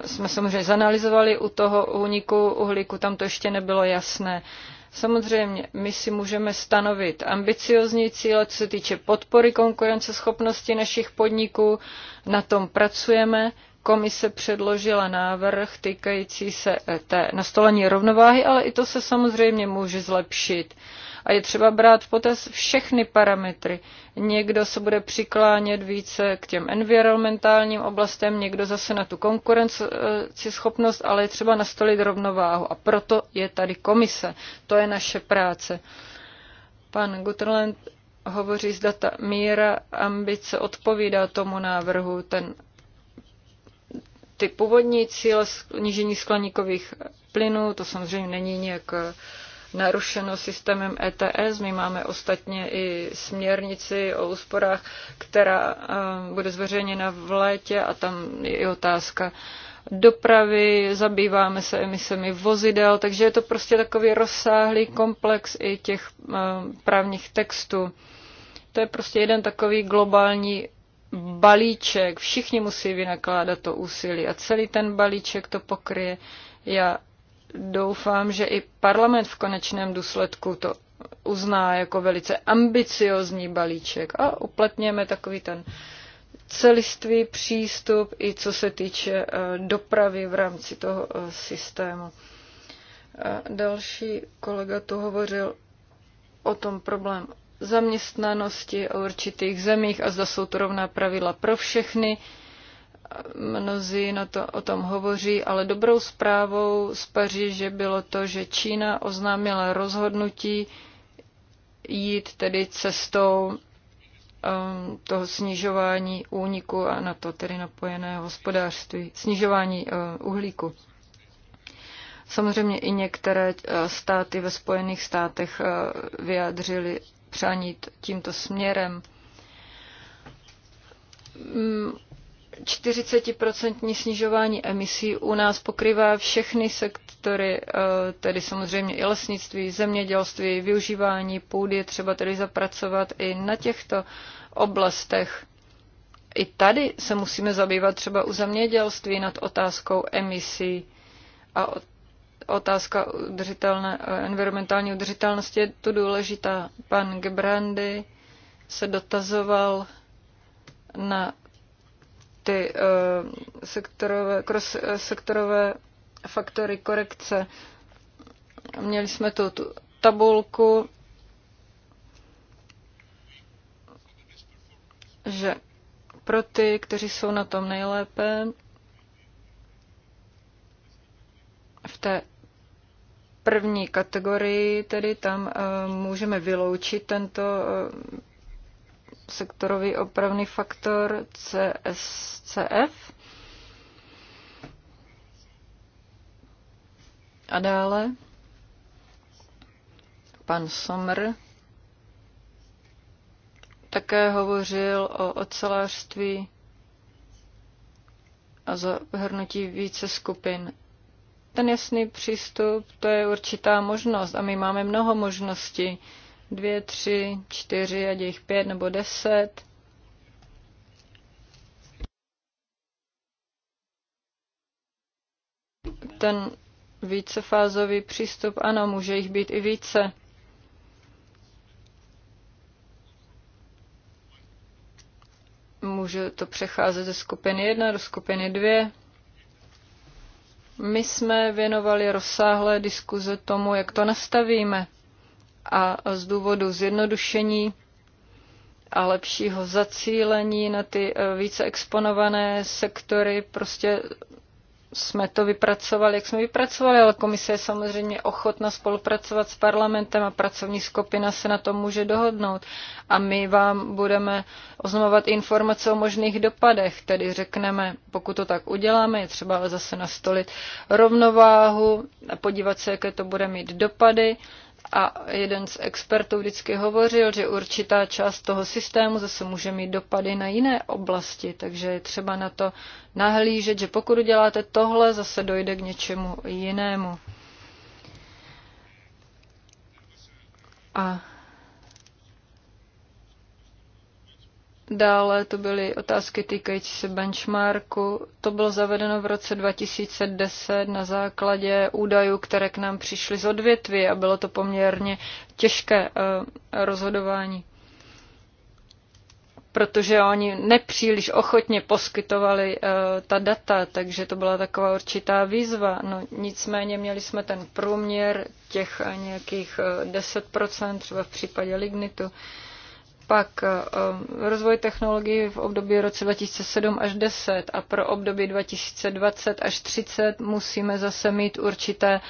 jsme samozřejmě zanalizovali, u toho úniku uhlíku tam to ještě nebylo jasné. Samozřejmě, my si můžeme stanovit ambiciozní cíle, co se týče podpory konkurenceschopnosti našich podniků, na tom pracujeme. Komise předložila návrh týkající se té nastolení rovnováhy, ale i to se samozřejmě může zlepšit. Uh, a je třeba brát v potaz všechny parametry. Někdo se bude přiklánět více k těm environmentálním oblastem, někdo zase na tu konkurenceschopnost, ale je třeba nastolit rovnováhu. A proto je tady komise. To je naše práce. Pan Gutterland hovoří z data míra ambice odpovídá tomu návrhu. Ten ty původní cíle snížení skleníkových plynů, to samozřejmě není nějak narušeno systémem ETS. My máme ostatně i směrnici o úsporách, která eh, bude zveřejněna v létě a tam je i otázka dopravy, zabýváme se emisemi vozidel, takže je to prostě takový rozsáhlý komplex i těch eh, právních textů. To je prostě jeden takový globální balíček, všichni musí vynakládat to úsilí a celý ten balíček to pokryje. Já doufám, že i parlament v konečném důsledku to uzná jako velice ambiciozní balíček a uplatněme takový ten celistvý přístup i co se týče eh, dopravy v rámci toho eh, systému. A další kolega tu hovořil o tom problém zaměstnanosti o určitých zemích a zda jsou to rovná pravidla pro všechny mnozí na to, o tom hovoří, ale dobrou zprávou z Paříže bylo to, že Čína oznámila rozhodnutí jít tedy cestou um, toho snižování úniku a na to tedy napojené hospodářství, snižování uh, uhlíku. Samozřejmě i některé uh, státy ve Spojených státech uh, vyjádřili přání tímto směrem mm, 40% snižování emisí u nás pokrývá všechny sektory, eh, tedy samozřejmě i lesnictví, zemědělství, využívání půdy, je třeba tedy zapracovat i na těchto oblastech. I tady se musíme zabývat třeba u zemědělství nad otázkou emisí a otázka udržitelné, eh, environmentální udržitelnosti je tu důležitá. Pan Gebrandy se dotazoval na ty eh, sektorové, eh, sektorové faktory korekce. Měli jsme tu, tu tabulku, že pro ty, kteří jsou na tom nejlépe, v té první kategorii, tedy tam eh, můžeme vyloučit tento sektorový opravný faktor CSCF. A dále pan Somr také hovořil o ocelářství a zahrnutí více skupin. Ten jasný přístup, to je určitá možnost a my máme mnoho možností dvě, tři, čtyři, ať je jich pět nebo deset. Ten vícefázový přístup, ano, může jich být i více. Může to přecházet ze skupiny 1 do skupiny 2. My jsme věnovali rozsáhlé diskuze tomu, jak to nastavíme a z důvodu zjednodušení a lepšího zacílení na ty eh, více exponované sektory. Prostě jsme to vypracovali, jak jsme vypracovali, ale komise je samozřejmě ochotna spolupracovat s parlamentem a pracovní skupina se na tom může dohodnout. A my vám budeme oznamovat informace o možných dopadech, tedy řekneme, pokud to tak uděláme, je třeba ale zase nastolit rovnováhu a podívat se, jaké to bude mít dopady a jeden z expertů vždycky hovořil, že určitá část toho systému zase může mít dopady na jiné oblasti, takže je třeba na to nahlížet, že pokud uděláte tohle, zase dojde k něčemu jinému. A Dále to byly otázky týkající se benchmarku. To bylo zavedeno v roce 2010 na základě údajů, které k nám přišly z odvětví a bylo to poměrně těžké eh, rozhodování protože oni nepříliš ochotně poskytovali eh, ta data, takže to byla taková určitá výzva. No, nicméně měli jsme ten průměr těch eh, nějakých 10%, třeba v případě lignitu. Pak eh, rozvoj technologií v období roce 2007 až 10 a pro období 2020 až 30 musíme zase mít určité eh,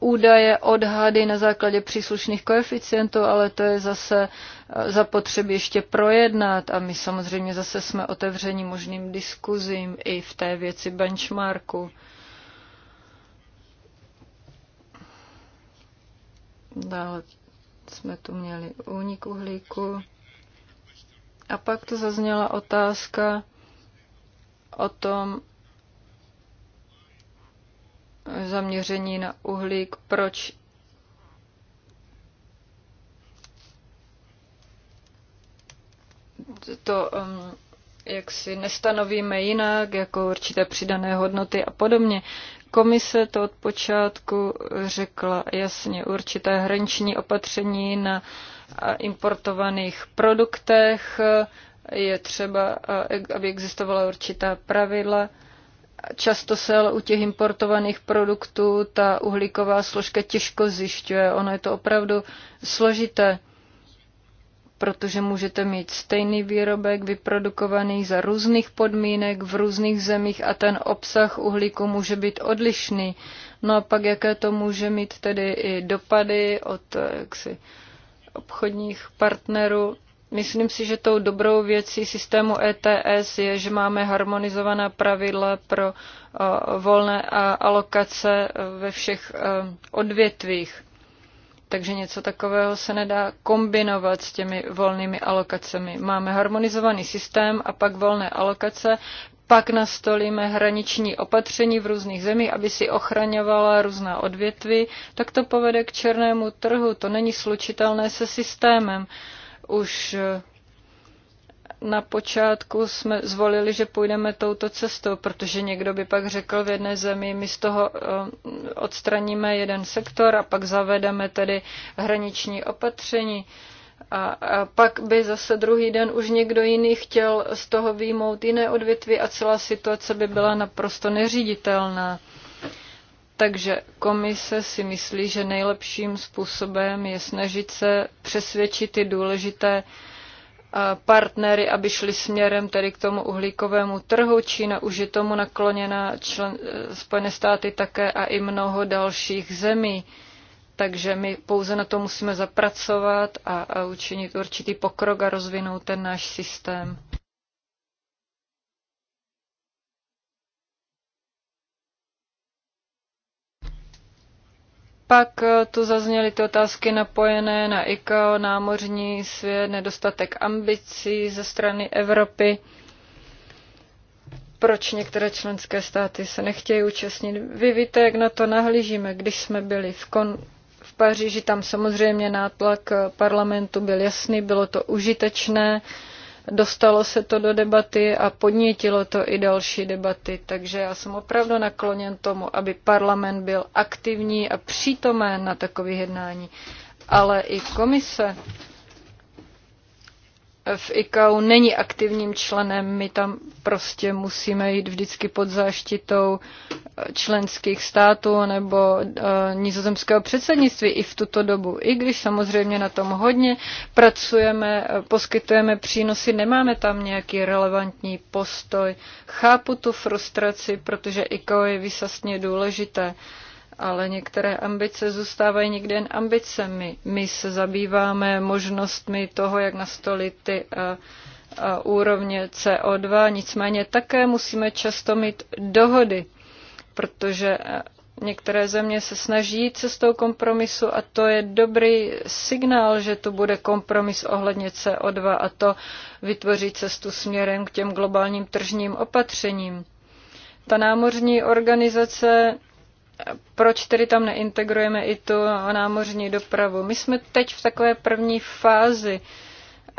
údaje, odhady na základě příslušných koeficientů, ale to je zase eh, zapotřebí ještě projednat a my samozřejmě zase jsme otevřeni možným diskuzím i v té věci benchmarku. Dále jsme tu měli únik uhlíku. A pak tu zazněla otázka o tom zaměření na uhlík, proč to um, jak si nestanovíme jinak, jako určité přidané hodnoty a podobně. Komise to od počátku řekla jasně, určité hraniční opatření na importovaných produktech, je třeba, aby existovala určitá pravidla. Často se ale u těch importovaných produktů ta uhlíková složka těžko zjišťuje. Ono je to opravdu složité protože můžete mít stejný výrobek vyprodukovaný za různých podmínek v různých zemích a ten obsah uhlíku může být odlišný. No a pak jaké to může mít tedy i dopady od eh, jaksi, obchodních partnerů. Myslím si, že tou dobrou věcí systému ETS je, že máme harmonizovaná pravidla pro eh, volné alokace eh, ve všech odvětvích takže něco takového se nedá kombinovat s těmi volnými alokacemi. Máme harmonizovaný systém a pak volné alokace, pak nastolíme hraniční opatření v různých zemích, aby si ochraňovala různá odvětví, tak to povede k černému trhu. To není slučitelné se systémem. Už na počátku jsme zvolili, že půjdeme touto cestou, protože někdo by pak řekl v jedné zemi, my z toho eh, odstraníme jeden sektor a pak zavedeme tedy hraniční opatření. A, a pak by zase druhý den už někdo jiný chtěl z toho výjmout jiné odvětví a celá situace by byla naprosto neříditelná. Takže komise si myslí, že nejlepším způsobem je snažit se přesvědčit ty důležité uh, partnery, aby šli směrem tedy k tomu uhlíkovému trhu. Čína už je tomu nakloněna, člen, eh, Spojené státy také a i mnoho dalších zemí. Takže my pouze na to musíme zapracovat a, a učinit určitý pokrok a rozvinout ten náš systém. Pak eh, tu zazněly ty otázky napojené na ICAO, námořní svět, nedostatek ambicí ze strany Evropy, proč některé členské státy se nechtějí účastnit. Vy víte, jak na to nahlížíme, když jsme byli v, kon- v Paříži, tam samozřejmě nátlak eh, parlamentu byl jasný, bylo to užitečné. Uh, dostalo se to do debaty a podnítilo to i další debaty. Takže já jsem opravdu nakloněn tomu, aby parlament byl aktivní a přítomen na takových jednání. Ale i komise v ICAO není aktivním členem, my tam prostě musíme jít vždycky pod záštitou eh, členských států nebo uh, eh, nizozemského předsednictví i v tuto dobu. I když samozřejmě na tom hodně pracujeme, eh, poskytujeme přínosy, nemáme tam nějaký relevantní postoj. Chápu tu frustraci, protože ICAO je vysastně důležité. Uh, ale některé ambice zůstávají někdy jen ambicemi. My se zabýváme možnostmi toho, jak nastolit ty a, eh, a eh, úrovně CO2, nicméně také musíme často mít dohody, protože eh, některé země se snaží cestou kompromisu a to je dobrý signál, že to bude kompromis ohledně CO2 a to vytvoří cestu směrem k těm globálním tržním opatřením. Ta námořní organizace proč tedy tam neintegrujeme i tu námořní dopravu? My jsme teď v takové první fázi.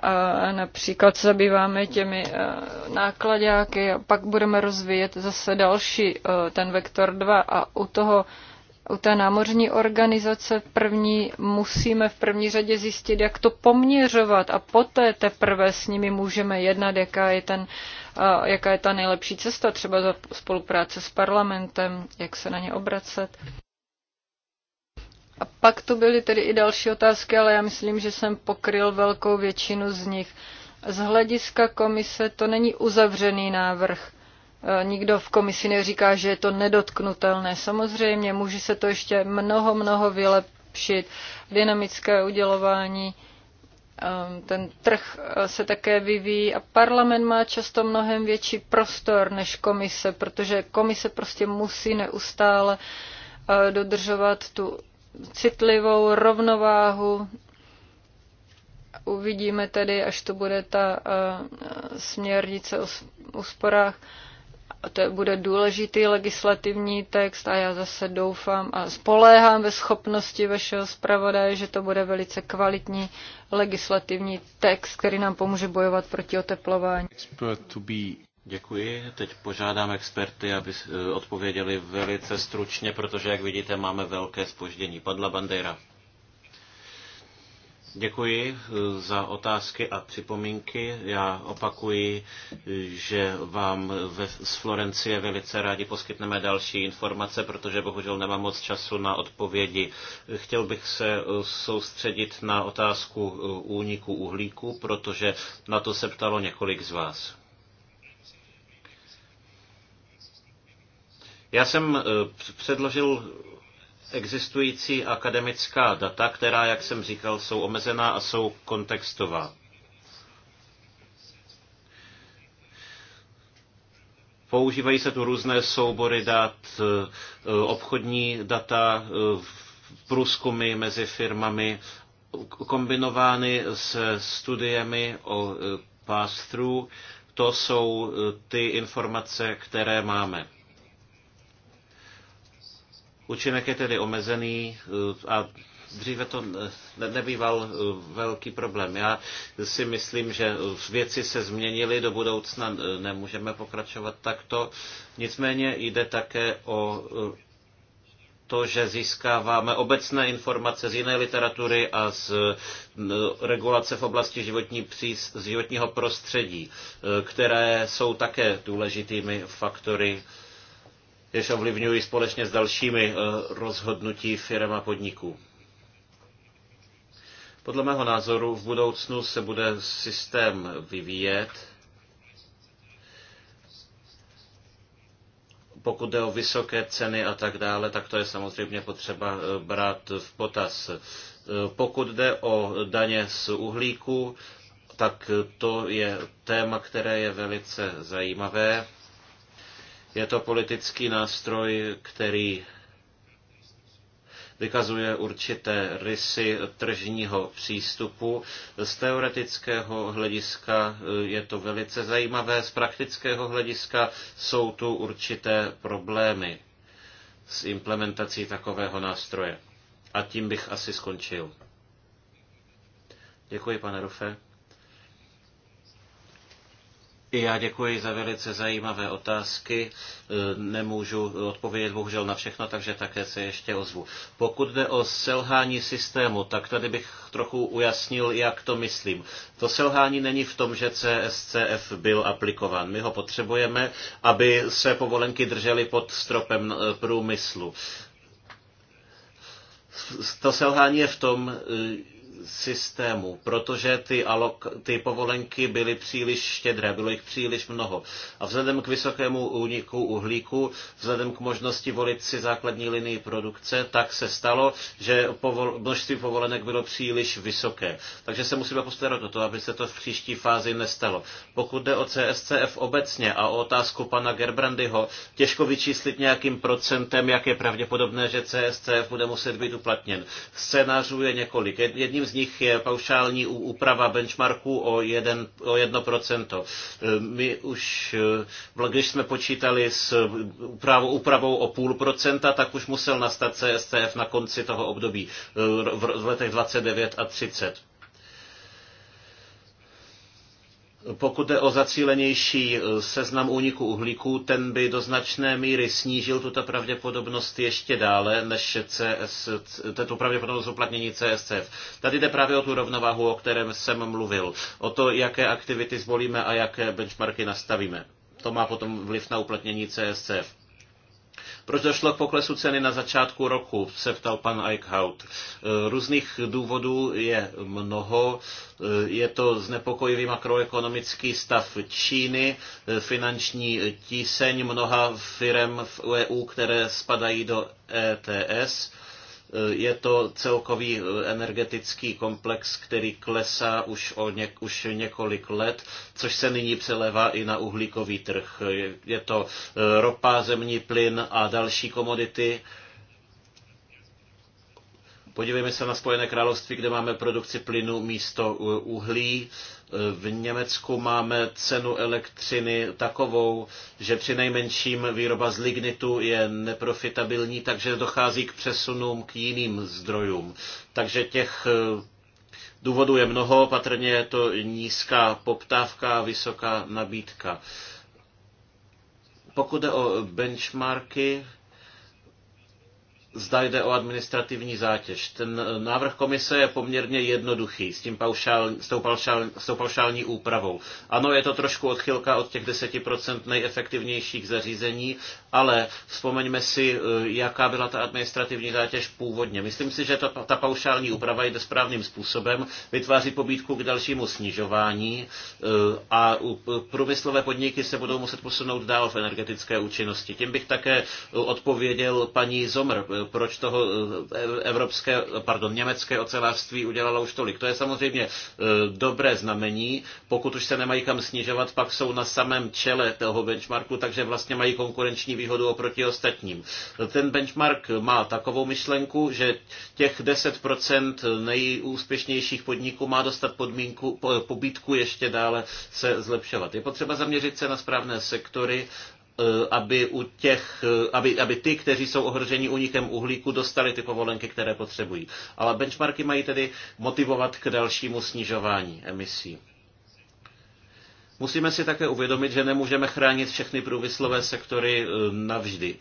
A například zabýváme těmi nákladáky a pak budeme rozvíjet zase další ten vektor 2 a u toho u té námořní organizace první musíme v první řadě zjistit, jak to poměřovat a poté teprve s nimi můžeme jednat, jaká je, ten, jaká je ta nejlepší cesta, třeba za spolupráce s parlamentem, jak se na ně obracet. A pak tu byly tedy i další otázky, ale já myslím, že jsem pokryl velkou většinu z nich. Z hlediska komise to není uzavřený návrh Nikdo v komisi neříká, že je to nedotknutelné. Samozřejmě může se to ještě mnoho, mnoho vylepšit. Dynamické udělování, ehm, ten trh eh, se také vyvíjí a parlament má často mnohem větší prostor než komise, protože komise prostě musí neustále eh, dodržovat tu citlivou rovnováhu. Uvidíme tedy, až to bude ta eh, směrnice o úsporách to bude důležitý legislativní text a já zase doufám a spoléhám ve schopnosti vašeho zpravodaje, že to bude velice kvalitní legislativní text, který nám pomůže bojovat proti oteplování. Děkuji. Teď požádám experty, aby eh, odpověděli velice stručně, protože, jak vidíte, máme velké spoždění. Padla Bandera. Děkuji eh, za otázky a připomínky. Já opakuji, eh, že vám ve, z Florencie velice rádi poskytneme další informace, protože bohužel nemám moc času na odpovědi. Chtěl bych se eh, soustředit na otázku úniku uhlíku, protože na to se ptalo několik z vás. Já jsem předložil existující akademická data, která, jak jsem říkal, jsou omezená a jsou kontextová. Používají se tu různé soubory dat, eh, obchodní data, eh, průzkumy mezi firmami, kombinovány s studiemi o eh, pass-through. To jsou ty informace, které máme. Účinek je tedy omezený eh, a dříve to ne, nebýval eh, velký problém. Já si myslím, že eh, věci se změnily, do budoucna nemůžeme pokračovat takto. Nicméně jde také o to, že získáváme obecné informace z jiné literatury a z regulace v oblasti životní přís, životního prostředí, které jsou také důležitými faktory jež ovlivňují společně s dalšími eh, rozhodnutí firm a podniků. Podle mého názoru v budoucnu se bude systém vyvíjet, pokud jde o vysoké ceny a tak dále, tak to je samozřejmě potřeba eh, brát v potaz. Eh, pokud jde o daně z uhlíku, tak to je téma, které je velice zajímavé. Je to politický nástroj, který vykazuje určité rysy tržního přístupu. Z teoretického hlediska eh, je to velice zajímavé, z praktického hlediska jsou tu určité problémy s implementací takového nástroje. A tím bych asi skončil. Děkuji, pane Rufe. I já děkuji za velice zajímavé otázky. E, nemůžu odpovědět bohužel na všechno, takže také se ještě ozvu. Pokud jde o selhání systému, tak tady bych trochu ujasnil, jak to myslím. To selhání není v tom, že CSCF byl aplikován. My ho potřebujeme, aby se povolenky držely pod stropem e, průmyslu. To selhání je v tom, e, systému, protože ty, alok, ty povolenky byly příliš štědré, bylo jich příliš mnoho. A vzhledem k vysokému úniku uhlíku, vzhledem k možnosti volit si základní linii produkce, tak se stalo, že povol, množství povolenek bylo příliš vysoké. Takže se musíme postarat o to, aby se to v příští fázi nestalo. Pokud jde o CSCF obecně a o otázku pana Gerbrandyho, těžko vyčíslit nějakým procentem, jak je pravděpodobné, že CSCF bude muset být uplatněn. Scénářů je několik. Jedním z nich je paušální úprava benchmarku o, 1, o 1%. My už, eh, když jsme počítali s úpravou, úpravou o půl procenta, tak už musel nastat CScF na konci toho období eh, v letech 29 a 30. Pokud jde o zacílenější eh, seznam úniku uhlíku, ten by do značné míry snížil tuto pravděpodobnost ještě dále než CS, tuto pravděpodobnost uplatnění CSCF. Tady jde právě o tu rovnováhu, o kterém jsem mluvil. O to, jaké aktivity zvolíme a jaké benchmarky nastavíme. To má potom vliv na uplatnění CSCF. Proč došlo k poklesu ceny na začátku roku, se ptal pan Eichhout. E, různých důvodů je mnoho. E, je to znepokojivý makroekonomický stav Číny, e, finanční tíseň mnoha firm v EU, které spadají do ETS, Eh, je to celkový eh, energetický komplex, který klesá už, o něk, už několik let, což se nyní přelevá i na uhlíkový trh. Je to eh, ropa, zemní plyn a další komodity Podívejme se na Spojené království, kde máme produkci plynu místo uh, uhlí. Uh, v Německu máme cenu elektřiny takovou, že při nejmenším výroba z lignitu je neprofitabilní, takže dochází k přesunům k jiným zdrojům. Takže těch uh, důvodů je mnoho, patrně je to nízká poptávka, vysoká nabídka. Pokud jde o benchmarky, zda jde o administrativní zátěž. Ten eh, návrh komise je poměrně jednoduchý s, tím paušál, s, tou paušál, s tou paušální úpravou. Ano, je to trošku odchylka od těch 10% nejefektivnějších zařízení, ale vzpomeňme si, eh, jaká byla ta administrativní zátěž původně. Myslím si, že ta, ta paušální úprava jde správným způsobem, vytváří pobídku k dalšímu snižování eh, a průmyslové podniky se budou muset posunout dál v energetické účinnosti. Tím bych také odpověděl paní Zomr, proč toho eh, evropské, pardon, německé ocelářství udělalo už tolik. To je samozřejmě eh, dobré znamení. Pokud už se nemají kam snižovat, pak jsou na samém čele toho benchmarku, takže vlastně mají konkurenční výhodu oproti ostatním. Ten benchmark má takovou myšlenku, že těch 10% nejúspěšnějších podniků má dostat podmínku, pobítku ještě dále se zlepšovat. Je potřeba zaměřit se na správné sektory Eh, aby, u těch, eh, aby, aby ty, kteří jsou ohroženi únikem uhlíku, dostali ty povolenky, které potřebují. Ale benchmarky mají tedy motivovat k dalšímu snižování emisí. Musíme si také uvědomit, že nemůžeme chránit všechny průmyslové sektory eh, navždy.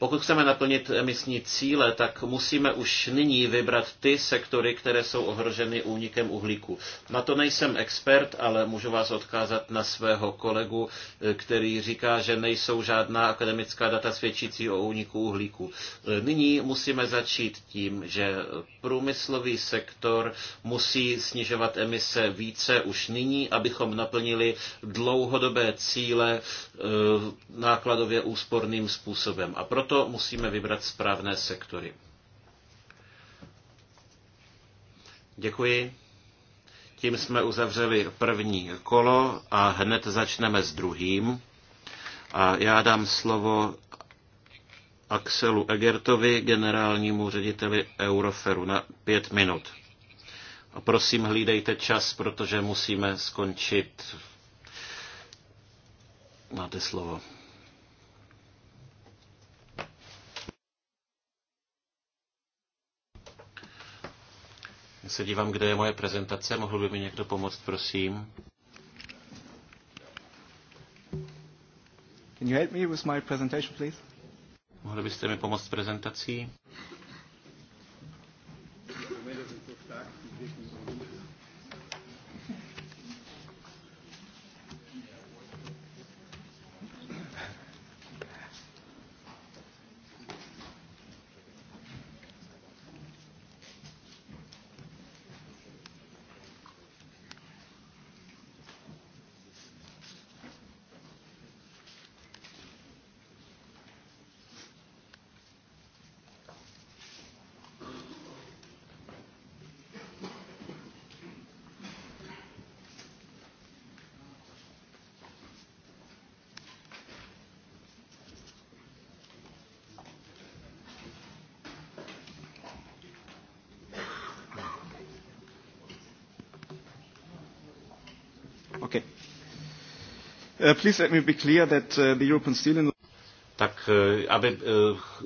Pokud chceme naplnit emisní cíle, tak musíme už nyní vybrat ty sektory, které jsou ohroženy únikem uhlíku. Na to nejsem expert, ale můžu vás odkázat na svého kolegu, který říká, že nejsou žádná akademická data svědčící o úniku uhlíku. Nyní musíme začít tím, že průmyslový sektor musí snižovat emise více už nyní, abychom naplnili dlouhodobé cíle eh, nákladově úsporným způsobem. A proto proto musíme vybrat správné sektory. Děkuji. Tím jsme uzavřeli první kolo a hned začneme s druhým. A já dám slovo Axelu Egertovi, generálnímu řediteli Euroferu, na pět minut. A prosím, hlídejte čas, protože musíme skončit. Máte slovo. se dívám, kde je moje prezentace. Mohl by mi někdo pomoct, prosím? Can you help me with my presentation, please? Mohli byste mi pomoct s prezentací? Uh, please let me be clear that uh, the European Steel tak uh, aby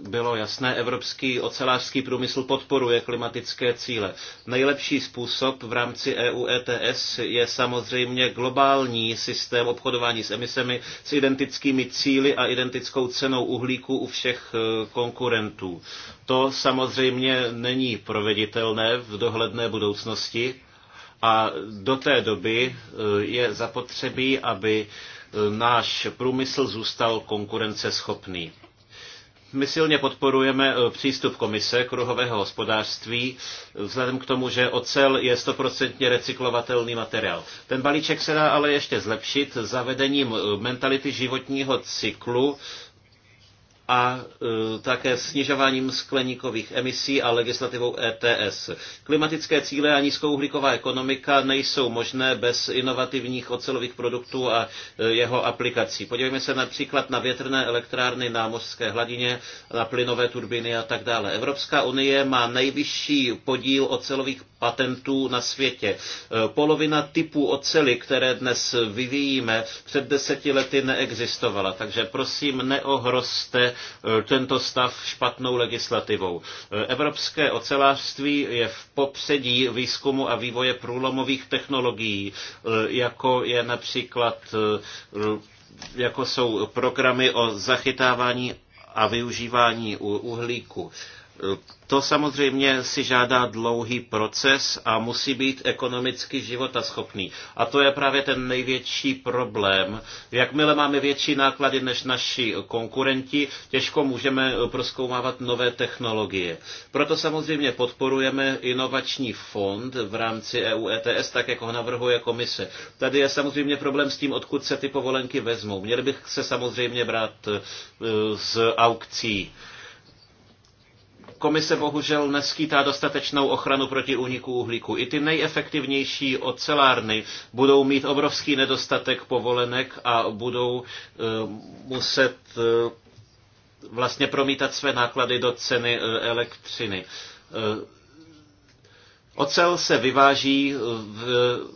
bylo jasné, evropský ocelářský průmysl podporuje klimatické cíle. Nejlepší způsob v rámci EU ETS je samozřejmě globální systém obchodování s emisemi s identickými cíly a identickou cenou uhlíku u všech konkurentů. To samozřejmě není proveditelné v dohledné budoucnosti a do té doby je zapotřebí, aby náš průmysl zůstal konkurenceschopný. My silně podporujeme eh, přístup komise kruhového hospodářství, eh, vzhledem k tomu, že ocel je stoprocentně recyklovatelný materiál. Ten balíček se dá ale ještě zlepšit zavedením eh, mentality životního cyklu a e, také snižováním skleníkových emisí a legislativou ETS. Klimatické cíle a nízkouhlíková ekonomika nejsou možné bez inovativních ocelových produktů a e, jeho aplikací. Podívejme se například na větrné elektrárny na mořské hladině, na plynové turbiny a tak dále. Evropská unie má nejvyšší podíl ocelových patentů na světě. E, polovina typů oceli, které dnes vyvíjíme, před deseti lety neexistovala. Takže prosím, neohrozte e, tento stav špatnou legislativou. E, evropské ocelářství je v popředí výzkumu a vývoje průlomových technologií, jako je například jako jsou programy o zachytávání a využívání uhlíku. To samozřejmě si žádá dlouhý proces a musí být ekonomicky životaschopný. A to je právě ten největší problém. Jakmile máme větší náklady než naši konkurenti, těžko můžeme proskoumávat nové technologie. Proto samozřejmě podporujeme inovační fond v rámci EU ETS, tak jak ho navrhuje komise. Tady je samozřejmě problém s tím, odkud se ty povolenky vezmou. Měly bych se samozřejmě brát eh, z aukcí komise bohužel neskýtá dostatečnou ochranu proti úniku uhlíku. I ty nejefektivnější ocelárny budou mít obrovský nedostatek povolenek a budou eh, muset eh, vlastně promítat své náklady do ceny eh, elektřiny Ocel se vyváží eh,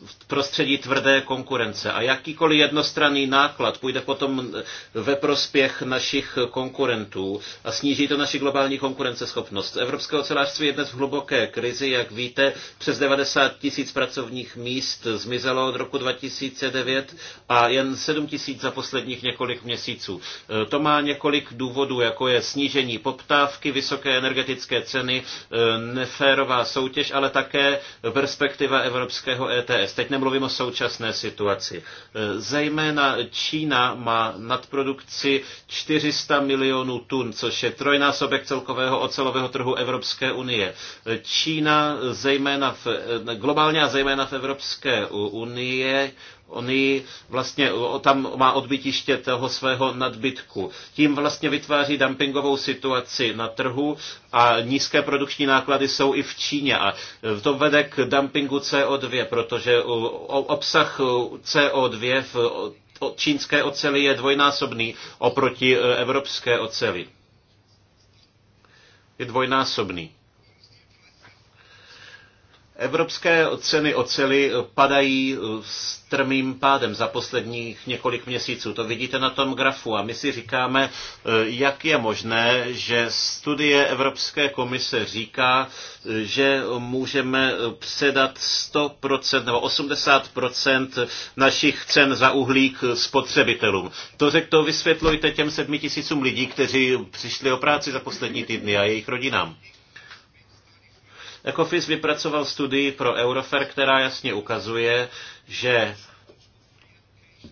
v prostředí tvrdé konkurence a jakýkoliv jednostranný náklad půjde potom eh, ve prospěch našich konkurentů a sníží to naši globální konkurenceschopnost. Evropské ocelářství je dnes v hluboké krizi, jak víte, přes 90 tisíc pracovních míst zmizelo od roku 2009 a jen 7 tisíc za posledních několik měsíců. Eh, to má několik důvodů, jako je snížení poptávky, vysoké energetické ceny, neférová soutěž, ale tak také perspektiva evropského ETS. Teď nemluvím o současné situaci. E, zejména Čína má nadprodukci 400 milionů tun, což je trojnásobek celkového ocelového trhu Evropské unie. E, Čína zejména v, e, globálně a zejména v Evropské unii ji vlastně tam má odbytiště toho svého nadbytku. Tím vlastně vytváří dumpingovou situaci na trhu a nízké produkční náklady jsou i v Číně a e, to vede k dumpingu CO2, protože obsah e, CO2 v čínské oceli je dvojnásobný oproti e, evropské oceli. Je dvojnásobný. Evropské ceny oceli eh, padají eh, strmým pádem za posledních několik měsíců. To vidíte na tom grafu a my si říkáme, eh, jak je možné, že studie Evropské komise říká, že můžeme předat 100% nebo 80% našich cen za uhlík spotřebitelům. To, řekl, to vysvětlujte těm sedmi tisícům lidí, kteří přišli o práci za poslední týdny a jejich rodinám. Ecofis vypracoval studii pro Eurofer, která jasně ukazuje, že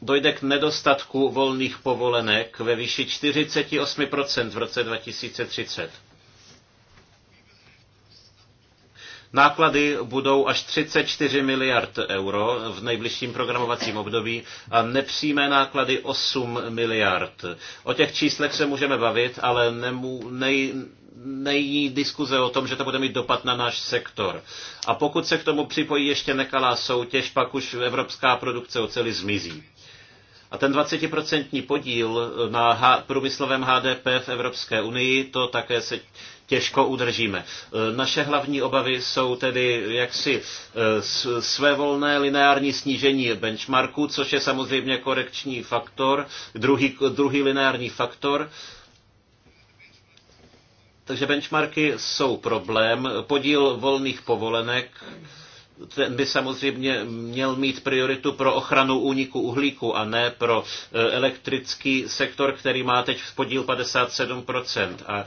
dojde k nedostatku volných povolenek ve výši 48% v roce 2030. Náklady budou až 34 miliard euro v nejbližším programovacím období a nepřímé náklady 8 miliard. O těch číslech se můžeme bavit, ale nemů, nej, nejí diskuze o tom, že to bude mít dopad na náš sektor. A pokud se k tomu připojí ještě nekalá soutěž, pak už evropská produkce oceli zmizí. A ten 20% podíl na průmyslovém HDP v Evropské unii, to také se těžko udržíme. E, naše hlavní obavy jsou tedy jaksi e, svévolné lineární snížení benchmarku, což je samozřejmě korekční faktor, druhý, druhý lineární faktor, takže benchmarky jsou problém. Podíl volných povolenek ten by samozřejmě měl mít prioritu pro ochranu úniku uhlíku a ne pro e, elektrický sektor, který má teď v podíl 57%. A e,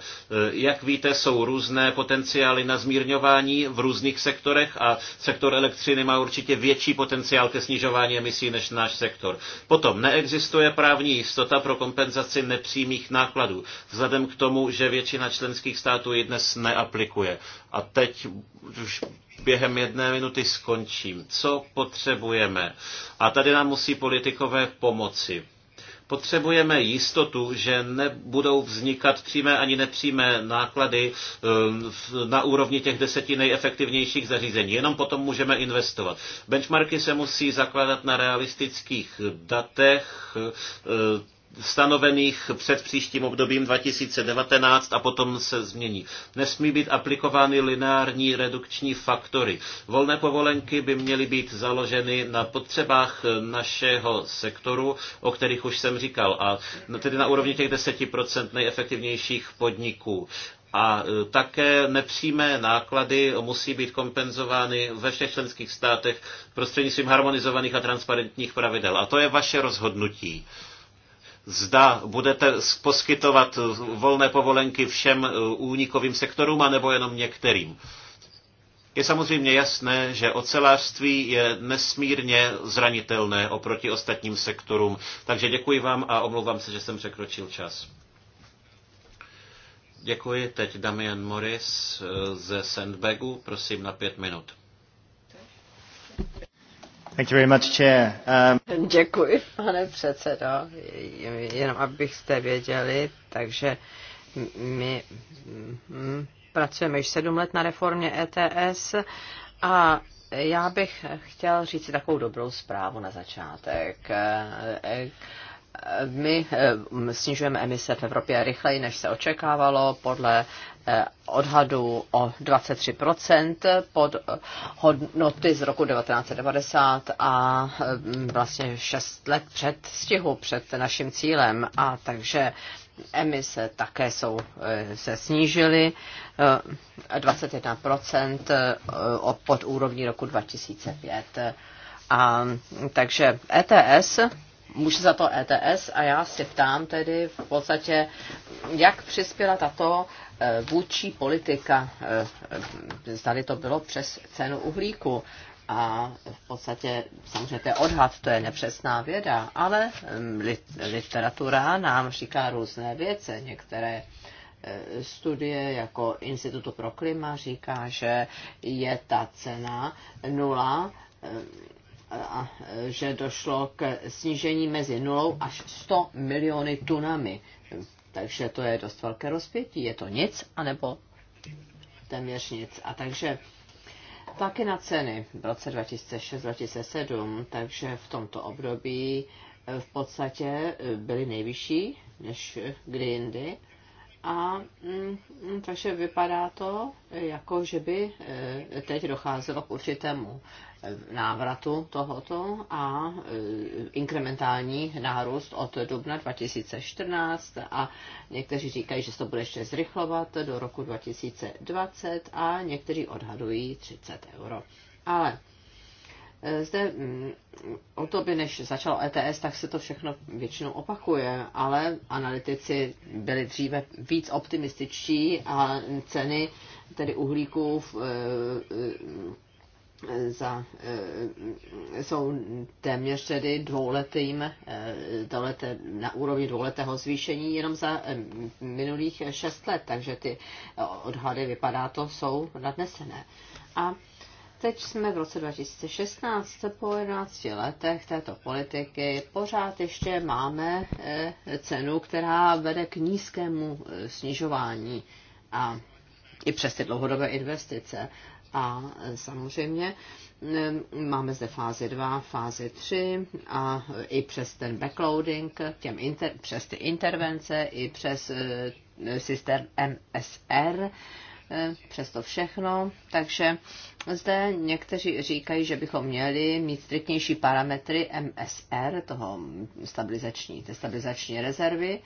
jak víte, jsou různé potenciály na zmírňování v různých sektorech a sektor elektřiny má určitě větší potenciál ke snižování emisí než náš sektor. Potom neexistuje právní jistota pro kompenzaci nepřímých nákladů, vzhledem k tomu, že většina členských států ji dnes neaplikuje. A teď už během jedné minuty skončím. Co potřebujeme? A tady nám musí politikové pomoci. Potřebujeme jistotu, že nebudou vznikat přímé ani nepřímé náklady eh, na úrovni těch deseti nejefektivnějších zařízení. Jenom potom můžeme investovat. Benchmarky se musí zakládat na realistických datech, eh, stanovených před příštím obdobím 2019 a potom se změní. Nesmí být aplikovány lineární redukční faktory. Volné povolenky by měly být založeny na potřebách našeho sektoru, o kterých už jsem říkal, a tedy na úrovni těch 10% nejefektivnějších podniků. A e, také nepřímé náklady musí být kompenzovány ve všech členských státech prostřednictvím harmonizovaných a transparentních pravidel. A to je vaše rozhodnutí zda budete poskytovat volné povolenky všem eh, únikovým sektorům, anebo jenom některým. Je samozřejmě jasné, že ocelářství je nesmírně zranitelné oproti ostatním sektorům. Takže děkuji vám a omlouvám se, že jsem překročil čas. Děkuji. Teď Damian Morris eh, ze Sandbagu. Prosím na pět minut. Thank you very much, Chair. Um... Děkuji, pane předsedo. Jenom abyste věděli, takže my mm, pracujeme již sedm let na reformě ETS a já bych chtěl říct takovou dobrou zprávu na začátek. My mm, snižujeme emise v Evropě rychleji, než se očekávalo podle Eh, odhadu o 23% pod hodnoty z roku 1990 a eh, vlastně 6 let před stihu, před naším cílem. A takže emise také jsou, eh, se snížily 21% pod úrovní roku 2005. A, takže ETS může za to ETS a já si ptám tedy v podstatě, jak přispěla tato eh, vůdčí politika, tady eh, eh, to bylo přes cenu uhlíku. A v podstatě, samozřejmě to je odhad, to je nepřesná věda, ale mm, literatura nám říká různé věci. Některé studie jako Institutu pro klima říká, že je ta cena nula a že došlo k snížení mezi 0 až 100 miliony tunami. Takže to je dost velké rozpětí. Je to nic, anebo téměř nic. A takže taky na ceny v roce 2006-2007, takže v tomto období v podstatě byly nejvyšší než kdy jindy. A mm, takže vypadá to, jako že by e, teď docházelo k určitému e, návratu tohoto a e, inkrementální nárůst od dubna 2014 a někteří říkají, že se to bude ještě zrychlovat do roku 2020 a někteří odhadují 30 euro. Ale Eh, zde mm, o to by, než začalo ETS, tak se to všechno většinou opakuje, ale analytici byli dříve víc optimističtí a ceny tedy uhlíků v, eh, eh, za, jsou téměř tedy dvouletým, dvouleté, na úrovni dvouletého zvýšení jenom za minulých šest let, takže ty odhady, vypadá to, jsou nadnesené. A Teď jsme v roce 2016, po 11 letech této politiky, pořád ještě máme eh, cenu, která vede k nízkému eh, snižování a i přes ty dlouhodobé investice. A eh, samozřejmě máme zde fázi 2, fázi 3 a i přes ten backloading, těm inter, přes ty intervence, i přes systém MSR, přesto všechno. Takže zde někteří říkají, že bychom měli mít striktnější parametry MSR, toho stabilizační, té stabilizační rezervy,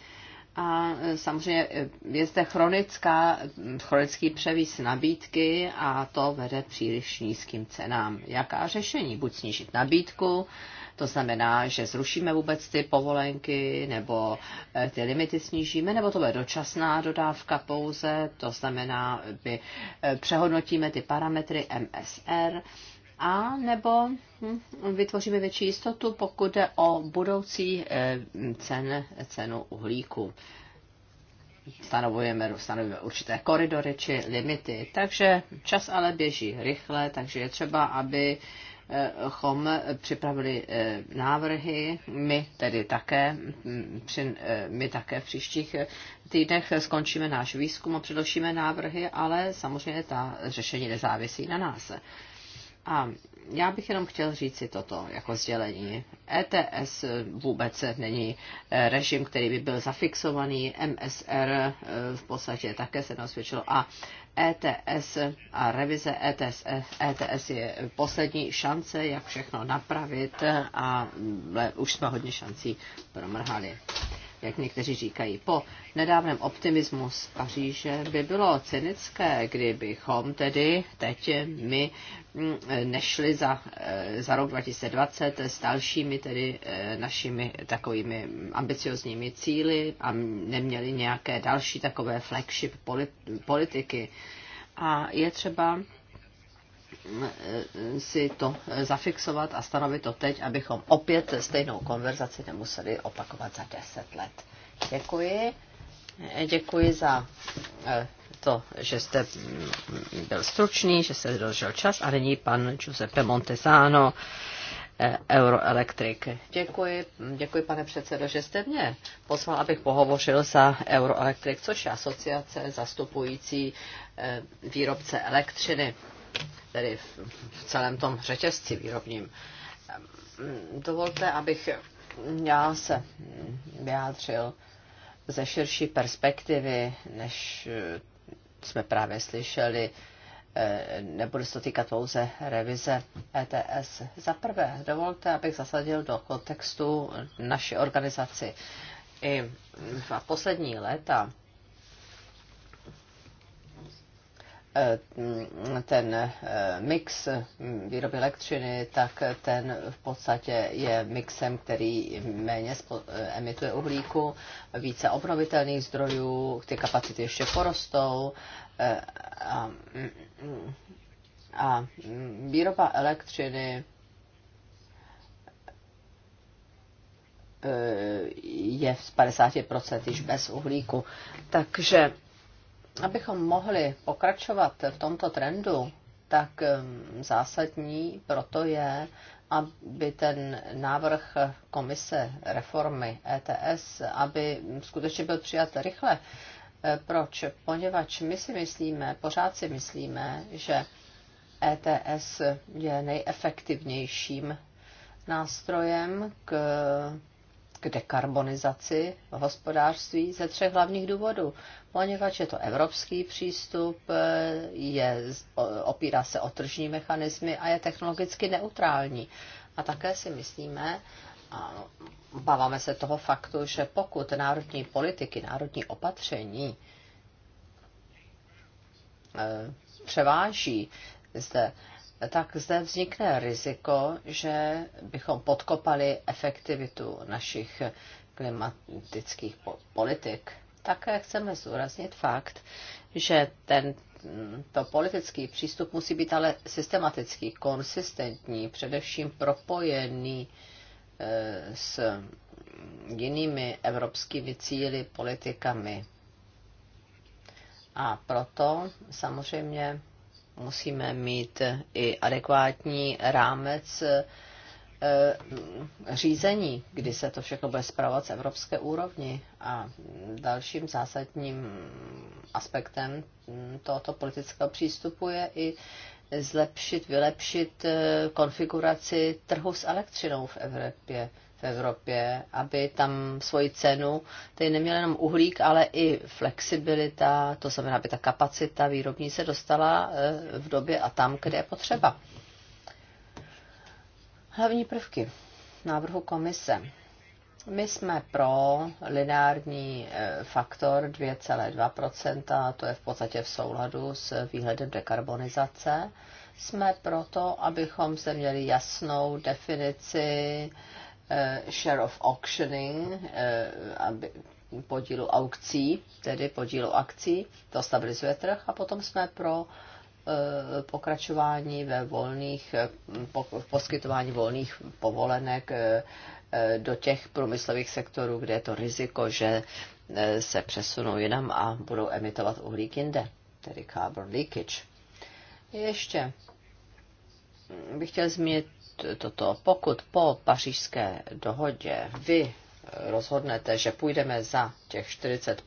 a e, samozřejmě e, je zde chronická, chronický převis nabídky a to vede příliš nízkým cenám. Jaká řešení? Buď snížit nabídku, to znamená, že zrušíme vůbec ty povolenky nebo e, ty limity snížíme, nebo to bude dočasná dodávka pouze, to znamená, by přehodnotíme ty parametry MSR a nebo hm, vytvoříme větší jistotu, pokud jde o budoucí eh, cen, cenu uhlíku. Stanovujeme, stanovujeme určité koridory či limity, takže čas ale běží rychle, takže je třeba, aby eh, chom připravili eh, návrhy, my tedy také, hm, my také v příštích týdnech skončíme náš výzkum a předložíme návrhy, ale samozřejmě ta řešení nezávisí na nás. A já bych jenom chtěl říct si toto jako sdělení. ETS vůbec není eh, režim, který by byl zafixovaný. MSR eh, v podstatě také se neosvědčilo. A ETS a revize ETS, ETS je poslední šance, jak všechno napravit eh, a už jsme hodně šancí promrhali jak někteří říkají. Po nedávném optimismu z Paříže by bylo cynické, kdybychom tedy teď my mm, nešli za, eh, za rok 2020 s dalšími tedy eh, našimi takovými ambiciozními cíly a neměli nějaké další takové flagship politiky. A je třeba si to eh, zafixovat a stanovit to teď, abychom opět stejnou konverzaci nemuseli opakovat za deset let. Děkuji. Eh, děkuji za eh, to, že jste mm, byl stručný, že jste dodržel čas a nyní pan Giuseppe Montesano, Euroelektrik. Děkuji, děkuji pane předsedo, že jste mě poslal, abych pohovořil za Euroelektrik, což je asociace zastupující výrobce elektřiny tedy v celém tom řetězci výrobním. Dovolte, abych já se vyjádřil ze širší perspektivy, než eh, jsme právě slyšeli, eh, nebude se to týkat pouze revize ETS. Za prvé, dovolte, abych zasadil do kontextu naši organizaci. I v poslední léta Eh, ten eh, mix mm, výroby elektřiny, tak ten v podstatě je mixem, který méně eh, emituje uhlíku, více obnovitelných zdrojů, ty kapacity ještě porostou. A, mm, a mm, výroba elektřiny je v 50% již bez uhlíku. Takže Abychom mohli pokračovat v tomto trendu, tak um, zásadní proto je, aby ten návrh komise reformy ETS, aby skutečně byl přijat rychle. E, proč? Poněvadž my si myslíme, pořád si myslíme, že ETS je nejefektivnějším nástrojem k k dekarbonizaci v hospodářství ze třech hlavních důvodů. Poněvadž je to evropský přístup, je, opírá se o tržní mechanismy a je technologicky neutrální. A také si myslíme, a báváme se toho faktu, že pokud národní politiky, národní opatření eh, převáží zde tak zde vznikne riziko, že bychom podkopali efektivitu našich klimatických politik. Také chceme zúraznit fakt, že ten, to politický přístup musí být ale systematický, konsistentní, především propojený e, s jinými evropskými cíly, politikami. A proto samozřejmě musíme mít i adekvátní rámec eh, eh, řízení, kdy se to všechno bude zpravovat z evropské úrovni. A dalším zásadním aspektem tohoto politického přístupu je i zlepšit, vylepšit eh, konfiguraci trhu s elektřinou v Evropě v Evropě, aby tam svoji cenu, tedy neměl jenom uhlík, ale i flexibilita, to znamená, aby ta kapacita výrobní se dostala eh, v době a tam, kde je potřeba. Hlavní prvky návrhu komise. My jsme pro lineární eh, faktor 2,2%, to je v podstatě v souladu s výhledem dekarbonizace. Jsme proto, abychom se měli jasnou definici Eh, share of auctioning, eh, aby podílu aukcí, tedy podílu akcí, to stabilizuje trh a potom jsme pro eh, pokračování ve volných, v poskytování volných povolenek do těch průmyslových sektorů, kde je to riziko, že se přesunou jinam a budou emitovat uhlík jinde, tedy carbon leakage. Ještě bych chtěl zmínit toto, pokud po pařížské dohodě vy rozhodnete, že půjdeme za těch 40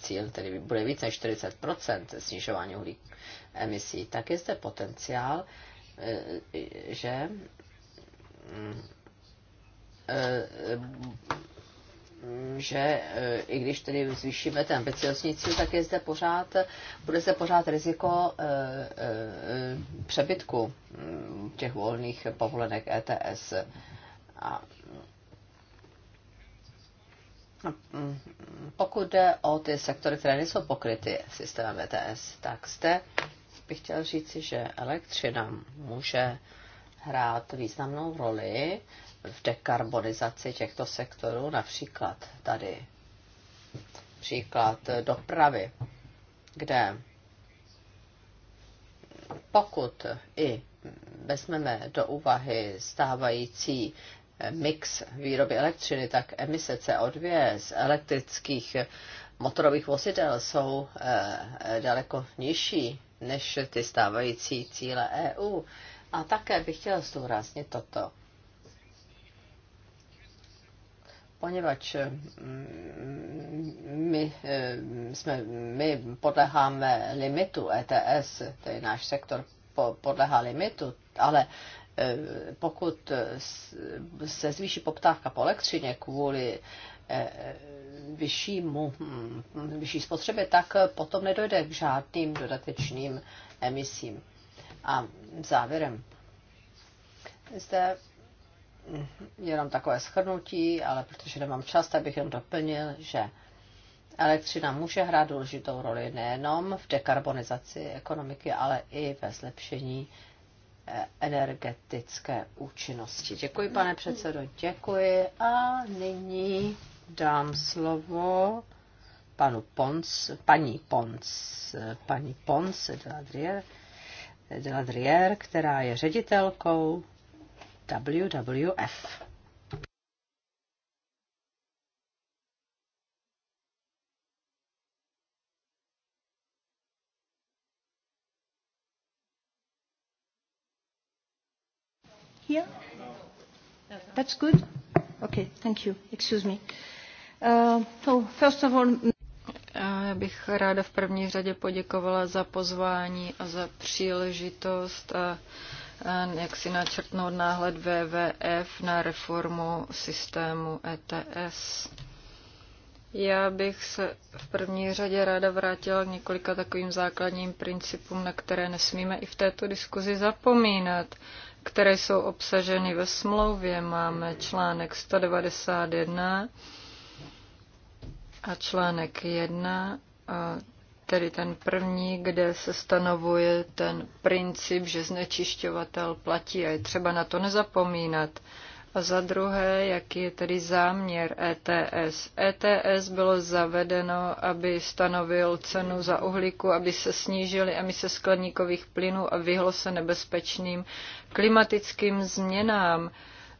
cíl tedy bude více než 40 snižování uhlí emisí, tak je zde potenciál, eh, že mm, eh, že e, i když tedy zvýšíme ten ambiciozní cíl, tak je zde pořád, bude se pořád riziko e, e, přebytku mm, těch volných povolenek ETS. A no, mm, pokud jde o ty sektory, které nejsou pokryty systémem ETS, tak zde bych chtěl říci, že elektřina může hrát významnou roli v dekarbonizaci těchto sektorů, například tady příklad dopravy, kde pokud i vezmeme do úvahy stávající mix výroby elektřiny, tak emise CO2 z elektrických motorových vozidel jsou eh, daleko nižší než ty stávající cíle EU. A také bych chtěla zdůraznit toto. poněvadž mm, my, eh, jsme, my podleháme limitu ETS, to je náš sektor podlehá limitu, ale eh, pokud se zvýší poptávka po elektřině kvůli eh, vyššímu, hm, vyšší spotřebě, tak potom nedojde k žádným dodatečným emisím. A závěrem, zde jenom takové schrnutí, ale protože nemám čas, tak bych jenom doplnil, že elektřina může hrát důležitou roli nejenom v dekarbonizaci ekonomiky, ale i ve zlepšení eh, energetické účinnosti. Děkuji, pane předsedo, děkuji. A nyní dám slovo panu Pons, paní Pons, paní Pons de la Drier, de la Drier která je ředitelkou WWF. here? That's good? Okay, thank you. Excuse me. Uh, so first of all... Já bych ráda v první řadě poděkovala za pozvání a za příležitost a jak si načrtnout náhled WWF na reformu systému ETS. Já bych se v první řadě ráda vrátila k několika takovým základním principům, na které nesmíme i v této diskuzi zapomínat, které jsou obsaženy ve smlouvě. Máme článek 191 a článek 1 a tedy ten první, kde se stanovuje ten princip, že znečišťovatel platí a je třeba na to nezapomínat. A za druhé, jaký je tedy záměr ETS. ETS bylo zavedeno, aby stanovil cenu za uhlíku, aby se snížily emise skleníkových plynů a vyhlo se nebezpečným klimatickým změnám.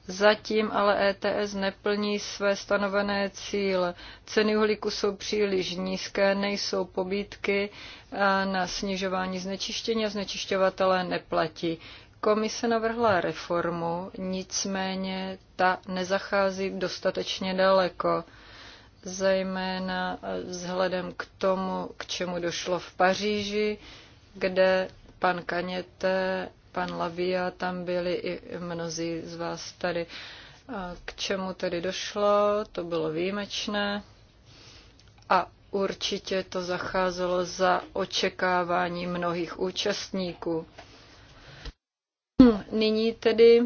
Zatím ale ETS neplní své stanovené cíle. Ceny uhlíku jsou příliš nízké, nejsou pobídky na snižování znečištění a znečišťovatelé neplatí. Komise navrhla reformu, nicméně ta nezachází dostatečně daleko, zejména vzhledem k tomu, k čemu došlo v Paříži, kde pan Kaněte pan Lavia, tam byli i mnozí z vás tady. K čemu tedy došlo, to bylo výjimečné a určitě to zacházelo za očekávání mnohých účastníků. Nyní tedy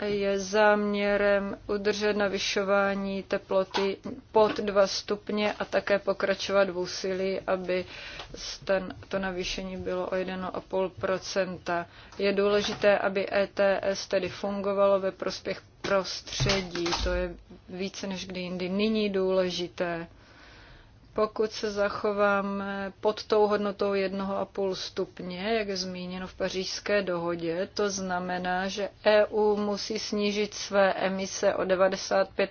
je záměrem udržet navyšování teploty pod 2 stupně a také pokračovat v úsilí, aby ten, to navýšení bylo o 1,5 Je důležité, aby ETS tedy fungovalo ve prospěch prostředí. To je více než kdy jindy nyní důležité pokud se zachováme pod tou hodnotou 1,5 stupně, jak je zmíněno v pařížské dohodě, to znamená, že EU musí snížit své emise o 95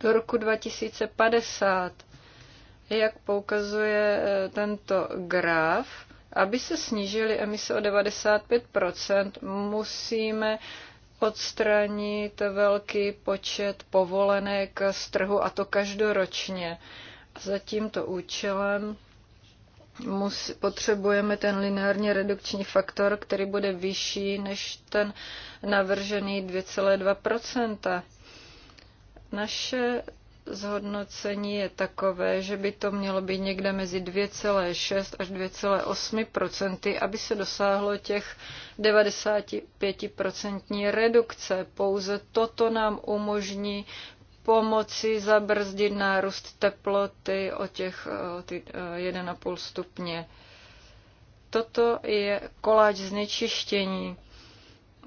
do roku 2050. Jak poukazuje eh, tento graf, aby se snížily emise o 95 musíme odstranit velký počet povolenek z trhu, a to každoročně. Za tímto účelem mus, potřebujeme ten lineární redukční faktor, který bude vyšší než ten navržený 2,2 Naše zhodnocení je takové, že by to mělo být někde mezi 2,6 až 2,8 aby se dosáhlo těch 95 redukce. Pouze toto nám umožní pomoci zabrzdit nárůst teploty o těch 1,5 e, stupně. Toto je koláč znečištění.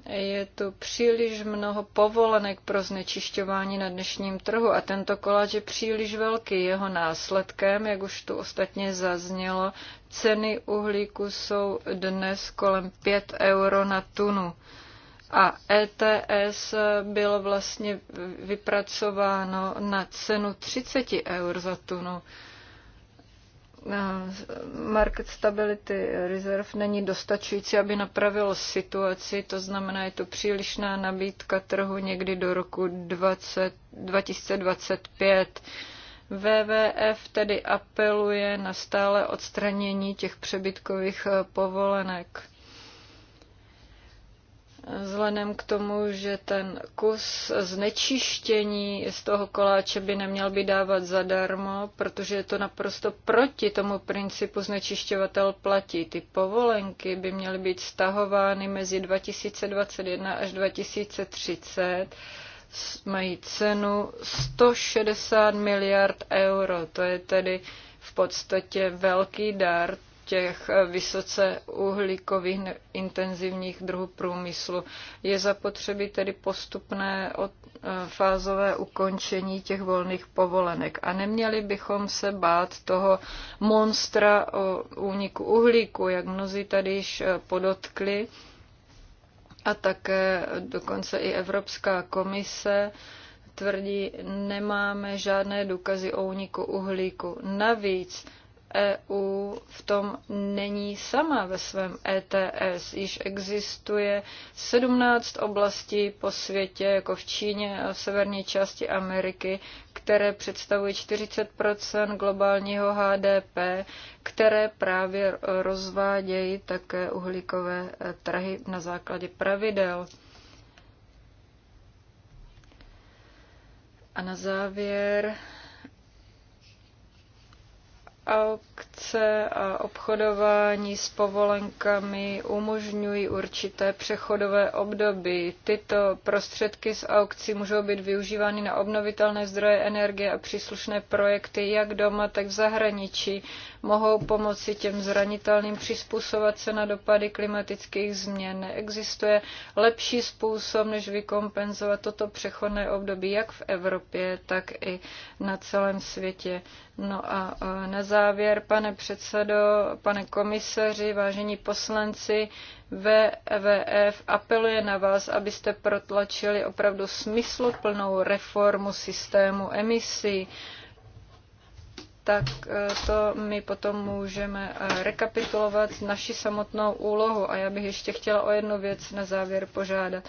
Je tu příliš mnoho povolenek pro znečišťování na dnešním trhu a tento koláč je příliš velký. Jeho následkem, jak už tu ostatně zaznělo, ceny uhlíku jsou dnes kolem 5 euro na tunu. A ETS bylo vlastně vypracováno na cenu 30 eur za tunu. Market Stability Reserve není dostačující, aby napravilo situaci, to znamená, je to přílišná nabídka trhu někdy do roku 20, 2025. WWF tedy apeluje na stále odstranění těch přebytkových povolenek. Vzhledem k tomu, že ten kus znečištění z toho koláče by neměl být dávat zadarmo, protože je to naprosto proti tomu principu znečišťovatel platí. Ty povolenky by měly být stahovány mezi 2021 až 2030 mají cenu 160 miliard euro. To je tedy v podstatě velký dar těch eh, vysoce uhlíkových intenzivních druhů průmyslu. Je zapotřebí tedy postupné od, eh, fázové ukončení těch volných povolenek. A neměli bychom se bát toho monstra o úniku uhlíku, jak mnozí tady již eh, podotkli. A také dokonce i Evropská komise tvrdí, nemáme žádné důkazy o úniku uhlíku. Navíc EU v tom není sama ve svém ETS. Již existuje 17 oblastí po světě, jako v Číně a v severní části Ameriky, které představují 40 globálního HDP, které právě rozvádějí také uhlíkové e, trhy na základě pravidel. A na závěr aukce a obchodování s povolenkami umožňují určité přechodové období. Tyto prostředky z aukcí můžou být využívány na obnovitelné zdroje energie a příslušné projekty jak doma, tak v zahraničí. Mohou pomoci těm zranitelným přizpůsobovat se na dopady klimatických změn. Neexistuje lepší způsob, než vykompenzovat toto přechodné období jak v Evropě, tak i na celém světě. No a na závěr, pane předsedo, pane komisaři, vážení poslanci, VVF e apeluje na vás, abyste protlačili opravdu smysluplnou reformu systému emisí tak e, to my potom můžeme e, rekapitulovat naši samotnou úlohu. A já bych ještě chtěla o jednu věc na závěr požádat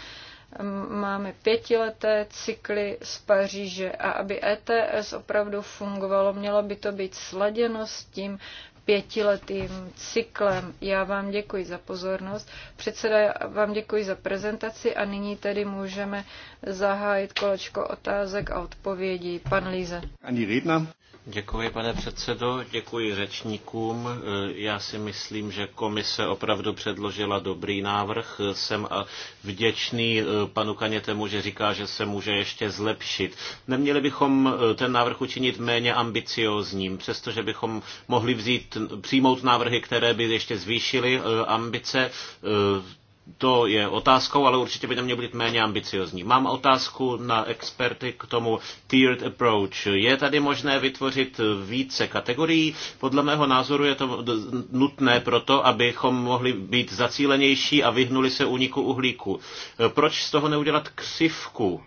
máme pětileté cykly z Paříže a aby ETS opravdu fungovalo, mělo by to být sladěno s tím pětiletým cyklem. Já vám děkuji za pozornost. Předseda, já vám děkuji za prezentaci a nyní tedy můžeme zahájit kolečko otázek a odpovědí. Pan Líze. Ani Děkuji, pane předsedo, děkuji řečníkům. E, já si myslím, že komise opravdu předložila dobrý návrh. Jsem vděčný e, panu Kanětemu, že říká, že se může ještě zlepšit. Neměli bychom e, ten návrh učinit méně ambiciózním, přestože bychom mohli vzít, přijmout návrhy, které by ještě zvýšily ambice to je otázkou, ale určitě by tam měl být méně ambiciozní. Mám otázku na experty k tomu tiered approach. Je tady možné vytvořit více kategorií? Podle mého názoru je to nutné proto, abychom mohli být zacílenější a vyhnuli se úniku uhlíku. Proč z toho neudělat křivku?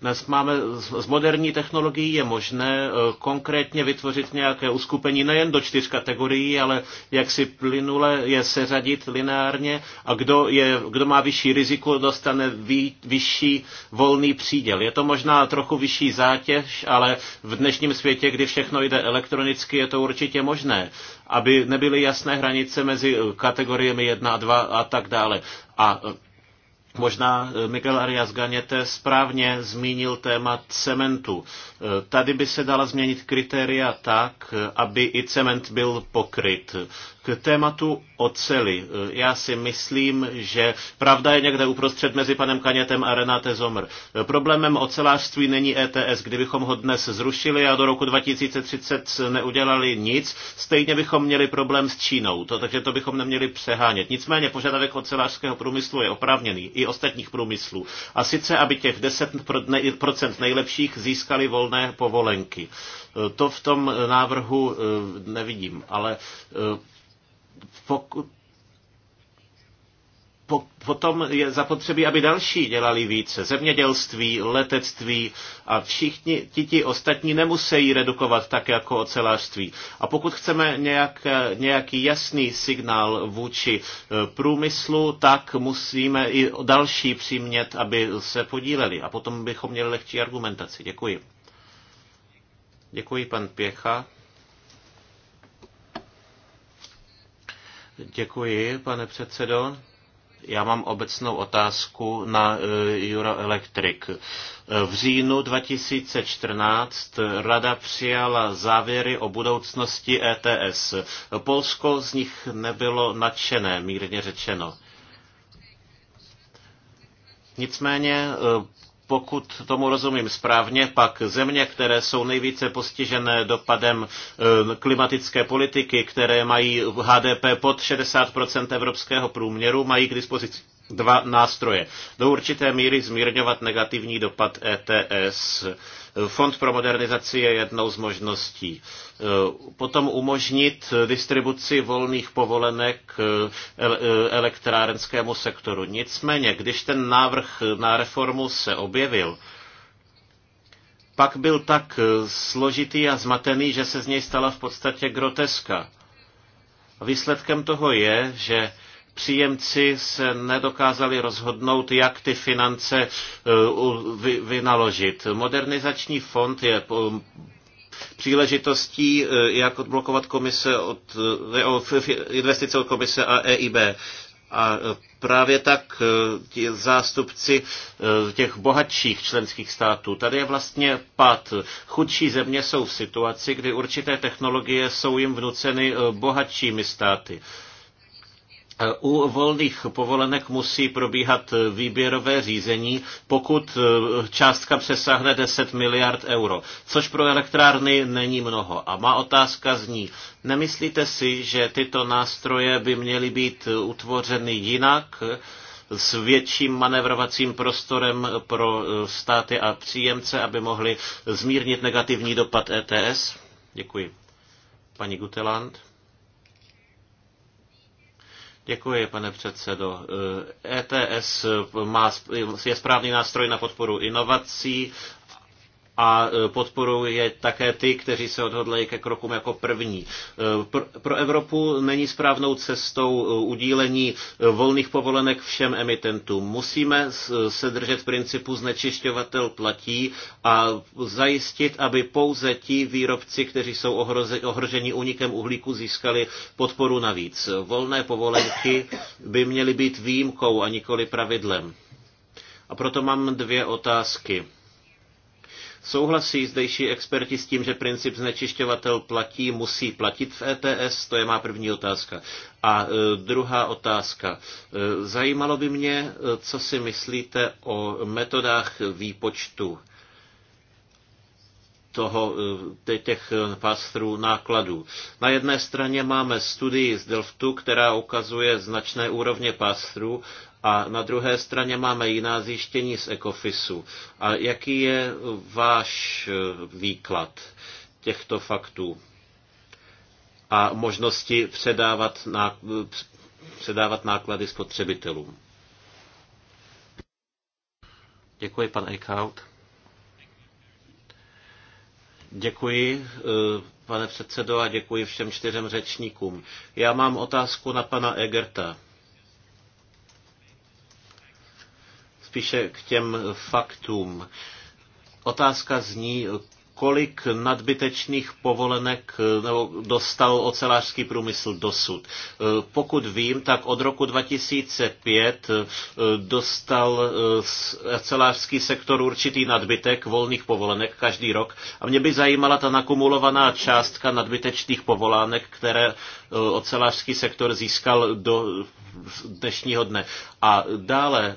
Dnes máme z moderní technologií je možné eh, konkrétně vytvořit nějaké uskupení nejen do čtyř kategorií, ale jak si plynule je seřadit lineárně a kdo, je, kdo má vyšší riziko, dostane vy, vyšší volný příděl. Je to možná trochu vyšší zátěž, ale v dnešním světě, kdy všechno jde elektronicky, je to určitě možné, aby nebyly jasné hranice mezi kategoriemi 1 a 2 a tak dále. A eh, Možná eh, Miguel Arias Ganete správně zmínil téma cementu. Eh, tady by se dala změnit kritéria tak, eh, aby i cement byl pokryt. K tématu oceli. Já si myslím, že pravda je někde uprostřed mezi panem Kanětem a Renate Zomr. Problémem ocelářství není ETS. Kdybychom ho dnes zrušili a do roku 2030 neudělali nic, stejně bychom měli problém s Čínou. To, takže to bychom neměli přehánět. Nicméně požadavek ocelářského průmyslu je oprávněný i ostatních průmyslů. A sice, aby těch 10% nejlepších získali volné povolenky. To v tom návrhu eh, nevidím, ale eh, po potom je zapotřebí, aby další dělali více. Zemědělství, letectví a všichni ti, ti ostatní nemusí redukovat tak jako ocelářství. A pokud chceme nějak, nějaký jasný signál vůči eh, průmyslu, tak musíme i další přimět, aby se podíleli. A potom bychom měli lehčí argumentaci. Děkuji. Děkuji, pan Pěcha. Děkuji, pane předsedo. Já mám obecnou otázku na e, Euroelectric. E, v říjnu 2014 Rada přijala závěry o budoucnosti ETS. Polsko z nich nebylo nadšené, mírně řečeno. Nicméně e, pokud tomu rozumím správně, pak země, které jsou nejvíce postižené dopadem eh, klimatické politiky, které mají HDP pod 60 evropského průměru, mají k dispozici dva nástroje. Do určité míry zmírňovat negativní dopad ETS. Fond pro modernizaci je jednou z možností. Eh, potom umožnit distribuci volných povolenek eh, eh, elektrárenskému sektoru. Nicméně, když ten návrh na reformu se objevil, pak byl tak složitý a zmatený, že se z něj stala v podstatě groteska. Výsledkem toho je, že příjemci se nedokázali rozhodnout, jak ty finance eh, vynaložit. Modernizační fond je příležitostí, eh, jak odblokovat komise od, eh, investice od komise a EIB. A právě tak ti zástupci těch bohatších členských států. Tady je vlastně pad. Chudší země jsou v situaci, kdy určité technologie jsou jim vnuceny bohatšími státy. U volných povolenek musí probíhat výběrové řízení, pokud eh, částka přesáhne 10 miliard euro, což pro elektrárny není mnoho. A má otázka zní, nemyslíte si, že tyto nástroje by měly být utvořeny jinak, s větším manevrovacím prostorem pro eh, státy a příjemce, aby mohli zmírnit negativní dopad ETS? Děkuji. Paní Guteland. Děkuji, pane předsedo. ETS e má, je správný nástroj na podporu inovací a e, podporuje také ty, kteří se odhodlají ke krokům jako první. E, pro Evropu není správnou cestou e, udílení volných povolenek všem emitentům. Musíme se držet principu znečišťovatel platí a zajistit, aby pouze ti výrobci, kteří jsou ohroženi unikem uhlíku, získali podporu navíc. Volné povolenky by měly být výjimkou a nikoli pravidlem. A proto mám dvě otázky. Souhlasí zdejší experti s tím, že princip znečišťovatel platí, musí platit v ETS? To je má první otázka. A e, druhá otázka. E, zajímalo by mě, e, co si myslíte o metodách výpočtu toho, těch pastrů nákladů. Na jedné straně máme studii z Delftu, která ukazuje značné úrovně pastrů, a na druhé straně máme jiná zjištění z ECOFISu. A jaký je váš eh, výklad těchto faktů? a možnosti předávat, ná, předávat náklady spotřebitelům. Děkuji, pan Eichhout. Děkuji, eh, pane předsedo, a děkuji všem čtyřem řečníkům. Já mám otázku na pana Egerta. spíše k těm faktům. Otázka zní, kolik nadbytečných povolenek eh, dostal ocelářský průmysl dosud. Eh, pokud vím, tak od roku 2005 eh, dostal ocelářský sektor určitý nadbytek volných povolenek každý rok a mě by zajímala ta nakumulovaná částka nadbytečných povolánek, které ocelářský sektor získal do dnešního dne. A dále,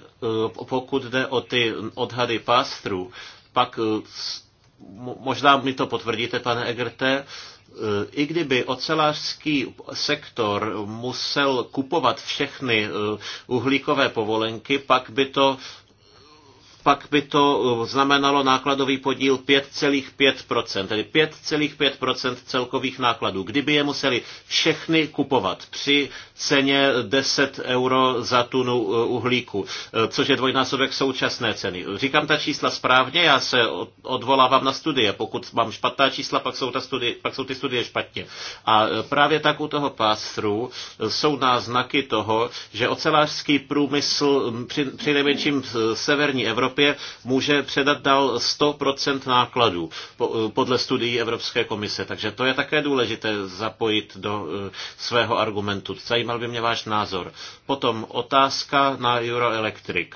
pokud jde o ty odhady pass-through, pak možná mi to potvrdíte, pane Egerte, e, i kdyby ocelářský sektor musel kupovat všechny e, uhlíkové povolenky, pak by to pak by to eh, znamenalo nákladový podíl 5,5%, tedy 5,5% celkových nákladů, kdyby je museli všechny kupovat při ceně 10 euro za tunu eh, uhlíku, eh, což je dvojnásobek současné ceny. Říkám ta čísla správně, já se odvolávám na studie. Pokud mám špatná čísla, pak jsou, ta studie, pak jsou ty studie špatně. A právě tak u toho pástru jsou náznaky toho, že ocelářský průmysl hm, při, při nejmenším severní Evropě Evropě může předat dal 100% nákladů eh, podle studií Evropské komise. Takže to je také důležité zapojit do eh, svého argumentu. Zajímal by mě váš názor. Potom otázka na Euroelectric.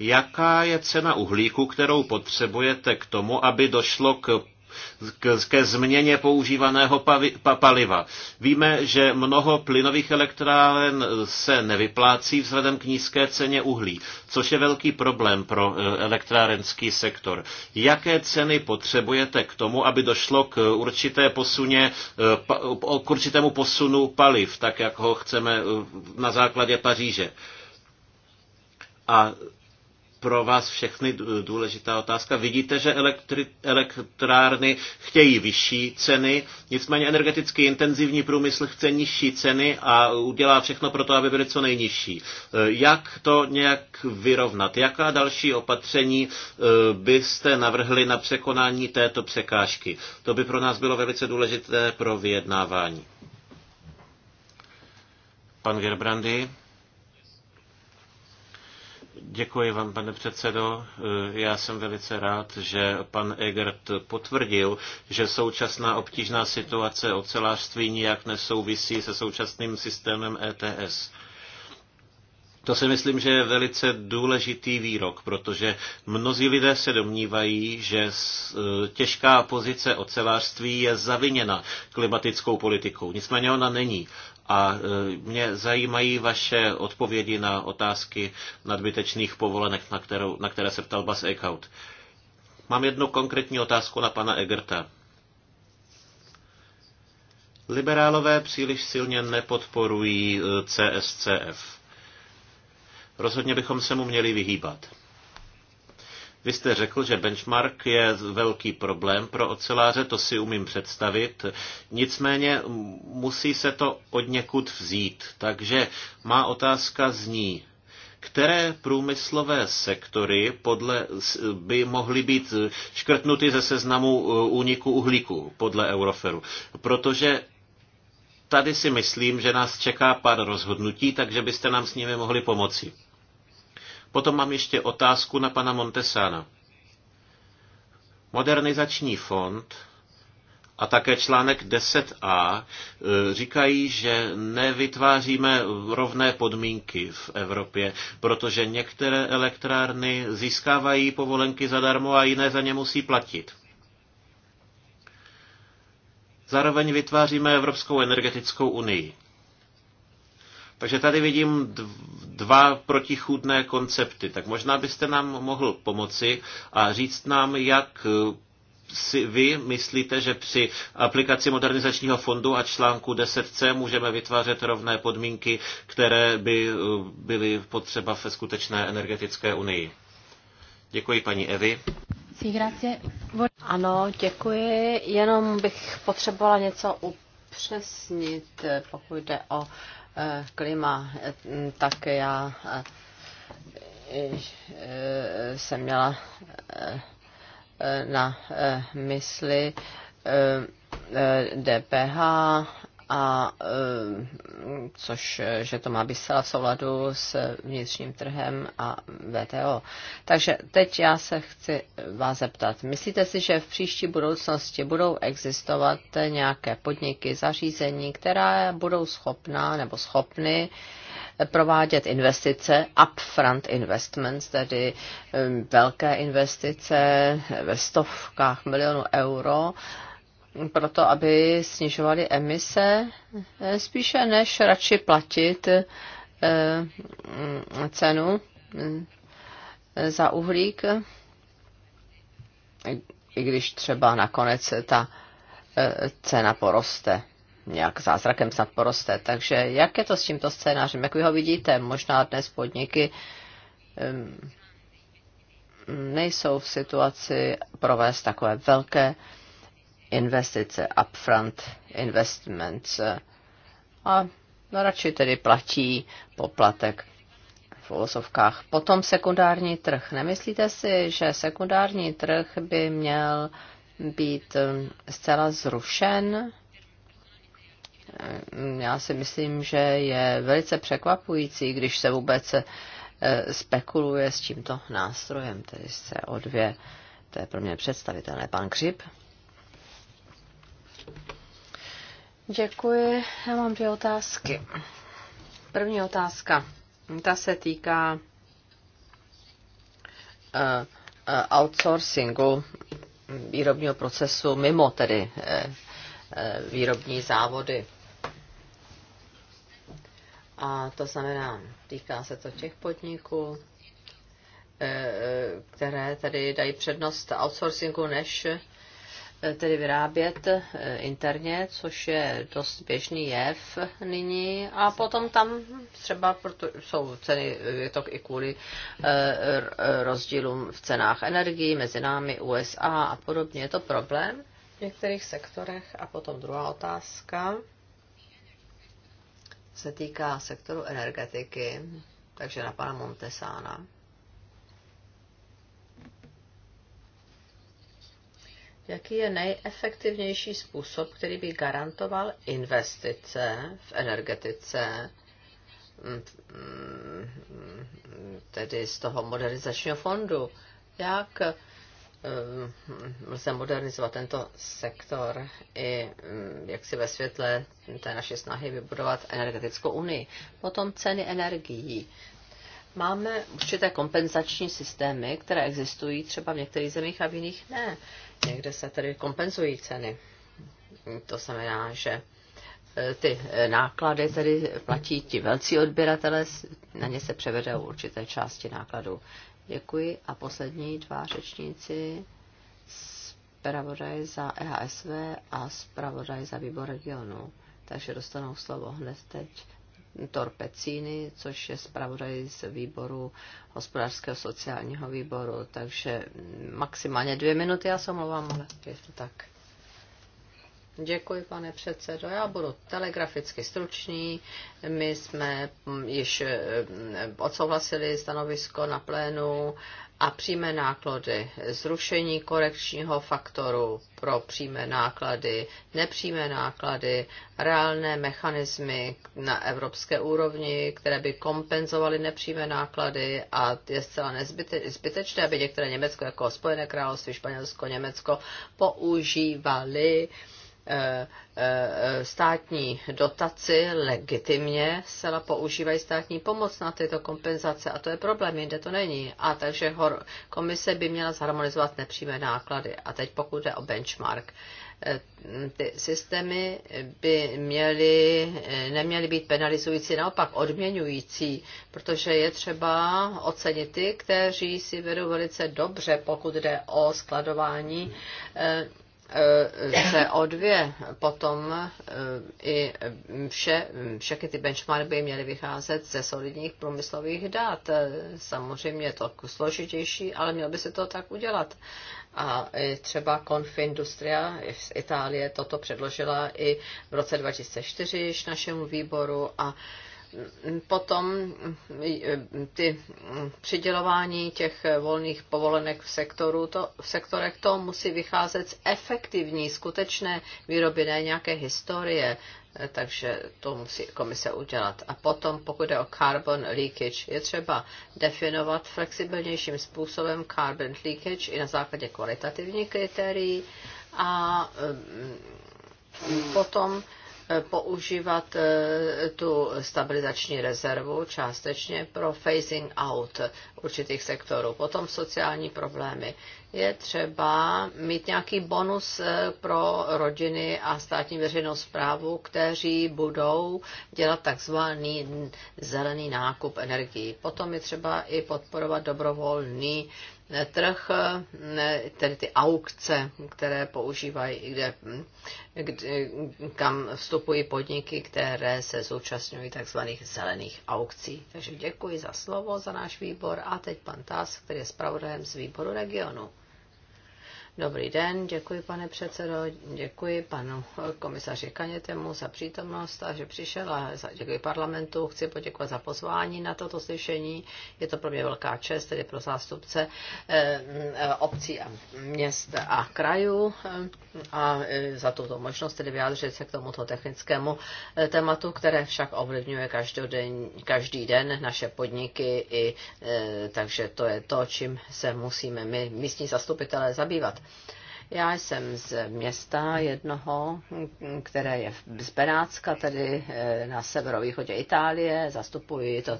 Jaká je cena uhlíku, kterou potřebujete k tomu, aby došlo k ke změně používaného paliva. Víme, že mnoho plynových elektráren se nevyplácí vzhledem k nízké ceně uhlí, což je velký problém pro e, elektrárenský sektor. Jaké ceny potřebujete k tomu, aby došlo k, určité posuně, e, k určitému posunu paliv, tak jak ho chceme e, na základě Paříže? A pro vás všechny důležitá otázka. Vidíte, že elektri- elektrárny chtějí vyšší ceny, nicméně energeticky intenzivní průmysl chce nižší ceny a udělá všechno pro to, aby byly co nejnižší. Eh, jak to nějak vyrovnat? Jaká další opatření eh, byste navrhli na překonání této překážky? To by pro nás bylo velice důležité pro vyjednávání. Pan Gerbrandy. Děkuji vám, pane předsedo. E, já jsem velice rád, že pan Egert potvrdil, že současná obtížná situace ocelářství nijak nesouvisí se současným systémem ETS. To si myslím, že je velice důležitý výrok, protože mnozí lidé se domnívají, že e, těžká pozice ocelářství je zaviněna klimatickou politikou. Nicméně ona není. A e, mě zajímají vaše odpovědi na otázky nadbytečných povolenek, na, kterou, na které se ptal Bas Eckhout. Mám jednu konkrétní otázku na pana Egerta. Liberálové příliš silně nepodporují e, CSCF. Rozhodně bychom se mu měli vyhýbat. Vy jste řekl, že benchmark je velký problém pro oceláře, to si umím představit. Nicméně musí se to od někud vzít. Takže má otázka zní, které průmyslové sektory podle, by mohly být škrtnuty ze seznamu eh, úniku uhlíku podle Euroferu. Protože tady si myslím, že nás čeká pár rozhodnutí, takže byste nám s nimi mohli pomoci. Potom mám ještě otázku na pana Montesana. Modernizační fond a také článek 10a e, říkají, že nevytváříme rovné podmínky v Evropě, protože některé elektrárny získávají povolenky zadarmo a jiné za ně musí platit. Zároveň vytváříme Evropskou energetickou unii. Takže tady vidím dva protichůdné koncepty. Tak možná byste nám mohl pomoci a říct nám, jak eh, si vy myslíte, že při aplikaci modernizačního fondu a článku 10c můžeme vytvářet rovné podmínky, které by eh, byly potřeba ve skutečné energetické unii? Děkuji paní Evi. Ano, děkuji. Jenom bych potřebovala něco upřesnit, eh, pokud jde o Eh, klima, eh, tak já eh, jsem měla na mysli DPH a eh, což, eh, že to má být v souladu s vnitřním trhem a VTO. Takže teď já se chci vás zeptat. Myslíte si, že v příští budoucnosti budou existovat nějaké podniky, zařízení, která budou schopná nebo schopny eh, provádět investice, upfront investments, tedy velké investice ve stovkách milionů euro, proto, aby snižovali emise, eh, spíše než radši platit eh, mm, cenu eh, za uhlík, i když třeba nakonec ta cena poroste nějak zázrakem snad poroste. Takže jak je to s tímto scénářem? Jak vy ho vidíte? Možná dnes podniky ehm, nejsou v situaci provést takové velké investice, upfront investments. A no, radši tedy platí poplatek v úvozovkách. Potom sekundární trh. Nemyslíte si, že sekundární trh by měl být um, zcela zrušen? Um, já si myslím, že je velice překvapující, když se vůbec uh, spekuluje s tímto nástrojem, tedy se o dvě. To je pro mě představitelné. Pan Křip? Děkuji. Já mám dvě otázky. První otázka. Ta se týká eh, eh, outsourcingu výrobního procesu mimo tedy eh, výrobní závody. A to znamená, týká se to těch podniků, které tady dají přednost outsourcingu než Eh, tedy vyrábět eh, interně, což je dost běžný jev nyní. A potom tam třeba proto, jsou ceny, eh, je to i kvůli rozdílům v cenách energii mezi námi, USA a podobně. Je to problém v některých sektorech. A potom druhá otázka se týká sektoru energetiky, takže na pana Montesána. jaký je nejefektivnější způsob, který by garantoval investice v energetice, tedy z toho modernizačního fondu. Jak lze modernizovat tento sektor i jak si ve světle té naše snahy vybudovat energetickou unii. Potom ceny energií. Máme určité kompenzační systémy, které existují třeba v některých zemích a v jiných ne. Vlastně, kde se tedy kompenzují ceny. To znamená, že e, ty e, náklady tedy platí ti velcí odběratele, na ně se převedou určité části nákladů. Děkuji. A poslední dva řečníci, zpravodaj za EHSV a zpravodaj za výbor regionu. Takže dostanou slovo hned teď. Torpecíny, což je zpravodaj z výboru hospodářského sociálního výboru, takže maximálně dvě minuty, já se omlouvám, ale je to tak. Děkuji, pane předsedo. Já budu telegraficky stručný. My jsme mm, již mm, odsouhlasili stanovisko na plénu a přímé náklady, zrušení korekčního faktoru pro přímé náklady, nepřímé náklady, reálné mechanismy na evropské úrovni, které by kompenzovaly nepřímé náklady a je zcela nezbyte, zbytečné, aby některé Německo jako Spojené království, Španělsko, Německo používali státní dotaci legitimně zcela používají státní pomoc na tyto kompenzace a to je problém, jinde to není. A takže komise by měla zharmonizovat nepřímé náklady. A teď pokud jde o benchmark, eh, ty systémy by měly, eh, neměly být penalizující, naopak odměňující, protože je třeba ocenit ty, kteří si vedou velice dobře, pokud jde o skladování eh, CO2, eh, potom eh, i vše, všechny ty benchmarky by měly vycházet ze solidních průmyslových dat. Eh, samozřejmě je to složitější, ale mělo by se to tak udělat. A třeba Confindustria z Itálie toto předložila i v roce 2004 našemu výboru a potom eh, ty přidělování těch volných povolenek v, sektoru, to, v sektorech to musí vycházet z efektivní, skutečné výroby, ne nějaké historie, eh, takže to musí komise udělat. A potom, pokud je o carbon leakage, je třeba definovat flexibilnějším způsobem carbon leakage i na základě kvalitativních kritérií a eh, potom používat eh, tu stabilizační rezervu částečně pro phasing out určitých sektorů. Potom sociální problémy. Je třeba mít nějaký bonus eh, pro rodiny a státní veřejnou zprávu, kteří budou dělat takzvaný zelený nákup energií. Potom je třeba i podporovat dobrovolný trh, tedy ty aukce, které používají, kde, kde, kam vstupují podniky, které se zúčastňují tzv. zelených aukcí. Takže děkuji za slovo, za náš výbor a teď pan Tás, který je zpravodajem z výboru regionu. Dobrý den, děkuji pane předsedo, děkuji panu komisaři Kanětemu za přítomnost a že přišel a děkuji parlamentu. Chci poděkovat za pozvání na toto slyšení. Je to pro mě velká čest, tedy pro zástupce eh, eh, obcí a měst a krajů eh, a za tuto možnost tedy vyjádřit se k tomuto technickému tématu, které však ovlivňuje každý den naše podniky, i, takže to je to, čím se musíme my místní zastupitelé zabývat. Já jsem z města jednoho, které je z Benátska, tedy eh, na severovýchodě Itálie. Zastupuji to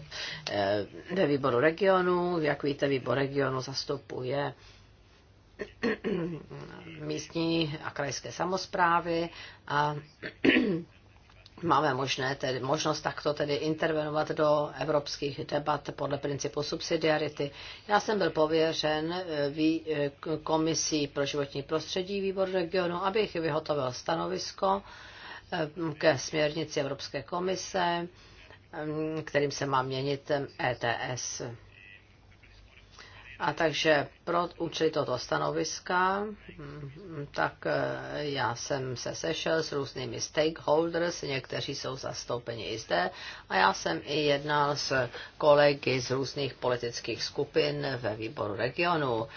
eh, ve výboru regionu. Jak víte, výbor regionu zastupuje místní a krajské samozprávy a máme možné tedy, možnost takto tedy intervenovat do evropských debat podle principu subsidiarity. Já jsem byl pověřen eh, vý, eh, komisí pro životní prostředí výboru regionu, abych vyhotovil stanovisko eh, ke směrnici Evropské komise, kterým se má měnit ETS. E a takže pro účely tohoto stanoviska, tak eh, já jsem se sešel s různými stakeholders, někteří jsou zastoupeni i zde, a já jsem i jednal s kolegy z různých politických skupin ve výboru regionu.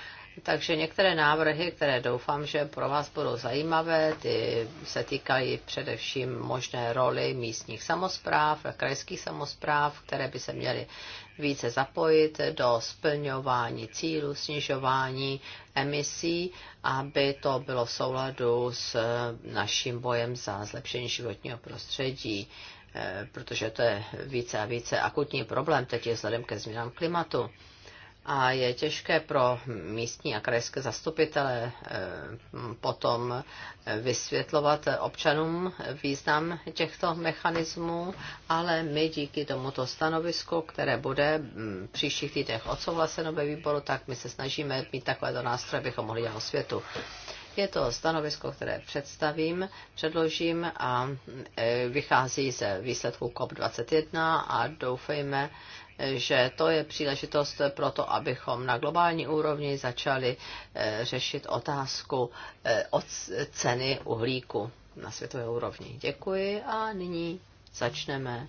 Takže některé návrhy, které doufám, že pro vás budou zajímavé, ty se týkají především možné roli místních samozpráv, krajských samozpráv, které by se měly více zapojit do splňování cílů, snižování emisí, aby to bylo v souladu s eh, naším bojem za zlepšení životního prostředí, eh, protože to je více a více akutní problém teď je vzhledem ke změnám klimatu a je těžké pro místní a krajské zastupitele eh, potom eh, vysvětlovat občanům význam těchto mechanismů, ale my díky tomuto stanovisku, které bude v mm, příštích týdnech odsouhlaseno ve výboru, tak my se snažíme mít takovéto nástroje, abychom mohli dělat světu. Je to stanovisko, které představím, předložím a eh, vychází ze výsledků COP21 a doufejme, že to je příležitost pro to, abychom na globální úrovni začali eh, řešit otázku eh, od ceny uhlíku na světové úrovni. Děkuji a nyní začneme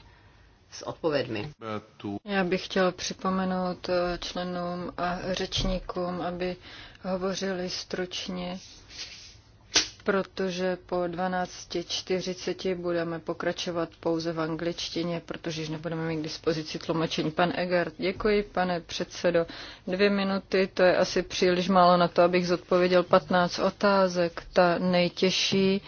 s odpovědmi. Já bych chtěl připomenout eh, členům a řečníkům, aby hovořili stručně protože po 12.40 budeme pokračovat pouze v angličtině, protože již nebudeme mít k dispozici tlumočení. Pan Egert, děkuji, pane předsedo. Dvě minuty, to je asi příliš málo na to, abych zodpověděl 15 otázek. Ta nejtěžší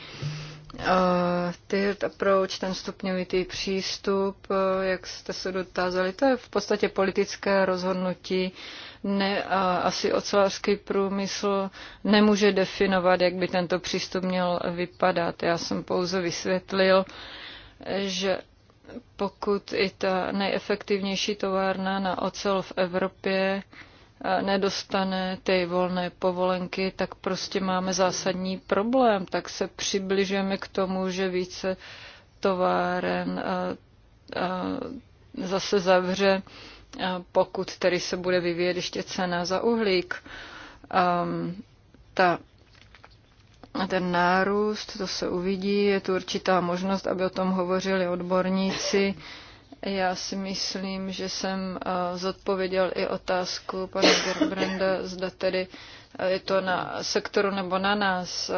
tiered approach, ten stupňovitý přístup, e, jak jste se dotázali, to je v podstatě politické rozhodnutí. Ne, a asi ocelářský průmysl nemůže definovat, jak by tento přístup měl vypadat. Já jsem pouze vysvětlil, že pokud i ta nejefektivnější továrna na ocel v Evropě nedostane ty volné povolenky, tak prostě máme zásadní problém. Tak se přibližujeme k tomu, že více továren eh, eh, zase zavře, eh, pokud tedy se bude vyvíjet ještě cena za uhlík. A, ehm, ta ten nárůst, to se uvidí, je tu určitá možnost, aby o tom hovořili odborníci. Já si myslím, že jsem eh, zodpověděl i otázku pana Gerbranda, zda tedy je to na sektoru nebo na nás, e,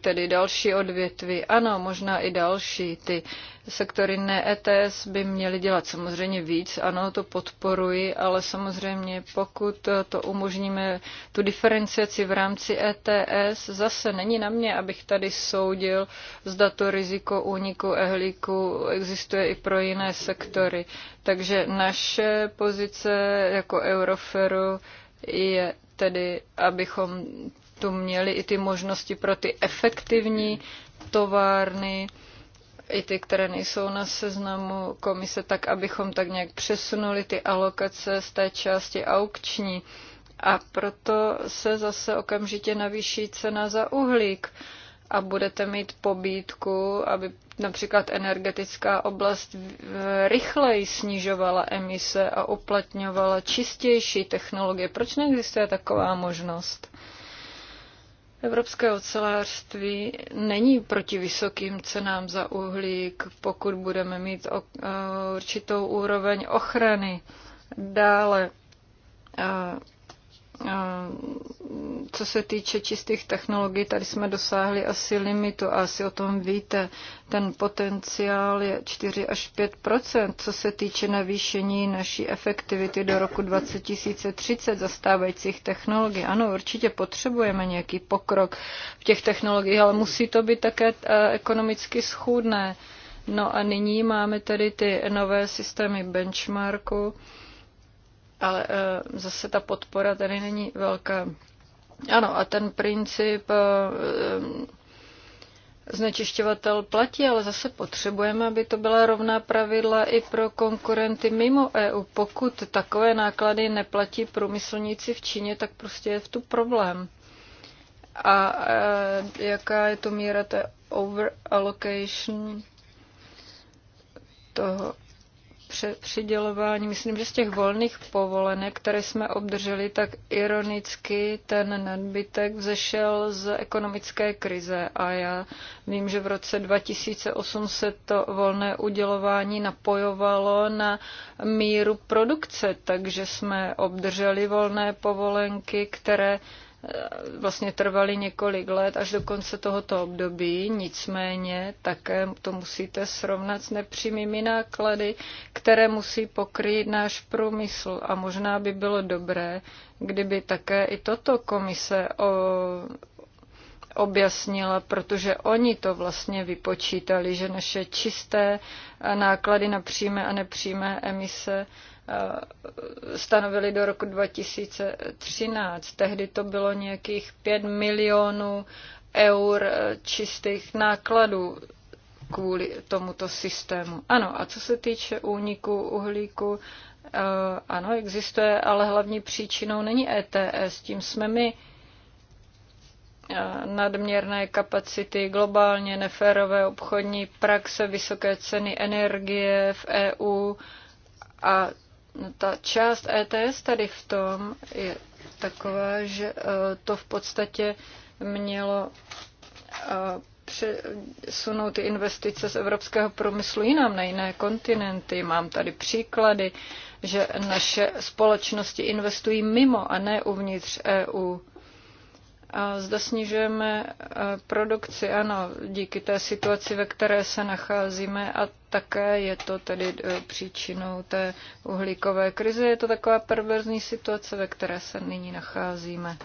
tedy další odvětví. Ano, možná i další. Ty sektory ne ETS by měly dělat samozřejmě víc, ano, to podporuji, ale samozřejmě pokud to umožníme, tu diferenciaci v rámci ETS, zase není na mě, abych tady soudil, zda to riziko úniku ehlíku existuje i pro jiné sektory. Takže naše pozice jako Euroferu je tedy abychom tu měli i ty možnosti pro ty efektivní továrny, i ty, které nejsou na seznamu komise, tak abychom tak nějak přesunuli ty alokace z té části aukční. A proto se zase okamžitě navýší cena za uhlík. Uh, a budete mít pobídku, aby například energetická oblast rychleji snižovala emise a uplatňovala čistější technologie. Proč neexistuje taková možnost? Evropské ocelářství není proti vysokým cenám za uhlík, pokud budeme mít e, určitou úroveň ochrany. Dále e, co se týče čistých technologií, tady jsme dosáhli asi limitu a asi o tom víte. Ten potenciál je 4 až 5 co se týče navýšení naší efektivity do roku 2030 zastávajících technologií. Ano, určitě potřebujeme nějaký pokrok v těch technologiích, ale musí to být také e, ekonomicky schůdné. No a nyní máme tady ty nové systémy benchmarku ale e, zase ta podpora tady není velká. Ano, a ten princip e, e, znečišťovatel platí, ale zase potřebujeme, aby to byla rovná pravidla i pro konkurenty mimo EU. Pokud takové náklady neplatí průmyslníci v Číně, tak prostě je v tu problém. A jaká je to míra té over allocation toho přidělování. Myslím, že z těch volných povolenek, které jsme obdrželi, tak ironicky ten nadbytek vzešel z ekonomické krize. A já vím, že v roce 2008 se to volné udělování napojovalo na míru produkce, takže jsme obdrželi volné povolenky, které Eh, vlastně trvaly několik let až do konce tohoto období, nicméně také to musíte srovnat s nepřímými náklady, které musí pokrýt náš průmysl. A možná by bylo dobré, kdyby také i toto komise o objasnila, protože oni to vlastně vypočítali, že naše čisté náklady na přímé a nepřímé emise Eh, stanovili do roku 2013. Tehdy to bylo nějakých 5 milionů eur eh, čistých nákladů kvůli tomuto systému. Ano, a co se týče úniku uhlíku, eh, ano, existuje, ale hlavní příčinou není ETS, tím jsme my nadměrné kapacity, globálně neférové obchodní praxe, vysoké ceny energie v EU a ta část ETS tady v tom je taková, že eh, to v podstatě mělo eh, přesunout ty investice z evropského průmyslu jinam, na jiné kontinenty. Mám tady příklady, že naše společnosti investují mimo a ne uvnitř EU. Zda snižujeme e, produkci, ano, díky té situaci, ve které se nacházíme a také je to tedy e, příčinou té uhlíkové krize. Je to taková perverzní situace, ve které se nyní nacházíme.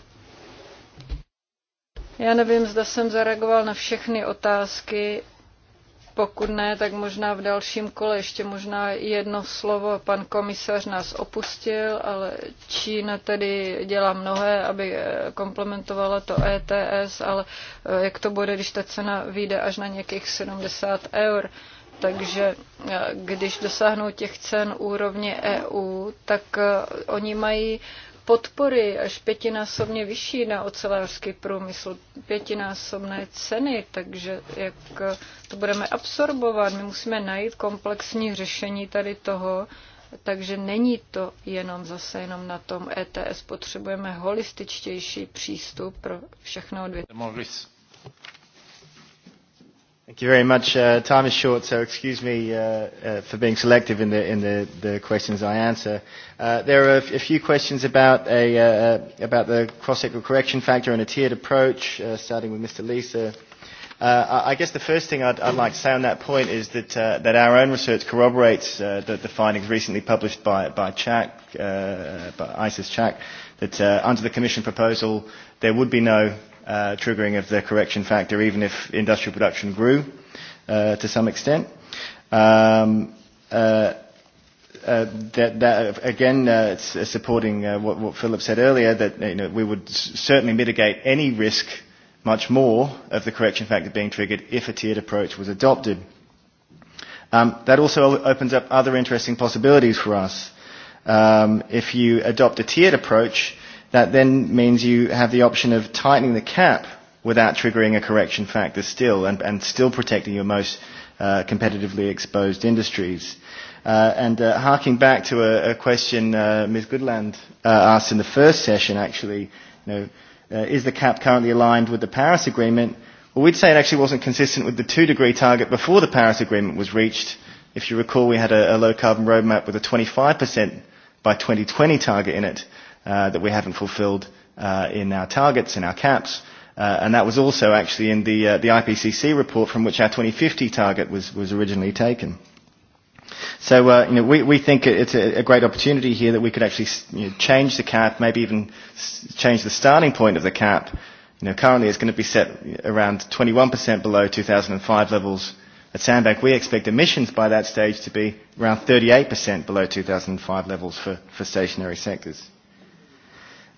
Já nevím, zda jsem zareagoval na všechny otázky. Pokud ne, tak možná v dalším kole ještě možná jedno slovo. Pan komisař nás opustil, ale Čína tedy dělá mnohé, aby eh, komplementovala to ETS, ale eh, jak to bude, když ta cena vyjde až na nějakých 70 eur? Takže eh, když dosáhnou těch cen úrovně EU, tak oni mají podpory až pětinásobně vyšší na ocelářský průmysl, pětinásobné ceny, takže jak to budeme absorbovat, my musíme najít komplexní řešení tady toho, takže není to jenom zase jenom na tom ETS, potřebujeme holističtější přístup pro všechno odvětví. Thank you very much. Uh, time is short, so excuse me uh, uh, for being selective in the in the, the questions I answer. Uh, there are a, a few questions about a uh, about the cross-sector correction factor and a tiered approach, uh, starting with Mr. Lisa. Uh, I, I guess the first thing I'd, I'd like to say on that point is that, uh, that our own research corroborates uh, the, the findings recently published by, by CHAC, uh, by ISIS CHAC, that uh, under the Commission proposal there would be no uh, triggering of the correction factor, even if industrial production grew uh, to some extent. Um, uh, uh, that, that again, uh, it's, uh, supporting uh, what, what Philip said earlier, that you know, we would certainly mitigate any risk much more of the correction factor being triggered if a tiered approach was adopted. Um, that also opens up other interesting possibilities for us. Um, if you adopt a tiered approach, That then means you have the option of tightening the cap without triggering a correction factor still and, and still protecting your most uh, competitively exposed industries. Uh, and uh, harking back to a, a question uh, Ms. Goodland uh, asked in the first session, actually, you know, uh, is the cap currently aligned with the Paris Agreement? Well, we'd say it actually wasn't consistent with the two-degree target before the Paris Agreement was reached. If you recall, we had a, a low-carbon roadmap with a 25% by 2020 target in it. Uh, that we haven't fulfilled uh, in our targets, in our caps. Uh, and that was also actually in the, uh, the IPCC report from which our 2050 target was, was originally taken. So uh, you know, we, we think it's a, a great opportunity here that we could actually you know, change the cap, maybe even s- change the starting point of the cap. You know, currently it's going to be set around 21% below 2005 levels. At Sandbank, we expect emissions by that stage to be around 38% below 2005 levels for, for stationary sectors.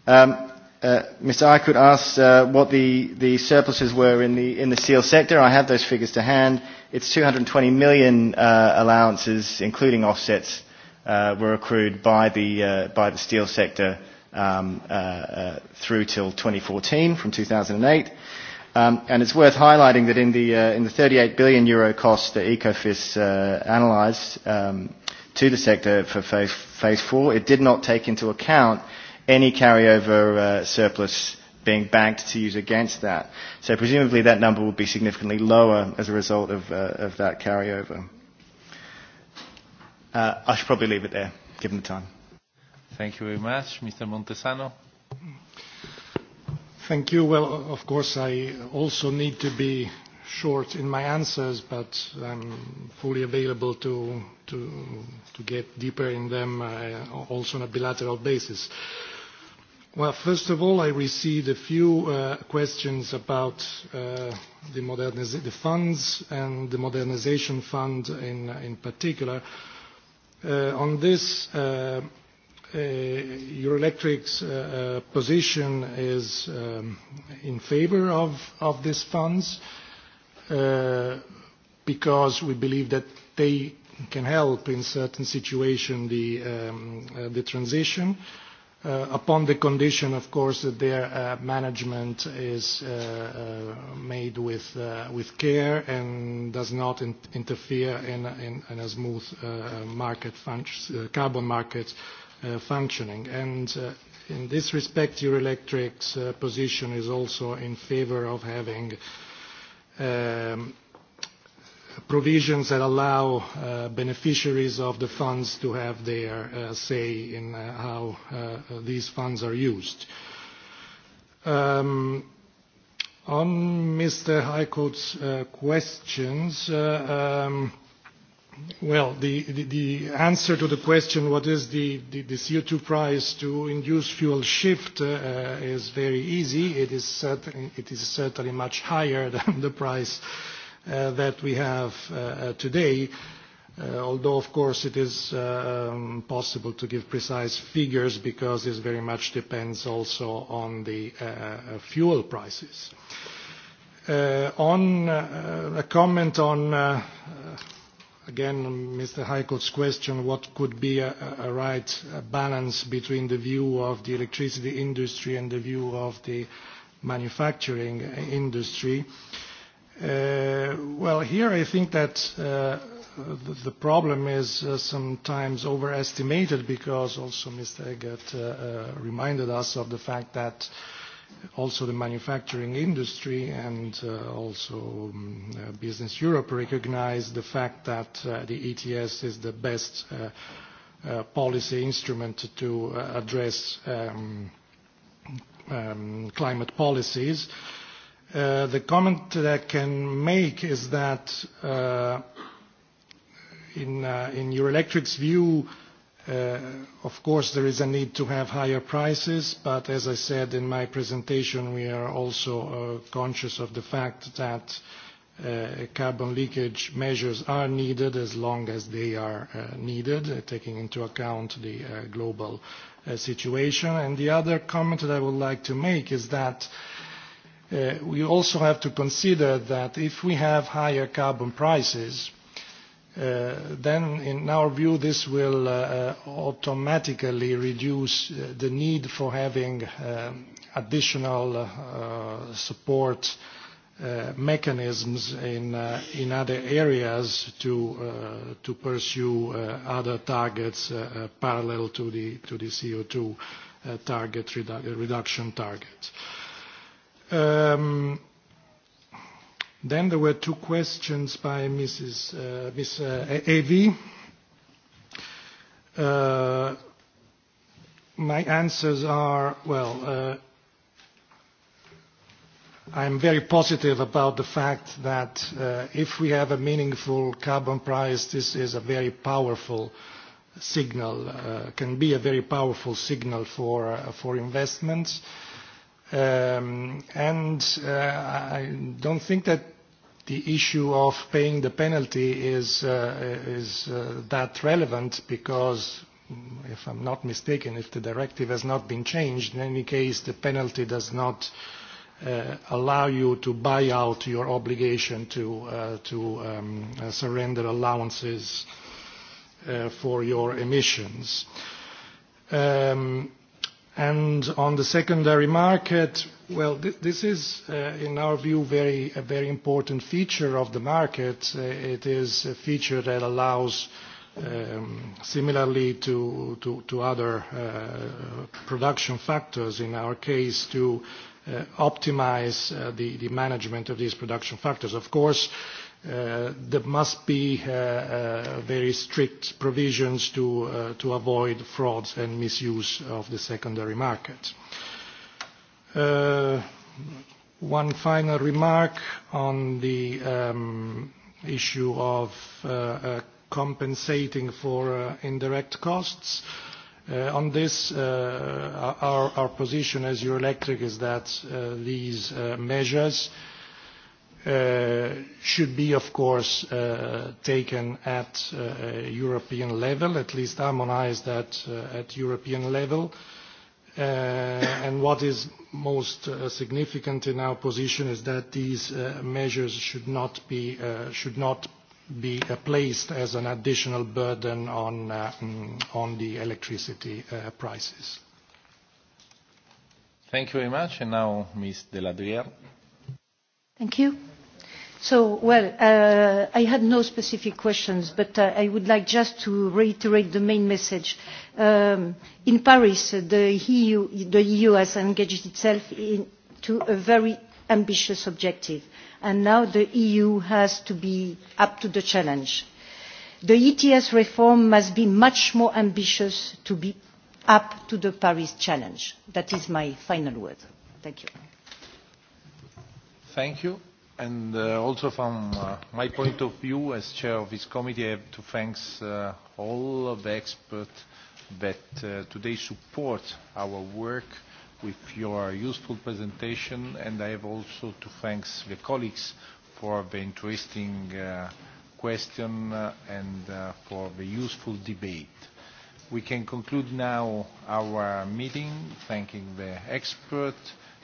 Um, uh, Mr. I could ask uh, what the, the surpluses were in the, in the seal sector. I have those figures to hand. It's 220 million uh, allowances, including offsets, uh, were accrued by the, uh, by the steel sector um, uh, uh, through till 2014 from 2008. Um, and it's worth highlighting that in the, uh, in the 38 billion euro cost that ECOFIS uh, analysed um, to the sector for phase, phase four, it did not take into account any carryover uh, surplus being banked to use against that. So presumably that number will be significantly lower as a result of, uh, of that carryover. Uh, I should probably leave it there, given the time. Thank you very much. Mr. Montesano. Thank you. Well, of course, I also need to be short in my answers, but I'm fully available to, to, to get deeper in them uh, also on a bilateral basis. Uh, Well, first of all, I received a few uh, questions about uh, the, the funds and the modernization fund in, in particular. Uh, on this, uh, uh, Eurelectric's uh, uh, position is um, in favor of, of these funds uh, because we believe that they can help in certain situations the, um, uh, the transition. Uh, Uh, upon the condition, of course, that their uh, management is uh, made with, with care and does not interfere in, a smooth market carbon market functioning. And In this respect, Eurelectric's position is also in favor of having um, provisions that allow uh, beneficiaries of the funds to have their uh, say in uh, how uh, these funds are used. Um, on Mr. Highcourt's uh, questions, uh, um, well, the, the, the answer to the question, what is the, the, the CO2 price to induce fuel shift, uh, is very easy. It is, certain, it is certainly much higher than the price uh, Uh, that we have uh, uh, today. although, of course, it is um, possible to give precise figures because this very much depends also on the fuel prices. on a comment on, again, Mr. Heiko's question, what could be a, right balance between the view of the electricity industry and the view of the manufacturing industry. Uh, well, here I think that uh, the, the problem is uh, sometimes overestimated because also Mr. Eggert uh, uh, reminded us of the fact that also the manufacturing industry and uh, also um, uh, Business Europe recognize the fact that uh, the ETS is the best uh, uh, policy instrument to uh, address um, um, climate policies. Uh, Uh, the comment that I can make is that uh, in, uh, in Eurelectric's view, uh, of course, there is a need to have higher prices, but as I said in my presentation, we are also uh, conscious of the fact that carbon leakage measures are needed as long as they are needed, taking into account the global situation. And the other comment that I would like to make is that Uh, we also have to consider that if we have higher carbon prices, uh, then in our view, this will uh, uh automatically reduce uh, the need for having um, additional support mechanisms in, in other areas to, to pursue other targets parallel to the, to the CO2 target redu reduction target. Um, then there were two questions by Mrs. Uh, Ms. Uh, A.V. Uh, my answers are, well, uh, I'm very positive about the fact that uh, if we have a meaningful carbon price, this is a very powerful signal, uh, can be a very powerful signal for, uh, for investments. Uh, Um, and uh, I don't think that the issue of paying the penalty is, uh, is uh, that relevant because, if I'm not mistaken, if the directive has not been changed, in any case, the penalty does not uh, allow you to buy out your obligation to, uh, to um, uh, surrender allowances uh, for your emissions. Um, And on the secondary market, well, this is, uh, in our view, very, a very important feature of the market. Uh, it is a feature that allows, um, similarly to, other uh, production factors, in our case, to uh, optimize the, management of these production factors. Of course, Uh, there must be uh, uh, very strict provisions to, to avoid frauds and misuse of the secondary market. One final remark on the um, issue of compensating for indirect costs. On this, our, our position as Eurelectric is that these measures Uh, should be, of course, uh, taken at uh, uh European level, at least harmonized at, uh, at European level. And what is most significant in our position is that these measures should not be, should not be placed as an additional burden on, mm, on the electricity prices. Thank you very much. And now, Ms. de Thank you. Uh, I had no specific questions, but uh, I would like just to reiterate the main message. Um, in Paris, the EU, e has engaged itself in a very ambitious objective, and now the EU has to be up to the challenge. The ETS reform must be much more ambitious to be up to the Paris challenge. That is my final word. Thank you. And uh, also from uh, my point of view as chair of this committee, I have to thank uh, all of the experts that uh, today support our work with your useful presentation. And I have also to thank the colleagues for the interesting uh, question uh, and uh, for the useful debate. We can conclude now our meeting, thanking the experts